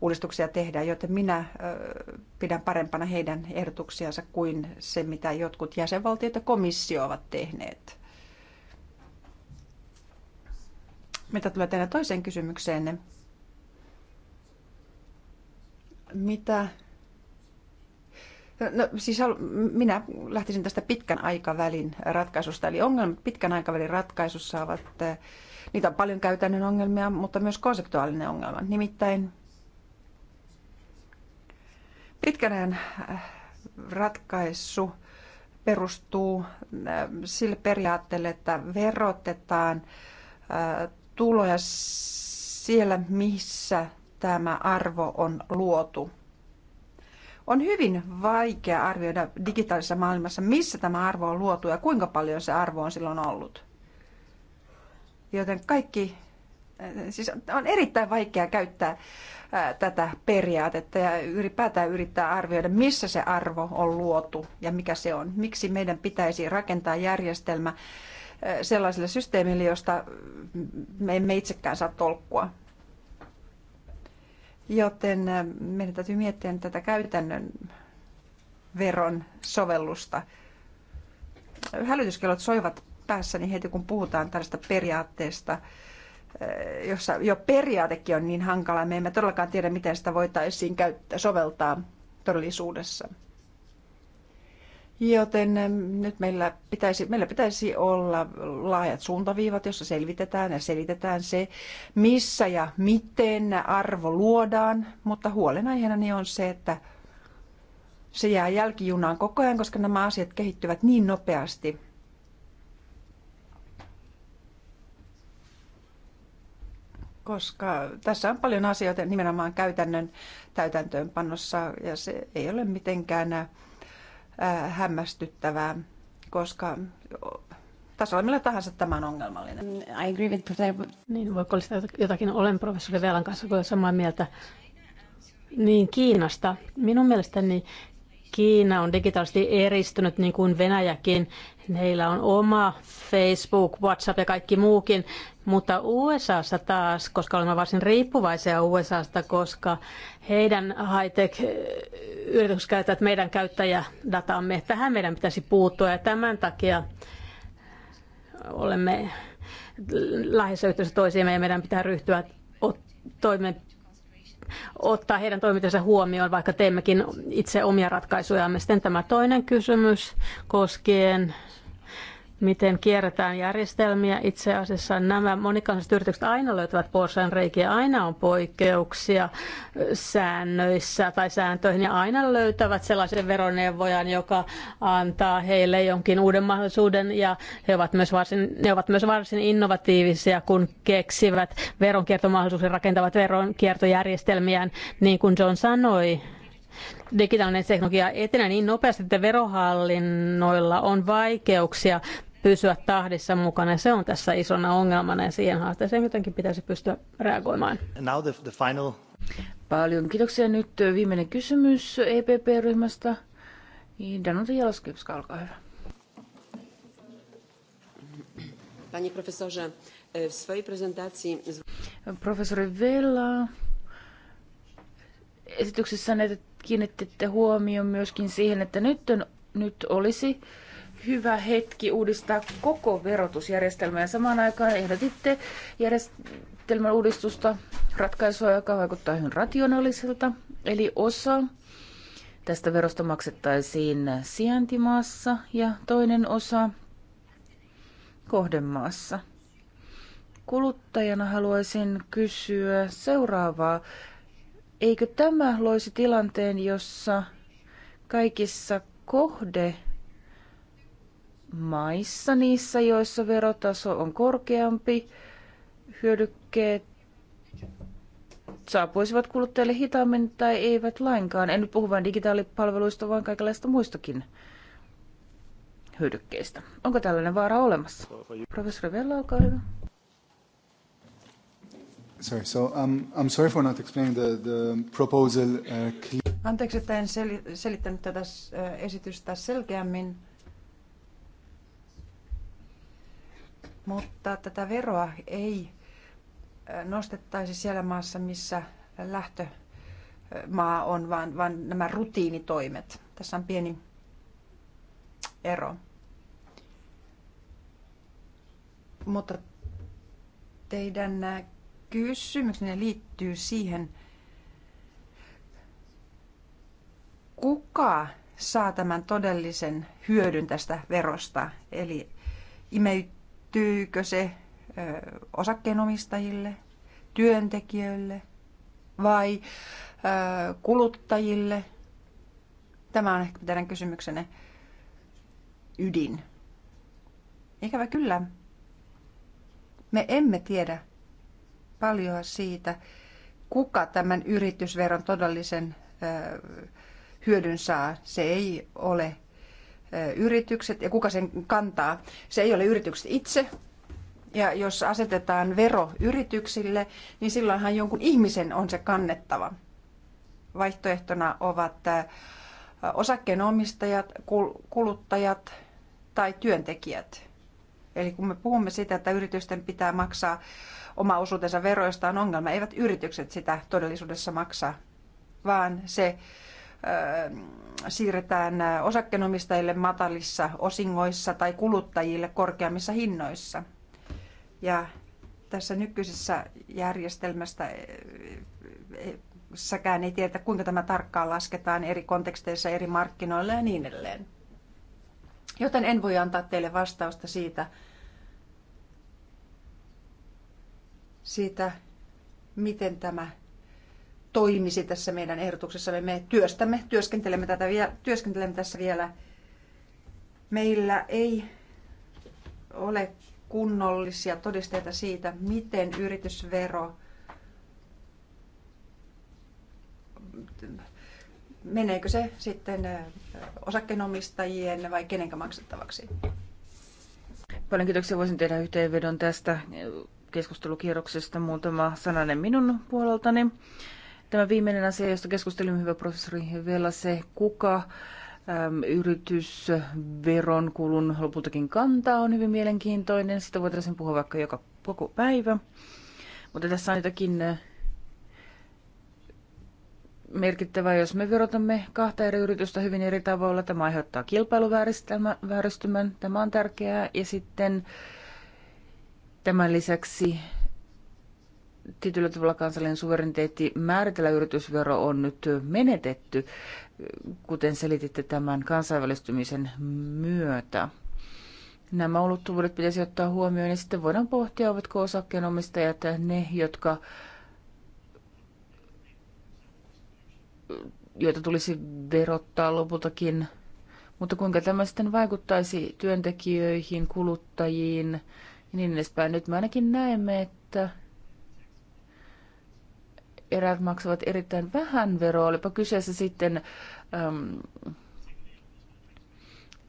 uudistuksia tehdään, joten minä pidän parempana heidän ehdotuksiansa kuin se, mitä jotkut jäsenvaltiot ja komissio ovat tehneet. Mitä tulee teidän toiseen kysymykseenne? Mitä No, no siis minä lähtisin tästä pitkän aikavälin ratkaisusta, eli ongelmat pitkän aikavälin ratkaisussa ovat, eh, niitä on paljon käytännön ongelmia, mutta myös konseptuaalinen ongelma. Nimittäin pitkän ajan eh, ratkaisu perustuu eh, sille periaatteelle, että verotetaan tuloja siellä, missä tämä arvo on luotu. On hyvin vaikea arvioida digitaalisessa maailmassa, missä tämä arvo on luotu ja kuinka paljon se arvo on silloin ollut. Joten kaikki, siis on erittäin vaikea käyttää tätä periaatetta ja ylipäätään yrittää arvioida, missä se arvo on luotu ja mikä se on. Miksi meidän pitäisi rakentaa järjestelmä, sellaisille systeemille, josta me emme itsekään saa tolkkua. Joten meidän täytyy miettiä tätä käytännön veron sovellusta. Hälytyskellot soivat päässäni heti, kun puhutaan tällaista periaatteesta, jossa jo periaatekin on niin hankala, me emme todellakaan tiedä, miten sitä voitaisiin käyttää, soveltaa todellisuudessa. Joten nyt meillä pitäisi, meillä pitäisi olla laajat suuntaviivat, jossa selvitetään ja selitetään se, missä ja miten arvo luodaan. Mutta niin on se, että se jää jälkijunaan koko ajan, koska nämä asiat kehittyvät niin nopeasti. Koska tässä on paljon asioita nimenomaan käytännön täytäntöönpannossa ja se ei ole mitenkään Äh, hämmästyttävää, koska tasolla millä tahansa tämä on ongelmallinen. I agree with professor. Niin, voiko olla jotakin? Olen professori Velan kanssa samaa mieltä. Niin, Kiinasta. Minun mielestäni Kiina on digitaalisesti eristynyt niin kuin Venäjäkin. Heillä on oma Facebook, WhatsApp ja kaikki muukin. Mutta USAssa taas, koska olemme varsin riippuvaisia USAsta, koska heidän high-tech-yritykset eh, käyttävät meidän käyttäjädataamme. Tähän meidän pitäisi puuttua ja tämän takia olemme lähes yhteydessä toisiimme ja meidän pitää ryhtyä toimenpiteisiin ottaa heidän toimintansa huomioon, vaikka teemmekin itse omia ratkaisujamme. Sitten tämä toinen kysymys koskien miten kierretään järjestelmiä. Itse asiassa nämä monikansalliset yritykset aina löytävät porsan reikiä, aina on poikkeuksia säännöissä tai sääntöihin ja aina löytävät sellaisen veroneuvojan, joka antaa heille jonkin uuden mahdollisuuden ja he ovat myös varsin, ne ovat myös varsin innovatiivisia, kun keksivät veronkiertomahdollisuuksia, rakentavat veronkiertojärjestelmiään, niin kuin John sanoi digitaalinen teknologia etenee niin nopeasti, että verohallinnoilla on vaikeuksia pysyä tahdissa mukana. se on tässä isona ongelmana ja siihen haasteeseen jotenkin pitäisi pystyä reagoimaan. Now the, the final... Paljon kiitoksia. Nyt viimeinen kysymys EPP-ryhmästä. Niin, Danuta Jaloskivska, olkaa hyvä. Pani profesorze, e, w swojej prezentacji... Professori Vella, esityksessä näitä kiinnittitte huomioon myöskin siihen, että nyt, on, nyt olisi hyvä hetki uudistaa koko verotusjärjestelmä ja samaan aikaan ehdotitte järjestelmän uudistusta ratkaisua, joka vaikuttaa hyvin rationaaliselta, eli osa tästä verosta maksettaisiin sijaintimaassa ja toinen osa kohdemaassa. Kuluttajana haluaisin kysyä seuraavaa. Eikö tämä loisi tilanteen, jossa kaikissa kohde maissa, niissä joissa verotaso on korkeampi, hyödykkeet saapuisivat kuluttajille hitaammin tai eivät lainkaan. En nyt puhu vain digitaalipalveluista, vaan kaikenlaista muistakin hyödykkeistä. Onko tällainen vaara olemassa? Professori Vella, olkaa hyvä. Sorry, so I'm um, I'm sorry for not explaining the, the proposal uh, Anteeksi, että en selittänyt tätä äh, esitystä selkeämmin. Mutta tätä veroa ei nostettaisi siellä maassa, missä lähtömaa on, vaan, vaan nämä rutiinitoimet. Tässä on pieni ero. Mutta teidän kysymyksenne liittyy siihen, kuka saa tämän todellisen hyödyn tästä verosta, eli imeyt, liittyykö se osakkeenomistajille, työntekijöille vai kuluttajille? Tämä on ehkä teidän kysymyksenne ydin. Ikävä kyllä, me emme tiedä paljon siitä, kuka tämän yritysveron todellisen hyödyn saa. Se ei ole yritykset ja kuka sen kantaa. Se ei ole yritykset itse. Ja jos asetetaan vero yrityksille, niin silloinhan jonkun ihmisen on se kannettava. Vaihtoehtona ovat osakkeenomistajat, kuluttajat tai työntekijät. Eli kun me puhumme sitä, että yritysten pitää maksaa oma osuutensa veroista on ongelma, eivät yritykset sitä todellisuudessa maksa, vaan se siirretään osakkeenomistajille matalissa osingoissa tai kuluttajille korkeammissa hinnoissa. Ja tässä nykyisessä järjestelmästä e, e, säkään ei tiedetä, kuinka tämä tarkkaan lasketaan eri konteksteissa, eri markkinoilla ja niin edelleen. Joten en voi antaa teille vastausta siitä, siitä miten tämä toimisi tässä meidän ehdotuksessa. Me työstämme, työskentelemme, tätä vielä, työskentelemme tässä vielä. Meillä ei ole kunnollisia todisteita siitä, miten yritysvero meneekö se sitten osakkeenomistajien vai kenenkä maksettavaksi? Paljon kiitoksia. Voisin tehdä yhteenvedon tästä keskustelukierroksesta muutama sananen minun puoleltani. Tämä viimeinen asia, josta keskustelimme, hyvä professori, vielä se, kuka äm, yritysveron kulun lopultakin kantaa, on hyvin mielenkiintoinen. Sitä voitaisiin puhua vaikka joka koko päivä. Mutta tässä on jotakin äh, merkittävää, jos me verotamme kahta eri yritystä hyvin eri tavalla. Tämä aiheuttaa kilpailuvääristymän. Tämä on tärkeää. Ja sitten tämän lisäksi tietyllä tavalla kansallinen suvereniteetti määritellä yritysvero on nyt menetetty, kuten selititte tämän kansainvälistymisen myötä. Nämä ulottuvuudet pitäisi ottaa huomioon ja sitten voidaan pohtia, ovatko osakkeenomistajat ne, jotka joita tulisi verottaa lopultakin. Mutta kuinka tämä sitten vaikuttaisi työntekijöihin, kuluttajiin ja niin edespäin. Nyt me ainakin näemme, että erät maksavat erittäin vähän veroa, olipa kyseessä sitten äm,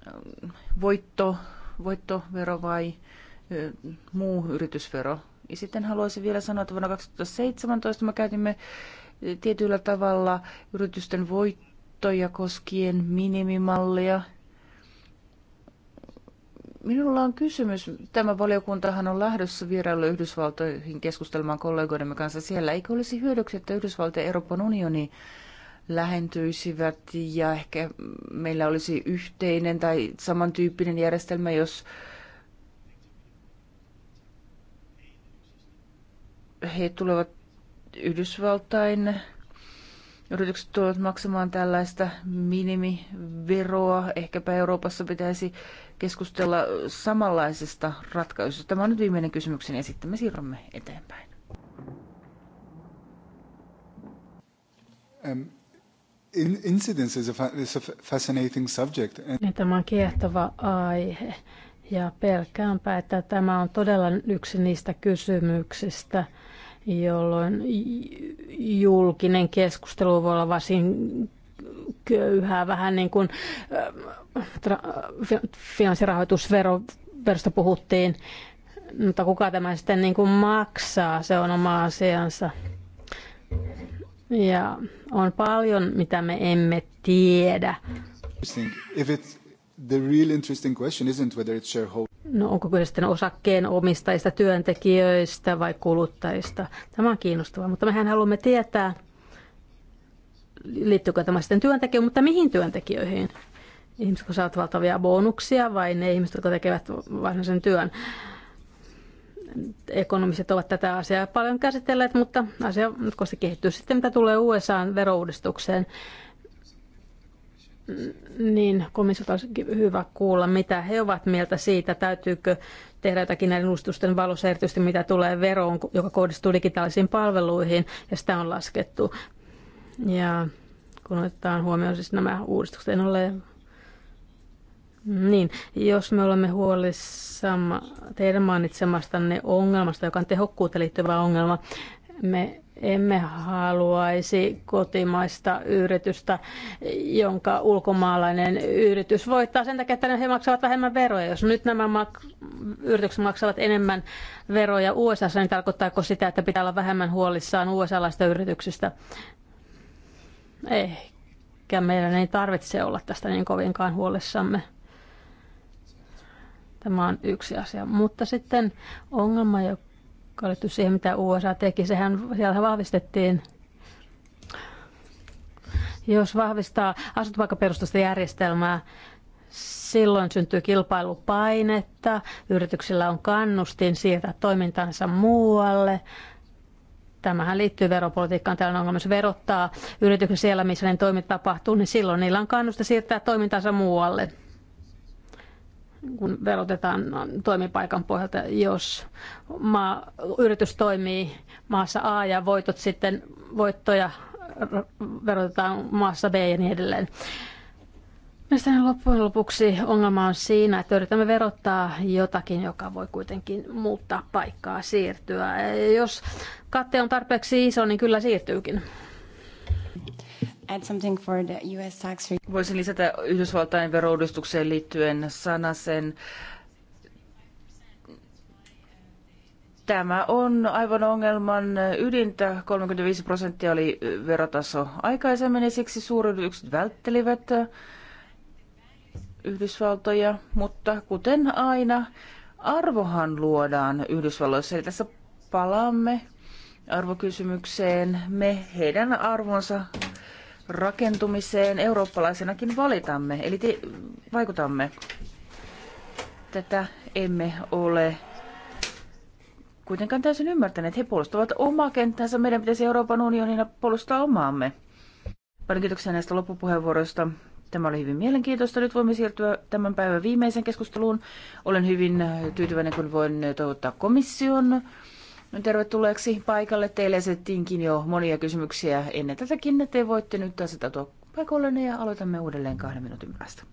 ähm, voitto, voittovero vai ä, muu yritysvero. Ja sitten haluaisin vielä sanoa, että vuonna 2017 me käytimme tietyllä tavalla yritysten voittoja koskien minimimallia – Minulla on kysymys. Tämä valiokuntahan on lähdössä vierailu Yhdysvaltoihin keskustelemaan kollegoidemme kanssa siellä. Eikö olisi hyödyksi, että Yhdysvalta ja Euroopan unioni lähentyisivät ja ehkä meillä olisi yhteinen tai samantyyppinen järjestelmä, jos he tulevat Yhdysvaltain yritykset tulevat maksamaan tällaista minimiveroa. Ehkäpä Euroopassa pitäisi keskustella samanlaisesta ratkaisusta. Tämä on nyt viimeinen kysymykseni ja sitten me siirrymme eteenpäin. Um, incidence is a, is a fascinating subject. And... Niin, tämä on kiehtova aihe ja pelkäänpä, että tämä on todella yksi niistä kysymyksistä, jolloin julkinen keskustelu voi olla varsin köyhää, vähän niin kuin äh, finanssirahoitusverosta puhuttiin, mutta kuka tämä sitten niin kuin maksaa, se on oma asiansa. Ja on paljon, mitä me emme tiedä. If it's the real interesting question isn't whether it's shareholder. No onko kyse sitten osakkeen omistajista, työntekijöistä vai kuluttajista? Tämä on kiinnostavaa, mutta mehän haluamme tietää, liittyykö tämä sitten työntekijöihin, mutta mihin työntekijöihin? Ihmiset, kun saavat valtavia bonuksia vai ne ihmiset, jotka tekevät varsinaisen työn? Ekonomiset ovat tätä asiaa paljon käsitelleet, mutta asia kun se kehittyy sitten, mitä tulee usa verouudistukseen, niin komissiolta olisi hyvä kuulla, mitä he ovat mieltä siitä, täytyykö tehdä jotakin näiden uudistusten valossa, erityisesti mitä tulee veroon, joka kohdistuu digitaalisiin palveluihin, ja sitä on laskettu. Ja kun otetaan huomioon siis nämä uudistukset, en ole niin, jos me olemme huolissamme teidän mainitsemastanne ongelmasta, joka on tehokkuuteen liittyvä ongelma, me emme haluaisi kotimaista yritystä, jonka ulkomaalainen yritys voittaa sen takia, että he maksavat vähemmän veroja. Jos nyt nämä mak- yritykset maksavat enemmän veroja USA, niin tarkoittaako sitä, että pitää olla vähemmän huolissaan USA-laista yrityksistä? Ehkä meidän ei tarvitse olla tästä niin kovinkaan huolissamme. Tämä on yksi asia. Mutta sitten ongelma, joka kallittu siihen, mitä USA teki. Sehän siellä vahvistettiin jos vahvistaa asuntopaikkaperustaista järjestelmää, silloin syntyy kilpailupainetta, yrityksillä on kannustin siirtää toimintansa muualle. Tämähän liittyy veropolitiikkaan. Tällainen ongelma myös verottaa yrityksiä siellä, missä ne toimit tapahtuu, niin silloin niillä on kannusta siirtää toimintansa muualle kun verotetaan toimipaikan pohjalta, jos maa, yritys toimii maassa A ja voitot sitten voittoja verotetaan maassa B ja niin edelleen. Mielestäni loppujen lopuksi ongelma on siinä, että yritämme verottaa jotakin, joka voi kuitenkin muuttaa paikkaa, siirtyä. Jos katte on tarpeeksi iso, niin kyllä siirtyykin add something for the US tax Voisin lisätä Yhdysvaltain verouudistukseen liittyen sanasen. Tämä on aivan ongelman ydintä. 35 prosenttia oli verotaso aikaisemmin ja siksi suuryritykset välttelivät Yhdysvaltoja, mutta kuten aina, arvohan luodaan Yhdysvalloissa. Eli tässä palaamme arvokysymykseen. Me heidän arvonsa rakentumiseen eurooppalaisenakin valitamme, eli te, vaikutamme. Tätä emme ole kuitenkaan täysin ymmärtäneet. He puolustavat omaa kenttänsä, meidän pitäisi Euroopan unionina puolustaa omaamme. Paljon kiitoksia näistä loppupuheenvuoroista. Tämä oli hyvin mielenkiintoista. Nyt voimme siirtyä tämän päivän viimeiseen keskusteluun. Olen hyvin tyytyväinen, kun voin toivottaa komission No, tervetulleeksi paikalle. Teille esitettiinkin jo monia kysymyksiä ennen tätäkin, että te voitte nyt asetautua paikoillenne ja aloitamme uudelleen kahden minuutin päästä.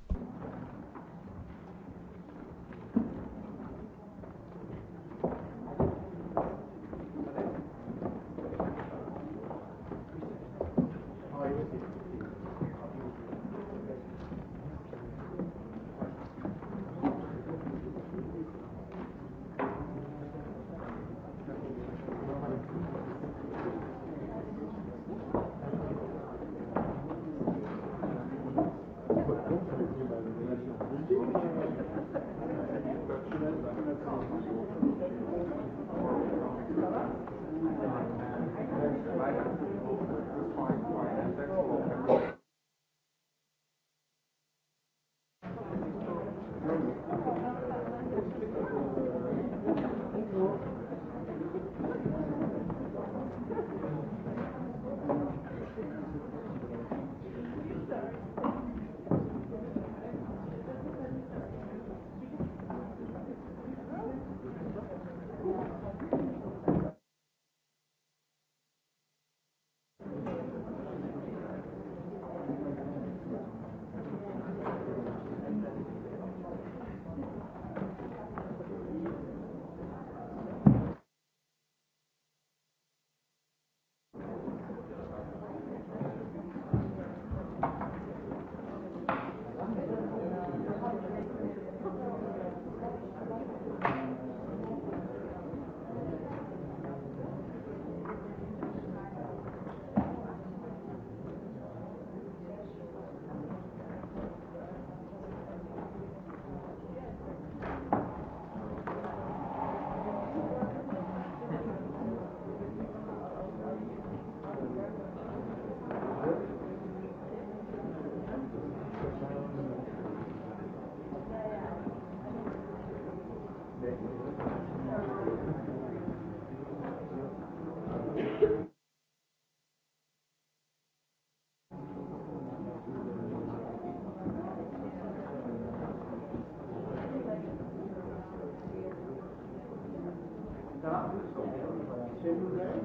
cellular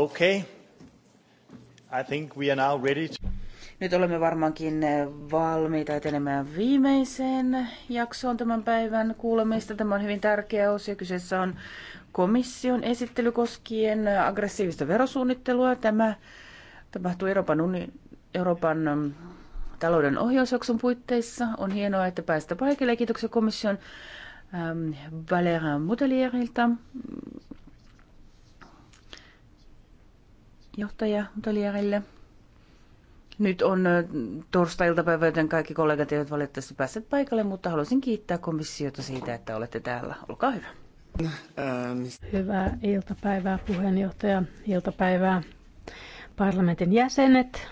Okay. I think we are now ready to... Nyt olemme varmaankin eh, valmiita etenemään viimeiseen jaksoon tämän päivän kuulemista. Tämä on hyvin tärkeä osio. Kyseessä on komission esittely koskien eh, aggressiivista verosuunnittelua. Tämä tapahtuu Euroopan, uni- Euroopan mm, talouden ohjausjakson puitteissa. On hienoa, että päästä paikalle. Kiitoksia komission ähm, Valera Mutelierilta johtaja Talierille. Nyt on torstai-iltapäivä, joten kaikki kollegat eivät valitettavasti päässeet paikalle, mutta haluaisin kiittää komissiota siitä, että olette täällä. Olkaa hyvä. Hyvää iltapäivää puheenjohtaja, iltapäivää parlamentin jäsenet.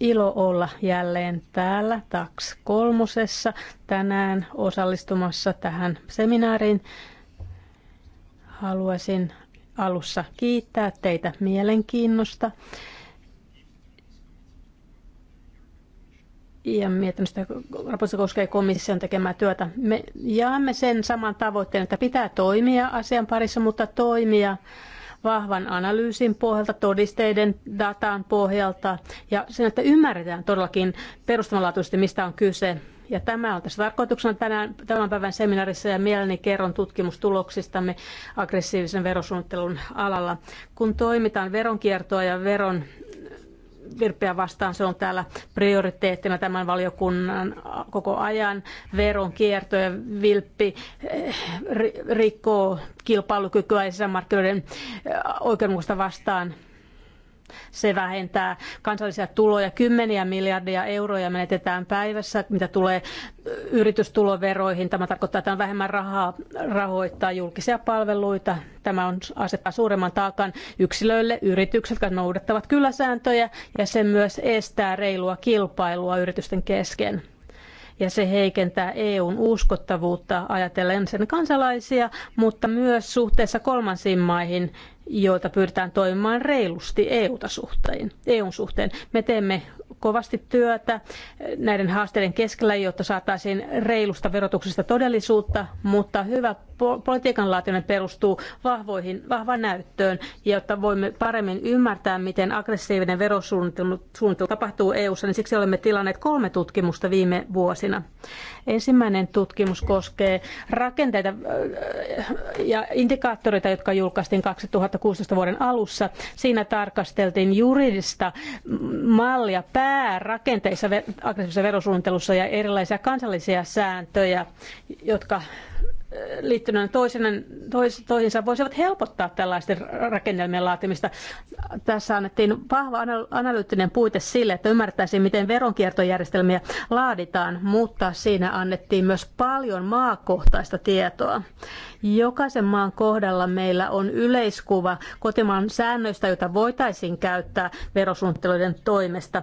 Ilo olla jälleen täällä TAX kolmosessa tänään osallistumassa tähän seminaariin. Haluaisin alussa kiittää teitä mielenkiinnosta. ja mietin, että raportissa koskee komission tekemää työtä. Me jaamme sen saman tavoitteen, että pitää toimia asian parissa, mutta toimia vahvan analyysin pohjalta, todisteiden datan pohjalta ja sen, että ymmärretään todellakin perustavanlaatuisesti, mistä on kyse. Ja tämä on tässä tarkoituksena tänään, tämän päivän seminaarissa ja mielelläni kerron tutkimustuloksistamme aggressiivisen verosuunnittelun alalla. Kun toimitaan veronkiertoa ja veron virpeä vastaan. Se on täällä prioriteettina tämän valiokunnan koko ajan. Veron kierto ja vilppi eh, rikkoo kilpailukykyä ja sisämarkkinoiden eh, oikeudenmukaista vastaan se vähentää kansallisia tuloja. Kymmeniä miljardia euroja menetetään päivässä, mitä tulee yritystuloveroihin. Tämä tarkoittaa, että on vähemmän rahaa rahoittaa julkisia palveluita. Tämä on, asettaa suuremman taakan yksilöille, yritykset, jotka noudattavat kyllä sääntöjä, ja se myös estää reilua kilpailua yritysten kesken ja se heikentää EUn uskottavuutta ajatellen sen kansalaisia, mutta myös suhteessa kolmansiin maihin, joita pyritään toimimaan reilusti EU-ta suhteen, EUn suhteen. Me teemme kovasti työtä näiden haasteiden keskellä, jotta saataisiin reilusta verotuksesta todellisuutta, mutta hyvä politiikan laatiminen perustuu vahvoihin, vahvaan näyttöön, jotta voimme paremmin ymmärtää, miten aggressiivinen verosuunnittelu tapahtuu EU:ssa, niin siksi olemme tilanneet kolme tutkimusta viime vuosina. Ensimmäinen tutkimus koskee rakenteita äh, ja indikaattoreita, jotka julkaistiin 2016 vuoden alussa. Siinä tarkasteltiin juridista mallia päärakenteissa aggressiivisessa verosuunnittelussa ja erilaisia kansallisia sääntöjä, jotka liittyneen toisinen, tois, toisinsa voisivat helpottaa tällaisten rakennelmien laatimista. Tässä annettiin vahva analyyttinen puite sille, että ymmärrettäisiin, miten veronkiertojärjestelmiä laaditaan, mutta siinä annettiin myös paljon maakohtaista tietoa. Jokaisen maan kohdalla meillä on yleiskuva kotimaan säännöistä, jota voitaisiin käyttää verosuunnitteluiden toimesta.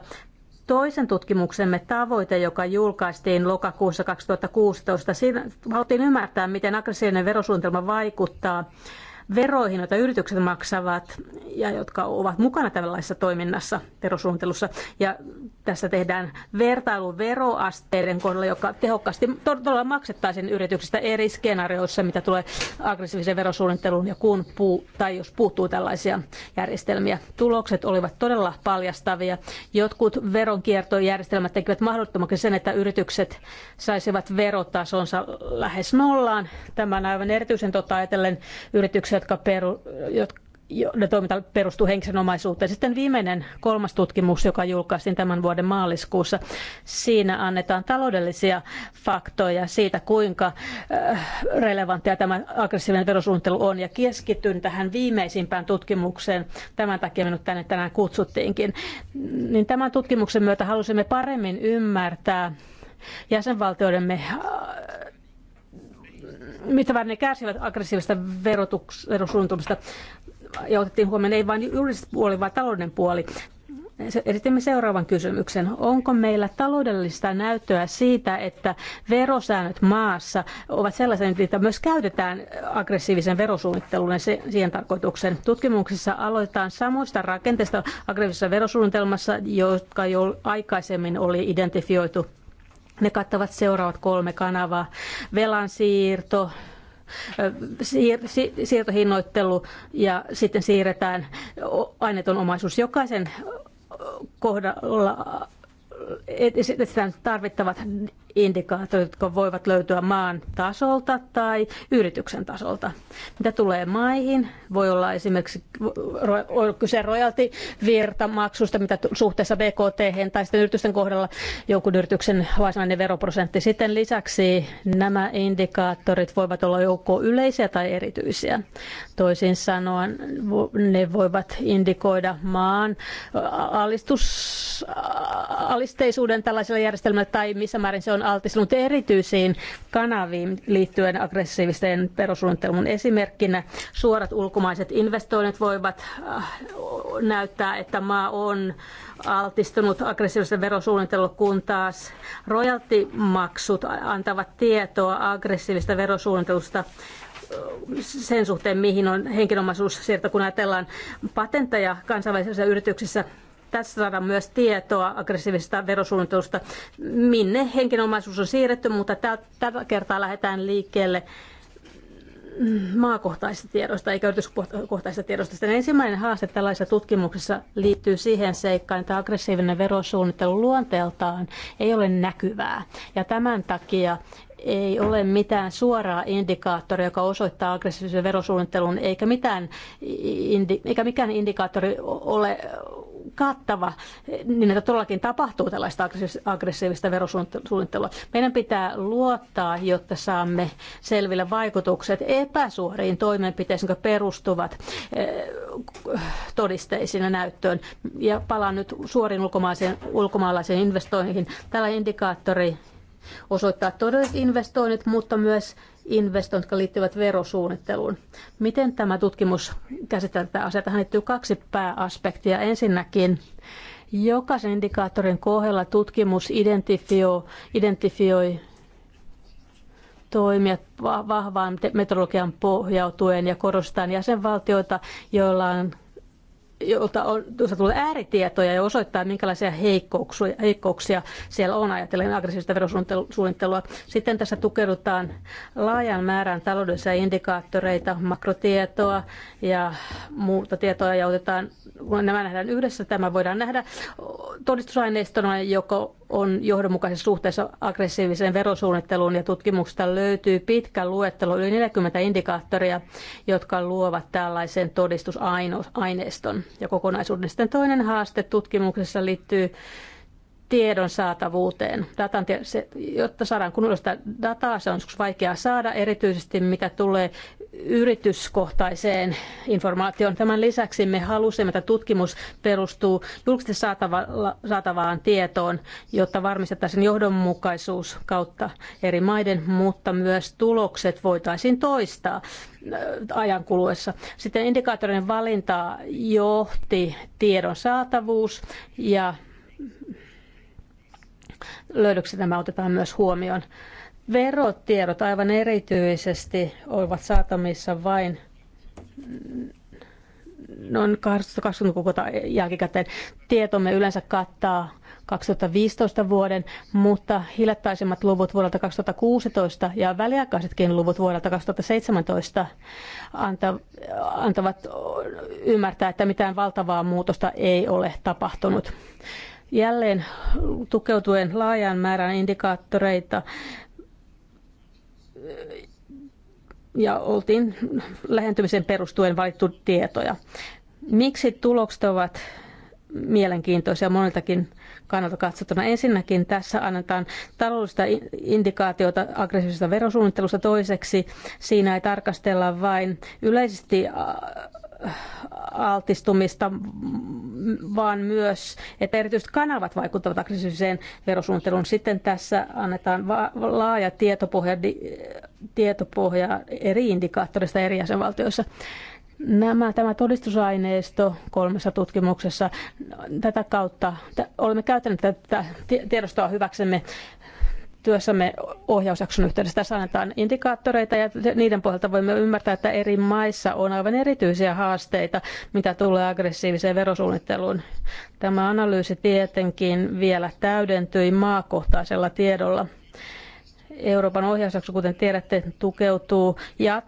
Toisen tutkimuksemme tavoite, joka julkaistiin lokakuussa 2016, siinä haluttiin ymmärtää, miten aggressiivinen verosuunnitelma vaikuttaa veroihin, joita yritykset maksavat ja jotka ovat mukana tällaisessa toiminnassa, verosuunnittelussa. Ja tässä tehdään vertailu veroasteiden kohdalla, joka tehokkaasti todella maksettaisiin yrityksistä eri skenaarioissa, mitä tulee aggressiiviseen verosuunnitteluun ja kun puu, tai jos puuttuu tällaisia järjestelmiä. Tulokset olivat todella paljastavia. Jotkut veronkiertojärjestelmät tekivät mahdottomaksi sen, että yritykset saisivat verotasonsa lähes nollaan. Tämä on aivan erityisen totta ajatellen yrityksen rikoksia, jotka peru, jotka ne toiminta perustuu henkisen omaisuuteen. Sitten viimeinen kolmas tutkimus, joka julkaistiin tämän vuoden maaliskuussa, siinä annetaan taloudellisia faktoja siitä, kuinka äh, relevanttia tämä aggressiivinen verosuunnittelu on. Ja keskityn tähän viimeisimpään tutkimukseen, tämän takia minut tänne tänään kutsuttiinkin. Niin tämän tutkimuksen myötä halusimme paremmin ymmärtää jäsenvaltioidemme äh, mitä vähän ne kärsivät aggressiivista verosuunnitelmista ja otettiin huomioon ei vain juridiset puoli, vaan talouden puoli. Esitimme seuraavan kysymyksen. Onko meillä taloudellista näyttöä siitä, että verosäännöt maassa ovat sellaisia, että myös käytetään aggressiivisen verosuunnittelun ja siihen tarkoituksen? Tutkimuksissa aloitetaan samoista rakenteista aggressiivisessa verosuunnitelmassa, jotka jo aikaisemmin oli identifioitu ne kattavat seuraavat kolme kanavaa. Velan siirto, siir- si- siirtohinnoittelu ja sitten siirretään aineton omaisuus. Jokaisen kohdalla etsitään tarvittavat indikaattorit, jotka voivat löytyä maan tasolta tai yrityksen tasolta. Mitä tulee maihin, voi olla esimerkiksi olla kyse rojaltivirtamaksusta, mitä suhteessa BKT tai sitten yritysten kohdalla jonkun yrityksen varsinainen veroprosentti. Sitten lisäksi nämä indikaattorit voivat olla joukko yleisiä tai erityisiä. Toisin sanoen ne voivat indikoida maan alistus, alisteisuuden tällaisella järjestelmällä tai missä määrin se on on altistunut erityisiin kanaviin liittyen aggressiivisten perussuunnittelun esimerkkinä. Suorat ulkomaiset investoinnit voivat äh, näyttää, että maa on altistunut aggressiivisen verosuunnittelulle, kun taas rojaltimaksut antavat tietoa aggressiivista verosuunnittelusta äh, sen suhteen, mihin on henkilöomaisuus siirto, kun ajatellaan patentteja kansainvälisissä yrityksissä tässä saada myös tietoa aggressiivisesta verosuunnittelusta, minne henkilöomaisuus on siirretty, mutta tällä kertaa lähdetään liikkeelle maakohtaisista tiedoista eikä yrityskohtaisista tiedoista. Sitten ensimmäinen haaste tällaisessa tutkimuksessa liittyy siihen seikkaan, että aggressiivinen verosuunnittelu luonteeltaan ei ole näkyvää. Ja tämän takia ei ole mitään suoraa indikaattoria, joka osoittaa aggressiivisen verosuunnittelun, eikä, mitään, eikä mikään indikaattori ole kattava, niin että todellakin tapahtuu tällaista aggressiivista verosuunnittelua. Meidän pitää luottaa, jotta saamme selville vaikutukset epäsuoriin toimenpiteisiin, jotka perustuvat eh, todisteisiin ja näyttöön. Ja palaan nyt suoriin ulkomaalaisiin, ulkomaalaisiin investointeihin. Tällä indikaattori osoittaa todelliset investoinnit, mutta myös investoinnit, jotka liittyvät verosuunnitteluun. Miten tämä tutkimus käsittelee tätä asiaa? Tähän liittyy kaksi pääaspektia. Ensinnäkin jokaisen indikaattorin kohdalla tutkimus identifioi, identifioi toimia vahvaan metodologian pohjautuen ja korostaa jäsenvaltioita, joilla on jota on, jossa tulee ääritietoja ja osoittaa, minkälaisia heikkouksia, heikkouksia siellä on, ajatellen aggressiivista verosuunnittelua. Sitten tässä tukeudutaan laajan määrän taloudellisia indikaattoreita, makrotietoa ja muuta tietoa, ja otetaan, nämä nähdään yhdessä, tämä voidaan nähdä todistusaineistona joko on johdonmukaisessa suhteessa aggressiiviseen verosuunnitteluun ja tutkimuksesta löytyy pitkä luettelo yli 40 indikaattoria, jotka luovat tällaisen todistusaineiston ja kokonaisuuden. Sitten toinen haaste tutkimuksessa liittyy tiedon saatavuuteen. Datan, se, jotta saadaan kunnollista dataa, se on vaikea vaikeaa saada, erityisesti mitä tulee yrityskohtaiseen informaatioon. Tämän lisäksi me halusimme, että tutkimus perustuu julkisesti saatavaan tietoon, jotta varmistettaisiin johdonmukaisuus kautta eri maiden, mutta myös tulokset voitaisiin toistaa äh, ajan kuluessa. Sitten indikaattorien valintaa johti tiedon saatavuus ja löydökset nämä otetaan myös huomioon. Verotiedot aivan erityisesti ovat saatamissa vain noin 20 kuukautta jälkikäteen. Tietomme yleensä kattaa 2015 vuoden, mutta hiljattaisimmat luvut vuodelta 2016 ja väliaikaisetkin luvut vuodelta 2017 antavat ymmärtää, että mitään valtavaa muutosta ei ole tapahtunut. Jälleen tukeutuen laajaan määrään indikaattoreita, ja oltiin lähentymisen perustuen valittu tietoja. Miksi tulokset ovat mielenkiintoisia moniltakin kannalta katsottuna. Ensinnäkin tässä annetaan taloudellista indikaatiota aggressiivisesta verosuunnittelusta. Toiseksi siinä ei tarkastella vain yleisesti altistumista, vaan myös, että erityisesti kanavat vaikuttavat aggressiiviseen verosuunnitteluun. Sitten tässä annetaan laaja tietopohja, di, tietopohja eri indikaattorista eri jäsenvaltioissa. Nämä, tämä todistusaineisto kolmessa tutkimuksessa, tätä kautta olemme käyttäneet tätä tiedostoa hyväksemme työssämme ohjausjakson yhteydessä. Tässä annetaan indikaattoreita ja niiden pohjalta voimme ymmärtää, että eri maissa on aivan erityisiä haasteita, mitä tulee aggressiiviseen verosuunnitteluun. Tämä analyysi tietenkin vielä täydentyi maakohtaisella tiedolla. Euroopan ohjausjakso, kuten tiedätte, tukeutuu ja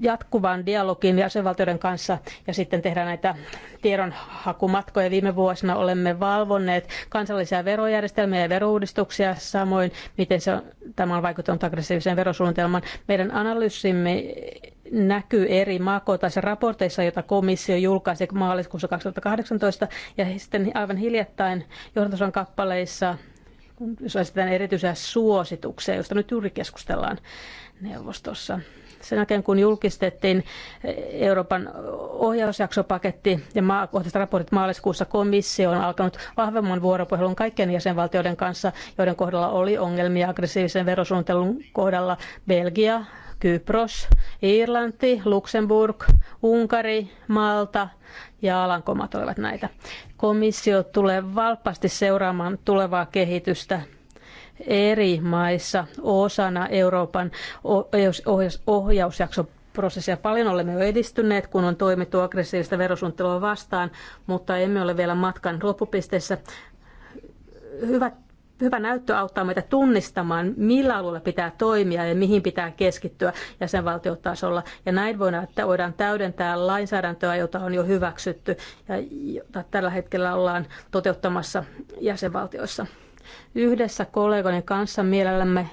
jatkuvan dialogin jäsenvaltioiden kanssa ja sitten tehdään näitä tiedonhakumatkoja. Viime vuosina olemme valvonneet kansallisia verojärjestelmiä ja verouudistuksia, samoin miten se on, tämä on vaikuttanut aggressiiviseen verosuunnitelmaan. Meidän analyysimme näkyy eri maakohtaisissa raporteissa, joita komissio julkaisi maaliskuussa 2018 ja sitten aivan hiljattain johdatusan kappaleissa jos esitetään erityisiä suosituksia, joista nyt juuri keskustellaan neuvostossa. Sen jälkeen kun julkistettiin Euroopan ohjausjaksopaketti ja maakohtaiset raportit maaliskuussa, komissio on alkanut vahvemman vuoropuhelun kaikkien jäsenvaltioiden kanssa, joiden kohdalla oli ongelmia aggressiivisen verosuunnittelun kohdalla Belgia, Kypros, Irlanti, Luxemburg, Unkari, Malta ja Alankomaat olivat näitä. Komissio tulee valppaasti seuraamaan tulevaa kehitystä eri maissa osana Euroopan ohjausjakso prosessia. Paljon olemme jo edistyneet, kun on toimittu aggressiivista verosuunnittelua vastaan, mutta emme ole vielä matkan loppupisteessä. Hyvä, hyvä näyttö auttaa meitä tunnistamaan, millä alueella pitää toimia ja mihin pitää keskittyä jäsenvaltiotasolla. Ja näin voidaan, että voidaan täydentää lainsäädäntöä, jota on jo hyväksytty ja jota tällä hetkellä ollaan toteuttamassa jäsenvaltioissa. Yhdessä kollegoiden kanssa mielellämme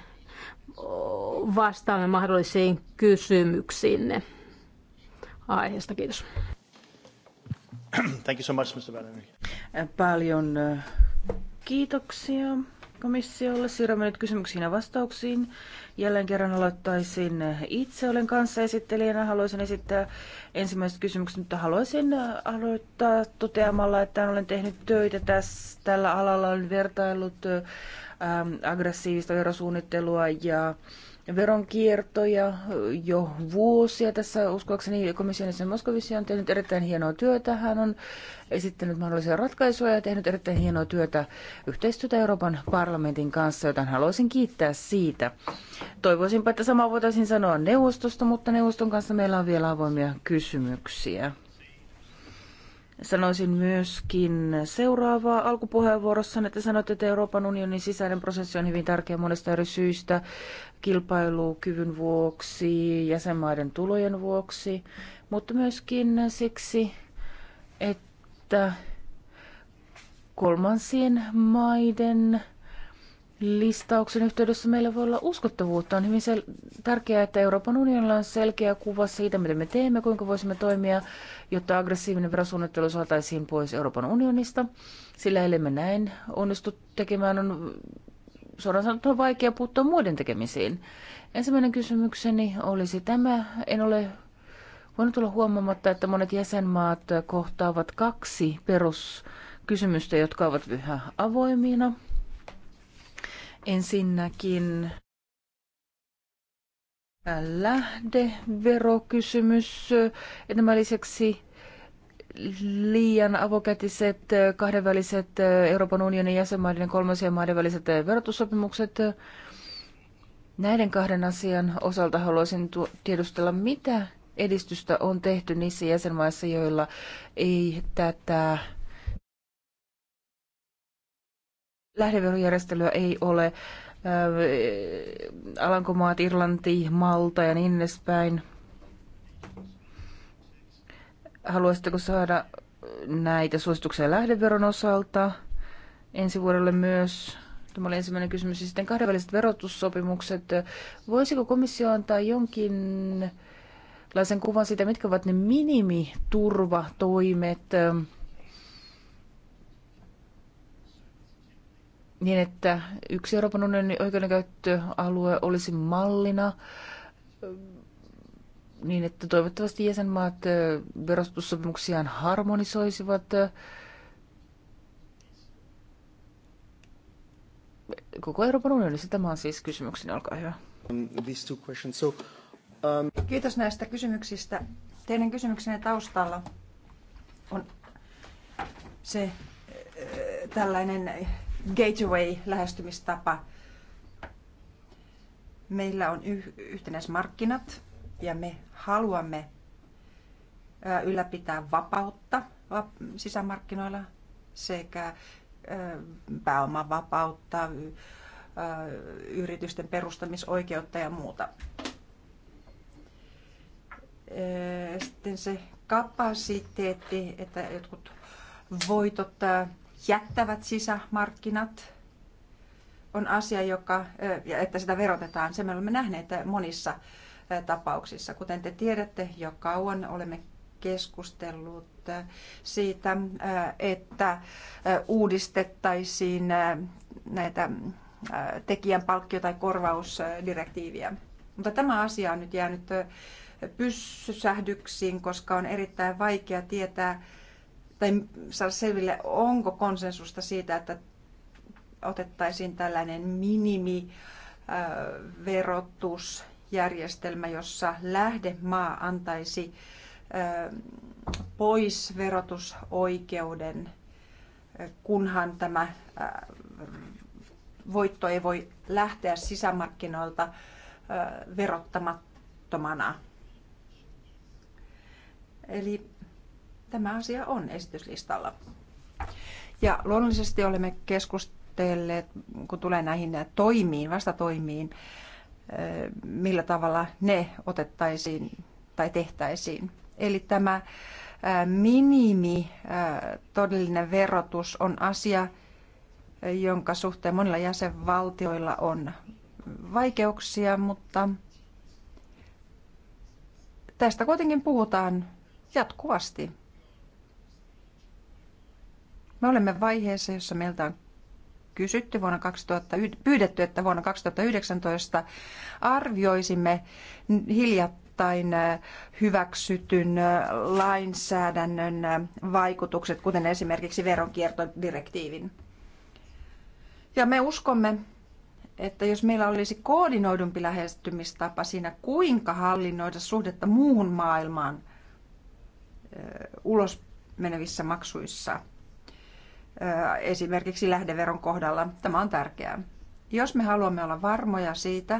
vastaamme mahdollisiin kysymyksiinne aiheesta. Kiitos. Thank you so much, Mr. Paljon äh, kiitoksia komissiolle. Siirrymme nyt kysymyksiin ja vastauksiin. Jälleen kerran aloittaisin itse. Olen kanssa esittelijänä. Haluaisin esittää ensimmäiset kysymykset, mutta haluaisin aloittaa toteamalla, että olen tehnyt töitä tässä, tällä alalla. Olen vertaillut ähm, aggressiivista verosuunnittelua ja äh, veronkiertoja jo vuosia. Tässä uskoakseni komission jäsen Moskovissa on tehnyt erittäin hienoa työtä. Hän on esittänyt mahdollisia ratkaisuja ja tehnyt erittäin hienoa työtä yhteistyötä Euroopan parlamentin kanssa, joten haluaisin kiittää siitä. Toivoisinpa, että samaa voitaisiin sanoa neuvostosta, mutta neuvoston kanssa meillä on vielä avoimia kysymyksiä. Sanoisin myöskin seuraavaa alkupuheenvuorossa, että sanoitte, että Euroopan unionin sisäinen prosessi on hyvin tärkeä monesta eri syystä, kilpailukyvyn vuoksi, jäsenmaiden tulojen vuoksi, mutta myöskin siksi, että kolmansien maiden listauksen yhteydessä meillä voi olla uskottavuutta. On hyvin tärkeää, että Euroopan unionilla on selkeä kuva siitä, mitä me teemme, kuinka voisimme toimia, jotta aggressiivinen verosuunnittelu saataisiin pois Euroopan unionista. Sillä ei me näin onnistu tekemään, on suoraan sanottuna vaikea puuttua muiden tekemisiin. Ensimmäinen kysymykseni olisi tämä. En ole voinut olla huomaamatta, että monet jäsenmaat kohtaavat kaksi peruskysymystä, jotka ovat yhä avoimina – Ensinnäkin lähdeverokysymys. Enemmän lisäksi liian avokätiset kahdenväliset Euroopan unionin jäsenmaiden ja kolmansien maiden väliset verotussopimukset. Näiden kahden asian osalta haluaisin tiedustella, mitä edistystä on tehty niissä jäsenmaissa, joilla ei tätä lähdeverojärjestelyä ei ole. Alankomaat, Irlanti, Malta ja niin edespäin. Haluaisitteko saada näitä suosituksia lähdeveron osalta ensi vuodelle myös? Tämä oli ensimmäinen kysymys. Sitten kahdenväliset verotussopimukset. Voisiko komissio antaa jonkinlaisen kuvan siitä, mitkä ovat ne minimiturvatoimet? toimet niin, että yksi Euroopan unionin oikeudenkäyttöalue olisi mallina niin, että toivottavasti jäsenmaat verotussopimuksiaan harmonisoisivat koko Euroopan unionissa. Tämä on siis kysymykseni, olkaa hyvä. Um, Kiitos näistä kysymyksistä. Teidän kysymyksenne taustalla on se tällainen gateway-lähestymistapa. Meillä on yh- yhtenäismarkkinat ja me haluamme ylläpitää vapautta sisämarkkinoilla sekä pääoman vapautta, yritysten perustamisoikeutta ja muuta. Sitten se kapasiteetti, että jotkut voitot jättävät sisämarkkinat on asia, joka, että sitä verotetaan. Se me olemme nähneet monissa tapauksissa. Kuten te tiedätte, jo kauan olemme keskustellut siitä, että uudistettaisiin näitä tekijän palkkio- tai korvausdirektiiviä. Mutta tämä asia on nyt jäänyt pyssähdyksiin, koska on erittäin vaikea tietää, tai saada selville, onko konsensusta siitä, että otettaisiin tällainen minimiverotusjärjestelmä, jossa lähdemaa antaisi pois verotusoikeuden, kunhan tämä voitto ei voi lähteä sisämarkkinoilta verottamattomana. Eli Tämä asia on esityslistalla. Ja luonnollisesti olemme keskustelleet, kun tulee näihin toimiin, vastatoimiin, eh, millä tavalla ne otettaisiin tai tehtäisiin. Eli tämä eh, minimi eh, todellinen verotus on asia, jonka suhteen monilla jäsenvaltioilla on vaikeuksia, mutta tästä kuitenkin puhutaan jatkuvasti. Me olemme vaiheessa, jossa meiltä on kysytty vuonna 2000, pyydetty, että vuonna 2019 arvioisimme hiljattain äh, hyväksytyn äh, lainsäädännön äh, vaikutukset, kuten esimerkiksi veronkiertodirektiivin. Ja me uskomme, että jos meillä olisi koordinoidumpi lähestymistapa siinä, kuinka hallinnoida suhdetta muuhun maailmaan ulos menevissä maksuissa – esimerkiksi lähdeveron kohdalla. Tämä on tärkeää. Jos me haluamme olla varmoja siitä,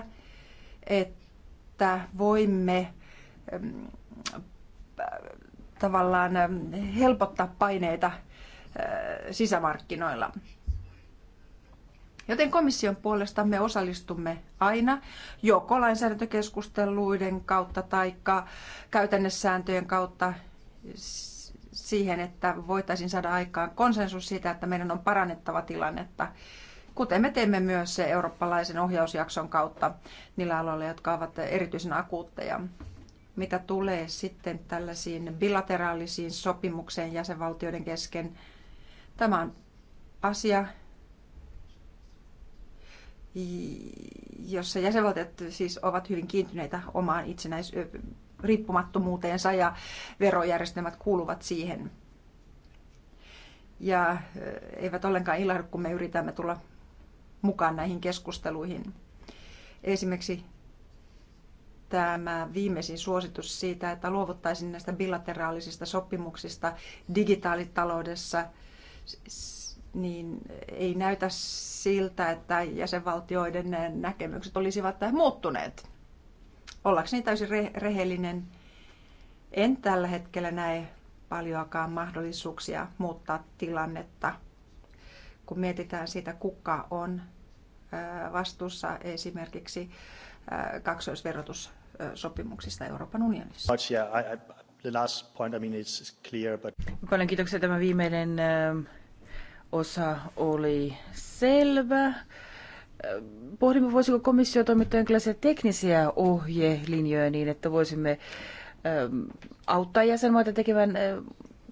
että voimme mm, tavallaan mm, helpottaa paineita sisämarkkinoilla. Joten komission puolesta me osallistumme aina joko lainsäädäntökeskusteluiden kautta tai käytännössääntöjen kautta siihen, että voitaisiin saada aikaan konsensus siitä, että meidän on parannettava tilannetta, kuten me teemme myös se eurooppalaisen ohjausjakson kautta niillä aloilla, jotka ovat erityisen akuutteja. Mitä tulee sitten tällaisiin bilateraalisiin sopimukseen jäsenvaltioiden kesken, tämä on asia, jossa jäsenvaltiot siis ovat hyvin kiintyneitä omaan itsenäis- riippumattomuuteensa ja verojärjestelmät kuuluvat siihen. Ja eivät ollenkaan ilahdu, kun me yritämme tulla mukaan näihin keskusteluihin. Esimerkiksi tämä viimeisin suositus siitä, että luovuttaisiin näistä bilateraalisista sopimuksista digitaalitaloudessa, niin ei näytä siltä, että jäsenvaltioiden näkemykset olisivat muuttuneet ollakseni täysin re- rehellinen, en tällä hetkellä näe paljoakaan mahdollisuuksia muuttaa tilannetta. Kun mietitään sitä, kuka on vastuussa esimerkiksi kaksoisverotussopimuksista Euroopan unionissa. Paljon kiitoksia. Tämä viimeinen osa oli selvä pohdimme, voisiko komissio toimittaa jonkinlaisia teknisiä ohjelinjoja niin, että voisimme ähm, auttaa jäsenmaita tekemään äh,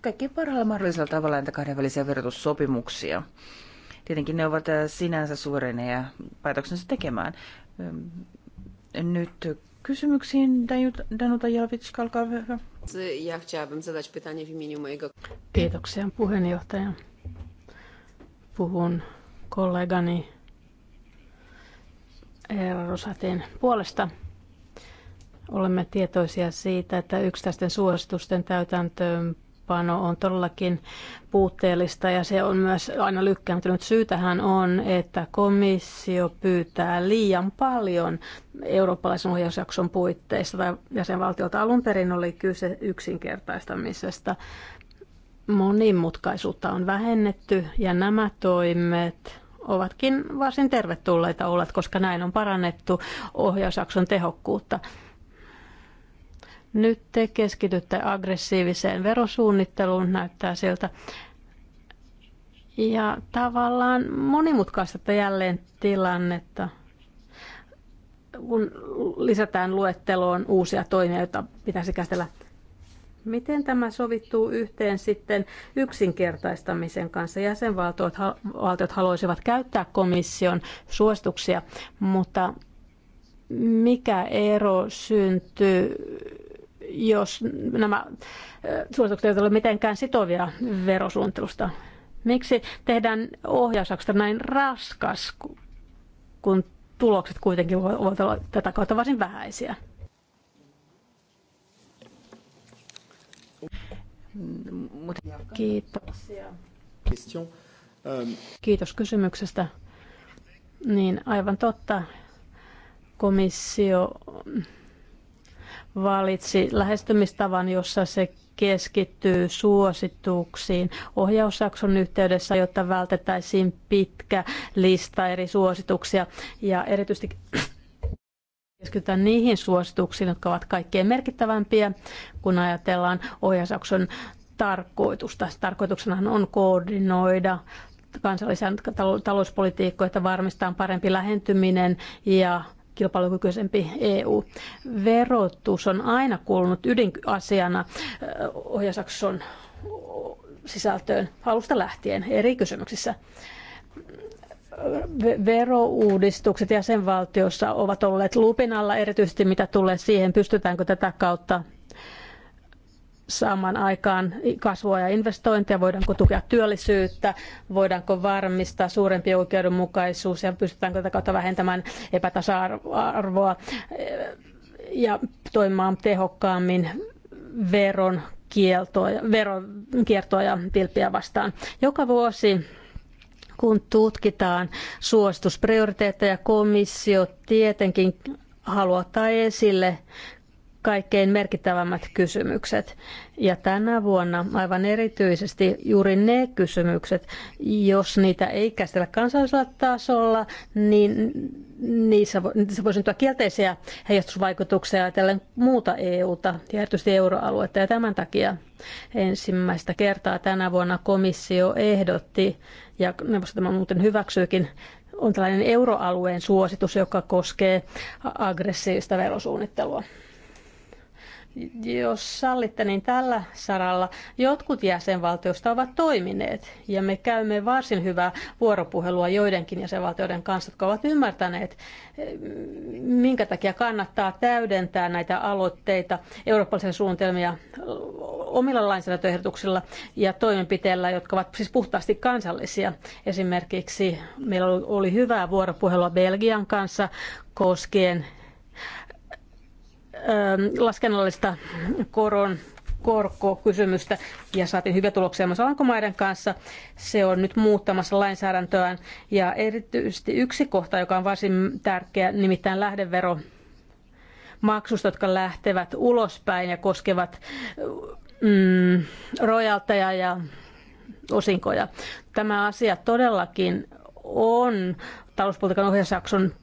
kaikkein parhaalla mahdollisella tavalla näitä kahdenvälisiä verotussopimuksia. Tietenkin ne ovat äh, sinänsä suvereneja päätöksensä tekemään. Ähm, nyt kysymyksiin Danuta Jalvitska, olkaa hyvä. Ja chciałabym zadać pytanie w imieniu mojego... Kiitoksia puheenjohtaja. Puhun kollegani Rosatin puolesta. Olemme tietoisia siitä, että yksittäisten suositusten täytäntöönpano on todellakin puutteellista ja se on myös aina lykkääntynyt. Syytähän on, että komissio pyytää liian paljon eurooppalaisen ohjausjakson puitteissa tai jäsenvaltiolta alun perin oli kyse yksinkertaistamisesta. Monimutkaisuutta on vähennetty ja nämä toimet ovatkin varsin tervetulleita olleet, koska näin on parannettu ohjausakson tehokkuutta. Nyt te keskitytte aggressiiviseen verosuunnitteluun, näyttää siltä. Ja tavallaan monimutkaistatte jälleen tilannetta, kun lisätään luetteloon uusia toimia, joita pitäisi käsitellä Miten tämä sovittuu yhteen sitten yksinkertaistamisen kanssa? Jäsenvaltiot haluaisivat käyttää komission suosituksia, mutta mikä ero syntyy, jos nämä äh, suositukset eivät ole mitenkään sitovia verosuunnittelusta? Miksi tehdään ohjausjaksosta näin raskas, kun tulokset kuitenkin voivat olla tätä kautta varsin vähäisiä? Kiitos kysymyksestä. Niin, aivan totta. Komissio valitsi lähestymistavan, jossa se keskittyy suosituksiin ohjausjakson yhteydessä, jotta vältettäisiin pitkä lista eri suosituksia. Ja erityisesti keskitytään niihin suosituksiin, jotka ovat kaikkein merkittävämpiä, kun ajatellaan ohjausjakson tarkoitusta. Tarkoituksena on koordinoida kansallisia talouspolitiikkoja, että varmistetaan parempi lähentyminen ja kilpailukykyisempi EU. Verotus on aina kuulunut ydinasiana ohjausakson sisältöön alusta lähtien eri kysymyksissä verouudistukset jäsenvaltiossa ovat olleet lupin alla, erityisesti mitä tulee siihen, pystytäänkö tätä kautta saamaan aikaan kasvua ja investointeja, voidaanko tukea työllisyyttä, voidaanko varmistaa suurempi oikeudenmukaisuus ja pystytäänkö tätä kautta vähentämään epätasa-arvoa ja toimimaan tehokkaammin veron veron kiertoa ja vilppiä vastaan. Joka vuosi kun tutkitaan suositusprioriteetteja, komissio tietenkin haluaa ottaa esille kaikkein merkittävämmät kysymykset. Ja tänä vuonna aivan erityisesti juuri ne kysymykset, jos niitä ei käsitellä kansallisella tasolla, niin niissä, niissä voi syntyä kielteisiä heijastusvaikutuksia ajatellen muuta EUta ja erityisesti euroaluetta. Ja tämän takia ensimmäistä kertaa tänä vuonna komissio ehdotti, ja neuvosto tämä muuten hyväksyykin, on tällainen euroalueen suositus, joka koskee aggressiivista verosuunnittelua. Jos sallitte, niin tällä saralla jotkut jäsenvaltioista ovat toimineet ja me käymme varsin hyvää vuoropuhelua joidenkin jäsenvaltioiden kanssa, jotka ovat ymmärtäneet, minkä takia kannattaa täydentää näitä aloitteita, eurooppalaisia suunnitelmia omilla lainsäädäntöehdotuksilla ja toimenpiteillä, jotka ovat siis puhtaasti kansallisia. Esimerkiksi meillä oli hyvää vuoropuhelua Belgian kanssa koskien Ähm, laskennallista koron korkokysymystä ja saatiin hyviä tuloksia myös Alankomaiden kanssa. Se on nyt muuttamassa lainsäädäntöään ja erityisesti yksi kohta, joka on varsin tärkeä, nimittäin lähdevero maksusta, jotka lähtevät ulospäin ja koskevat mm, rojalteja ja osinkoja. Tämä asia todellakin on talouspolitiikan ohjausjakson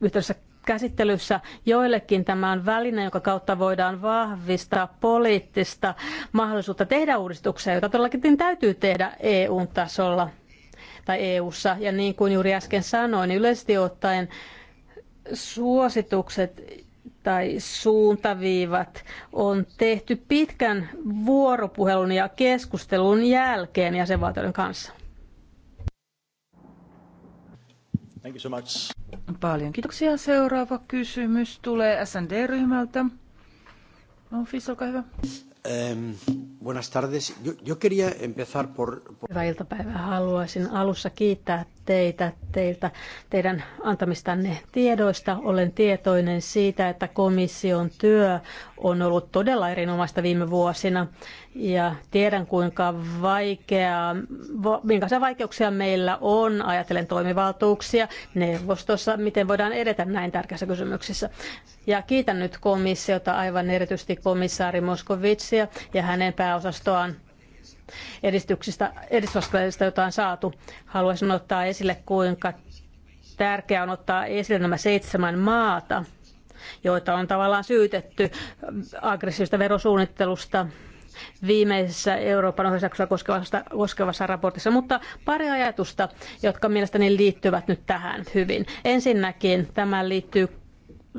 yhteydessä käsittelyssä. Joillekin tämä on väline, jonka kautta voidaan vahvistaa poliittista mahdollisuutta tehdä uudistuksia, joita todellakin täytyy tehdä EU-tasolla tai EU-ssa. Ja niin kuin juuri äsken sanoin, niin yleisesti ottaen suositukset tai suuntaviivat on tehty pitkän vuoropuhelun ja keskustelun jälkeen jäsenvaltioiden kanssa. Thank you so much. Paljon kiitoksia. Seuraava kysymys tulee SND-ryhmältä. Ofis, olkaa hyvä. Ähm, buenas tardes. Yo, yo quería empezar por, por... Hyvää iltapäivää. Haluaisin alussa kiittää teitä teiltä teidän antamistanne tiedoista. Olen tietoinen siitä, että komission työ on ollut todella erinomaista viime vuosina ja tiedän kuinka vaikeaa, minkälaisia vaikeuksia meillä on, ajatellen toimivaltuuksia neuvostossa, miten voidaan edetä näin tärkeissä kysymyksissä. Ja kiitän nyt komissiota, aivan erityisesti komissaari Moskovitsia ja hänen pääosastoaan edistyksistä, edistysaskeleista, joita on saatu. Haluaisin ottaa esille, kuinka tärkeää on ottaa esille nämä seitsemän maata, joita on tavallaan syytetty aggressiivista verosuunnittelusta viimeisessä Euroopan ohjausjaksoa koskevassa, koskevassa raportissa, mutta pari ajatusta, jotka mielestäni liittyvät nyt tähän hyvin. Ensinnäkin tämä liittyy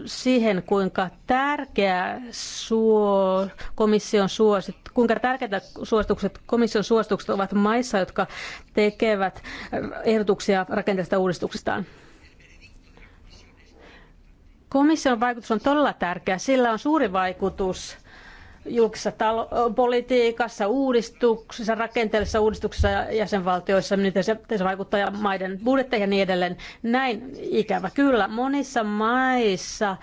siihen, kuinka tärkeä suo, komission suosit, kuinka tärkeitä suositukset, komission suositukset ovat maissa, jotka tekevät äh, ehdotuksia rakenteellisista uudistuksistaan. Komission vaikutus on todella tärkeä. Sillä on suuri vaikutus julkisessa politiikassa, uudistuksissa, rakenteellisissa uudistuksissa ja jäsenvaltioissa, miten se, miten se vaikuttaa maiden budjetteihin ja niin edelleen. Näin ikävä kyllä. Monissa maissa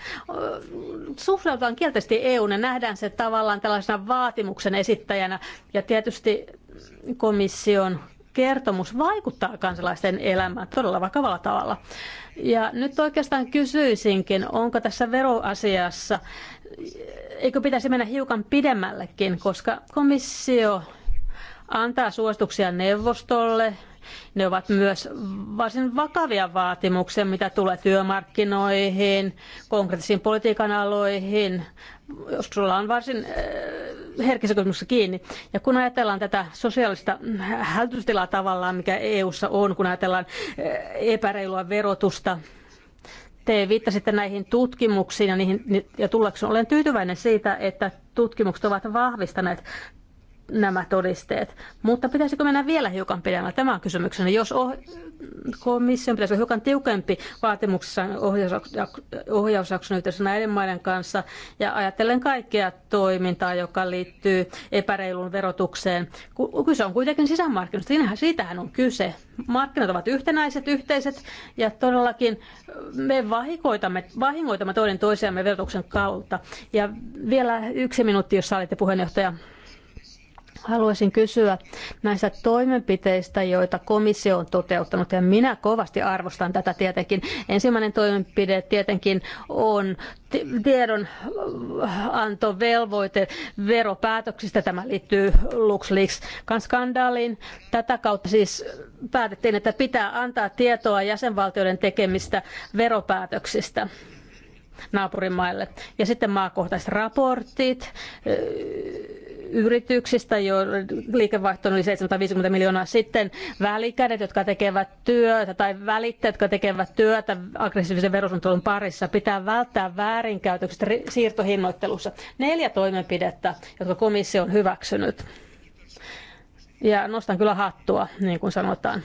suhtaudutaan kielteisesti EU ja nähdään se tavallaan tällaisena vaatimuksen esittäjänä ja tietysti komission kertomus vaikuttaa kansalaisten elämään todella vakavalla tavalla. Ja nyt oikeastaan kysyisinkin, onko tässä veroasiassa eikö pitäisi mennä hiukan pidemmällekin, koska komissio antaa suosituksia neuvostolle. Ne ovat myös varsin vakavia vaatimuksia, mitä tulee työmarkkinoihin, konkreettisiin politiikan aloihin. Jos sulla on varsin eh, herkissä kysymyksissä kiinni. Ja kun ajatellaan tätä sosiaalista hälytystilaa tavallaan, mikä EU:ssa on, kun ajatellaan eh, epäreilua verotusta, te viittasitte näihin tutkimuksiin ja, niihin, ja tullakseen olen tyytyväinen siitä, että tutkimukset ovat vahvistaneet nämä todisteet. Mutta pitäisikö mennä vielä hiukan pidemmälle? Tämä on kysymyksenä. Jos oh, komission pitäisi olla hiukan tiukempi vaatimuksessa ohjausjakson yhteydessä näiden maiden kanssa ja ajatellen kaikkea toimintaa, joka liittyy epäreiluun verotukseen. Kyse on kuitenkin sisämarkkinoista. Siinähän siitähän on kyse. Markkinat ovat yhtenäiset, yhteiset ja todellakin me vahingoitamme, vahingoitamme toinen toisiamme verotuksen kautta. Ja vielä yksi minuutti, jos sallitte puheenjohtaja Haluaisin kysyä näistä toimenpiteistä, joita komissio on toteuttanut, ja minä kovasti arvostan tätä tietenkin. Ensimmäinen toimenpide tietenkin on tiedonantovelvoite äh, veropäätöksistä. Tämä liittyy LuxLeaks-skandaaliin. Tätä kautta siis päätettiin, että pitää antaa tietoa jäsenvaltioiden tekemistä veropäätöksistä naapurimaille. Ja sitten maakohtaiset raportit, äh, yrityksistä, jo liikevaihto oli 750 miljoonaa. Sitten välikädet, jotka tekevät työtä, tai välittäjät, jotka tekevät työtä aggressiivisen verosuunnittelun parissa, pitää välttää väärinkäytökset siirtohinnoittelussa. Neljä toimenpidettä, jotka komissio on hyväksynyt. Ja nostan kyllä hattua, niin kuin sanotaan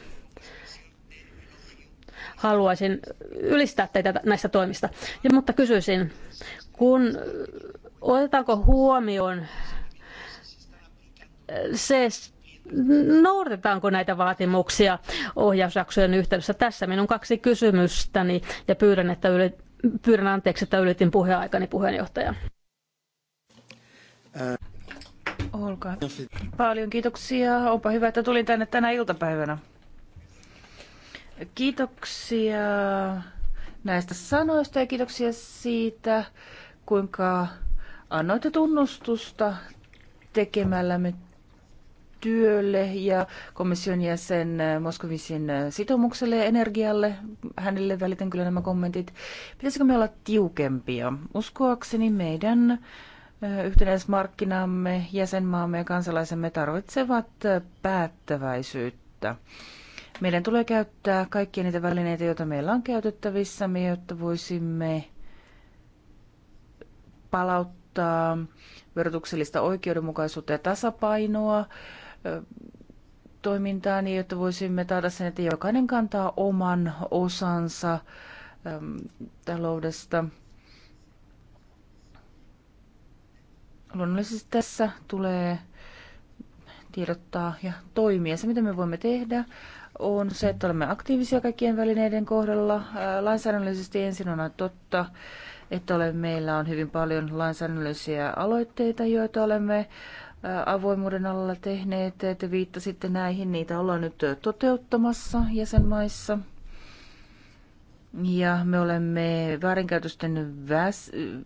haluaisin ylistää teitä näistä toimista. Ja, mutta kysyisin, kun otetaanko huomioon se noudatetaanko näitä vaatimuksia ohjausjaksojen yhteydessä. Tässä minun kaksi kysymystäni ja pyydän, että yli, pyydän anteeksi, että ylitin puheaikani puheenjohtaja. Äh. Olkaa. Paljon kiitoksia. Onpa hyvä, että tulin tänne tänä iltapäivänä. Kiitoksia näistä sanoista ja kiitoksia siitä, kuinka annoitte tunnustusta tekemällämme työlle ja komission jäsen Moskovisin sitoumukselle ja energialle. Hänelle välitän kyllä nämä kommentit. Pitäisikö me olla tiukempia? Uskoakseni meidän yhtenäismarkkinamme, jäsenmaamme ja kansalaisemme tarvitsevat päättäväisyyttä. Meidän tulee käyttää kaikkia niitä välineitä, joita meillä on käytettävissämme, jotta voisimme palauttaa verotuksellista oikeudenmukaisuutta ja tasapainoa toimintaa niin, jotta voisimme taata sen, että jokainen kantaa oman osansa taloudesta. Luonnollisesti tässä tulee tiedottaa ja toimia. Se, mitä me voimme tehdä, on se, että olemme aktiivisia kaikkien välineiden kohdalla. Lainsäädännöllisesti ensin on totta, että ole, meillä on hyvin paljon lainsäädännöllisiä aloitteita, joita olemme avoimuuden alalla tehneet. Te viittasitte näihin, niitä ollaan nyt toteuttamassa jäsenmaissa. Ja me olemme väärinkäytösten väs-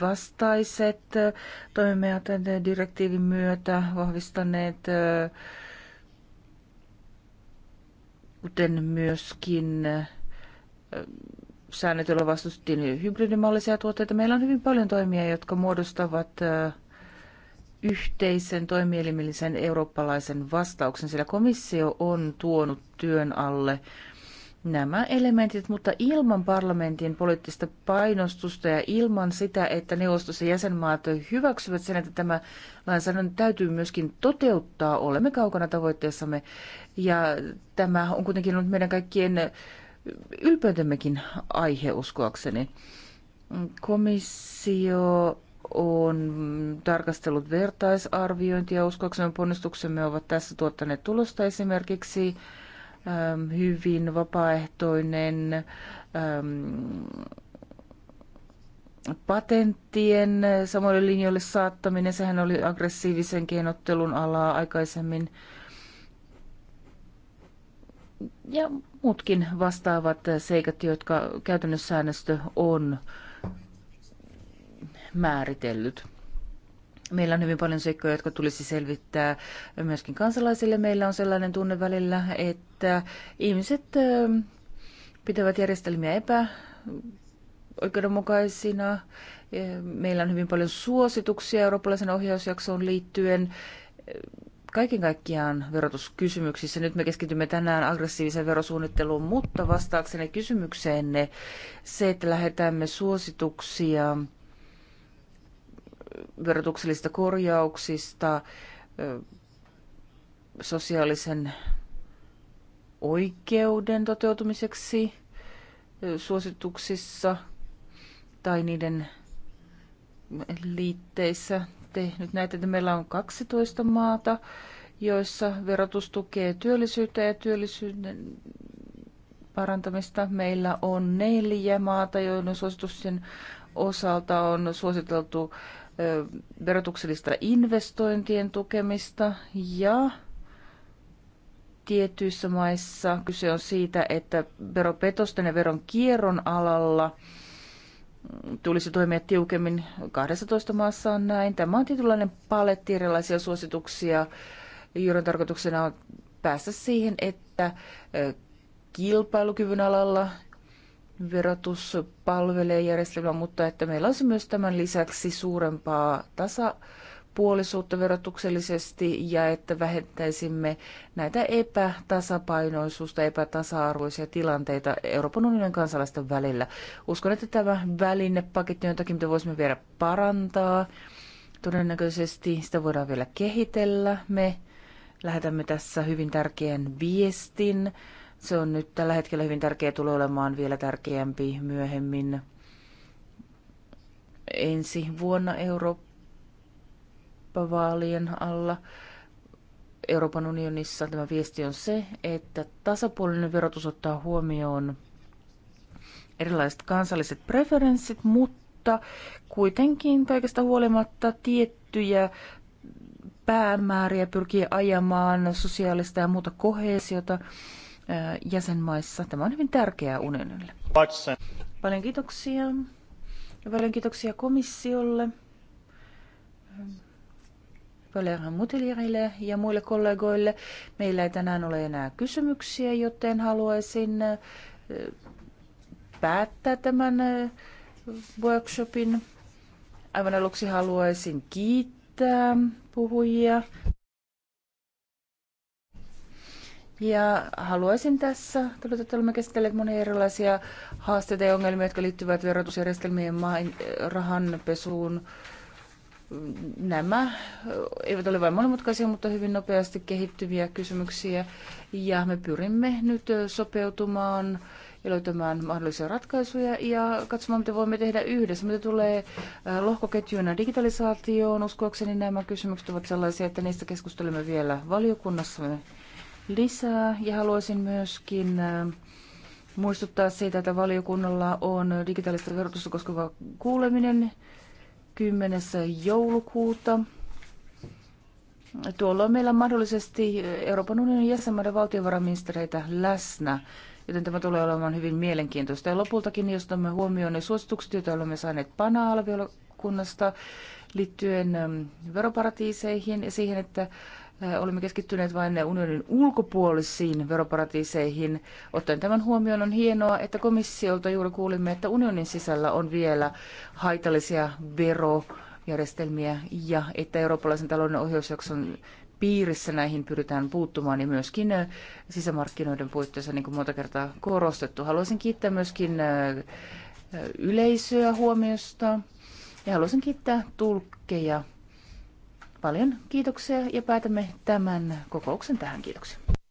vastaiset toimijat direktiivin myötä vahvistaneet, kuten myöskin säännötyllä vastustettiin hybridimallisia tuotteita. Meillä on hyvin paljon toimia, jotka muodostavat yhteisen toimielimellisen eurooppalaisen vastauksen, sillä komissio on tuonut työn alle nämä elementit, mutta ilman parlamentin poliittista painostusta ja ilman sitä, että neuvostossa jäsenmaat hyväksyvät sen, että tämä lainsäädäntö täytyy myöskin toteuttaa, olemme kaukana tavoitteessamme. Ja tämä on kuitenkin ollut meidän kaikkien ylpeytemmekin aihe uskoakseni. Komissio on tarkastellut vertaisarviointia. uskoksemme ponnistuksemme ovat tässä tuottaneet tulosta esimerkiksi ähm, hyvin vapaaehtoinen ähm, patenttien samoille linjoille saattaminen. Sehän oli aggressiivisen keinottelun alaa aikaisemmin. Ja muutkin vastaavat seikat, jotka käytännössä säännöstö on määritellyt. Meillä on hyvin paljon seikkoja, jotka tulisi selvittää myöskin kansalaisille. Meillä on sellainen tunne välillä, että ihmiset pitävät järjestelmiä epäoikeudenmukaisina. Meillä on hyvin paljon suosituksia eurooppalaisen ohjausjaksoon liittyen kaiken kaikkiaan verotuskysymyksissä. Nyt me keskitymme tänään aggressiiviseen verosuunnitteluun, mutta vastaakseni kysymykseenne se, että lähetämme suosituksia verotuksellisista korjauksista, sosiaalisen oikeuden toteutumiseksi suosituksissa tai niiden liitteissä tehnyt näitä, että meillä on 12 maata, joissa verotus tukee työllisyyttä ja työllisyyden parantamista. Meillä on neljä maata, joiden suositusten osalta on suositeltu verotuksellista investointien tukemista ja tietyissä maissa kyse on siitä, että veropetosten ja veron kierron alalla tulisi toimia tiukemmin. 12 maassa on näin. Tämä on tietynlainen paletti erilaisia suosituksia, joiden tarkoituksena on päästä siihen, että kilpailukyvyn alalla verotus palvelee järjestelmää, mutta että meillä olisi myös tämän lisäksi suurempaa tasa puolisuutta verotuksellisesti ja että vähentäisimme näitä epätasapainoisuutta, epätasa-arvoisia tilanteita Euroopan unionin kansalaisten välillä. Uskon, että tämä välinepaketti on jotakin, mitä voisimme vielä parantaa. Todennäköisesti sitä voidaan vielä kehitellä. Me lähetämme tässä hyvin tärkeän viestin se on nyt tällä hetkellä hyvin tärkeä, tulee olemaan vielä tärkeämpi myöhemmin. Ensi vuonna Eurooppa-vaalien alla Euroopan unionissa tämä viesti on se, että tasapuolinen verotus ottaa huomioon erilaiset kansalliset preferenssit, mutta kuitenkin kaikesta huolimatta tiettyjä päämääriä pyrkii ajamaan sosiaalista ja muuta kohesiota jäsenmaissa. Tämä on hyvin tärkeää unionille. Paljon kiitoksia. Ja paljon kiitoksia komissiolle, Valerian Mutilirille ja muille kollegoille. Meillä ei tänään ole enää kysymyksiä, joten haluaisin eh, päättää tämän eh, workshopin. Aivan aluksi haluaisin kiittää puhujia. Ja haluaisin tässä todeta, että olemme käsitelleet monia erilaisia haasteita ja ongelmia, jotka liittyvät verotusjärjestelmien main, rahanpesuun. Nämä eivät ole vain monimutkaisia, mutta hyvin nopeasti kehittyviä kysymyksiä. Ja me pyrimme nyt sopeutumaan ja löytämään mahdollisia ratkaisuja ja katsomaan, mitä voimme tehdä yhdessä. Mitä tulee äh, lohkoketjuun ja digitalisaatioon, uskoakseni nämä kysymykset ovat sellaisia, että niistä keskustelemme vielä valiokunnassamme lisää ja haluaisin myöskin äh, muistuttaa siitä, että valiokunnalla on digitaalista verotusta koskeva kuuleminen 10. joulukuuta. on meillä mahdollisesti Euroopan unionin jäsenmaiden valtiovarainministereitä läsnä, joten tämä tulee olemaan hyvin mielenkiintoista. Ja lopultakin, jos otamme huomioon ne suositukset, joita olemme saaneet pana liittyen ähm, veroparatiiseihin ja siihen, että olemme keskittyneet vain unionin ulkopuolisiin veroparatiiseihin. Ottaen tämän huomioon on hienoa, että komissiolta juuri kuulimme, että unionin sisällä on vielä haitallisia verojärjestelmiä ja että eurooppalaisen talouden ohjausjakson piirissä näihin pyritään puuttumaan ja myöskin sisämarkkinoiden puitteissa, niin kuin monta kertaa korostettu. Haluaisin kiittää myöskin yleisöä huomiosta ja haluaisin kiittää tulkkeja Paljon kiitoksia ja päätämme tämän kokouksen tähän. Kiitoksia.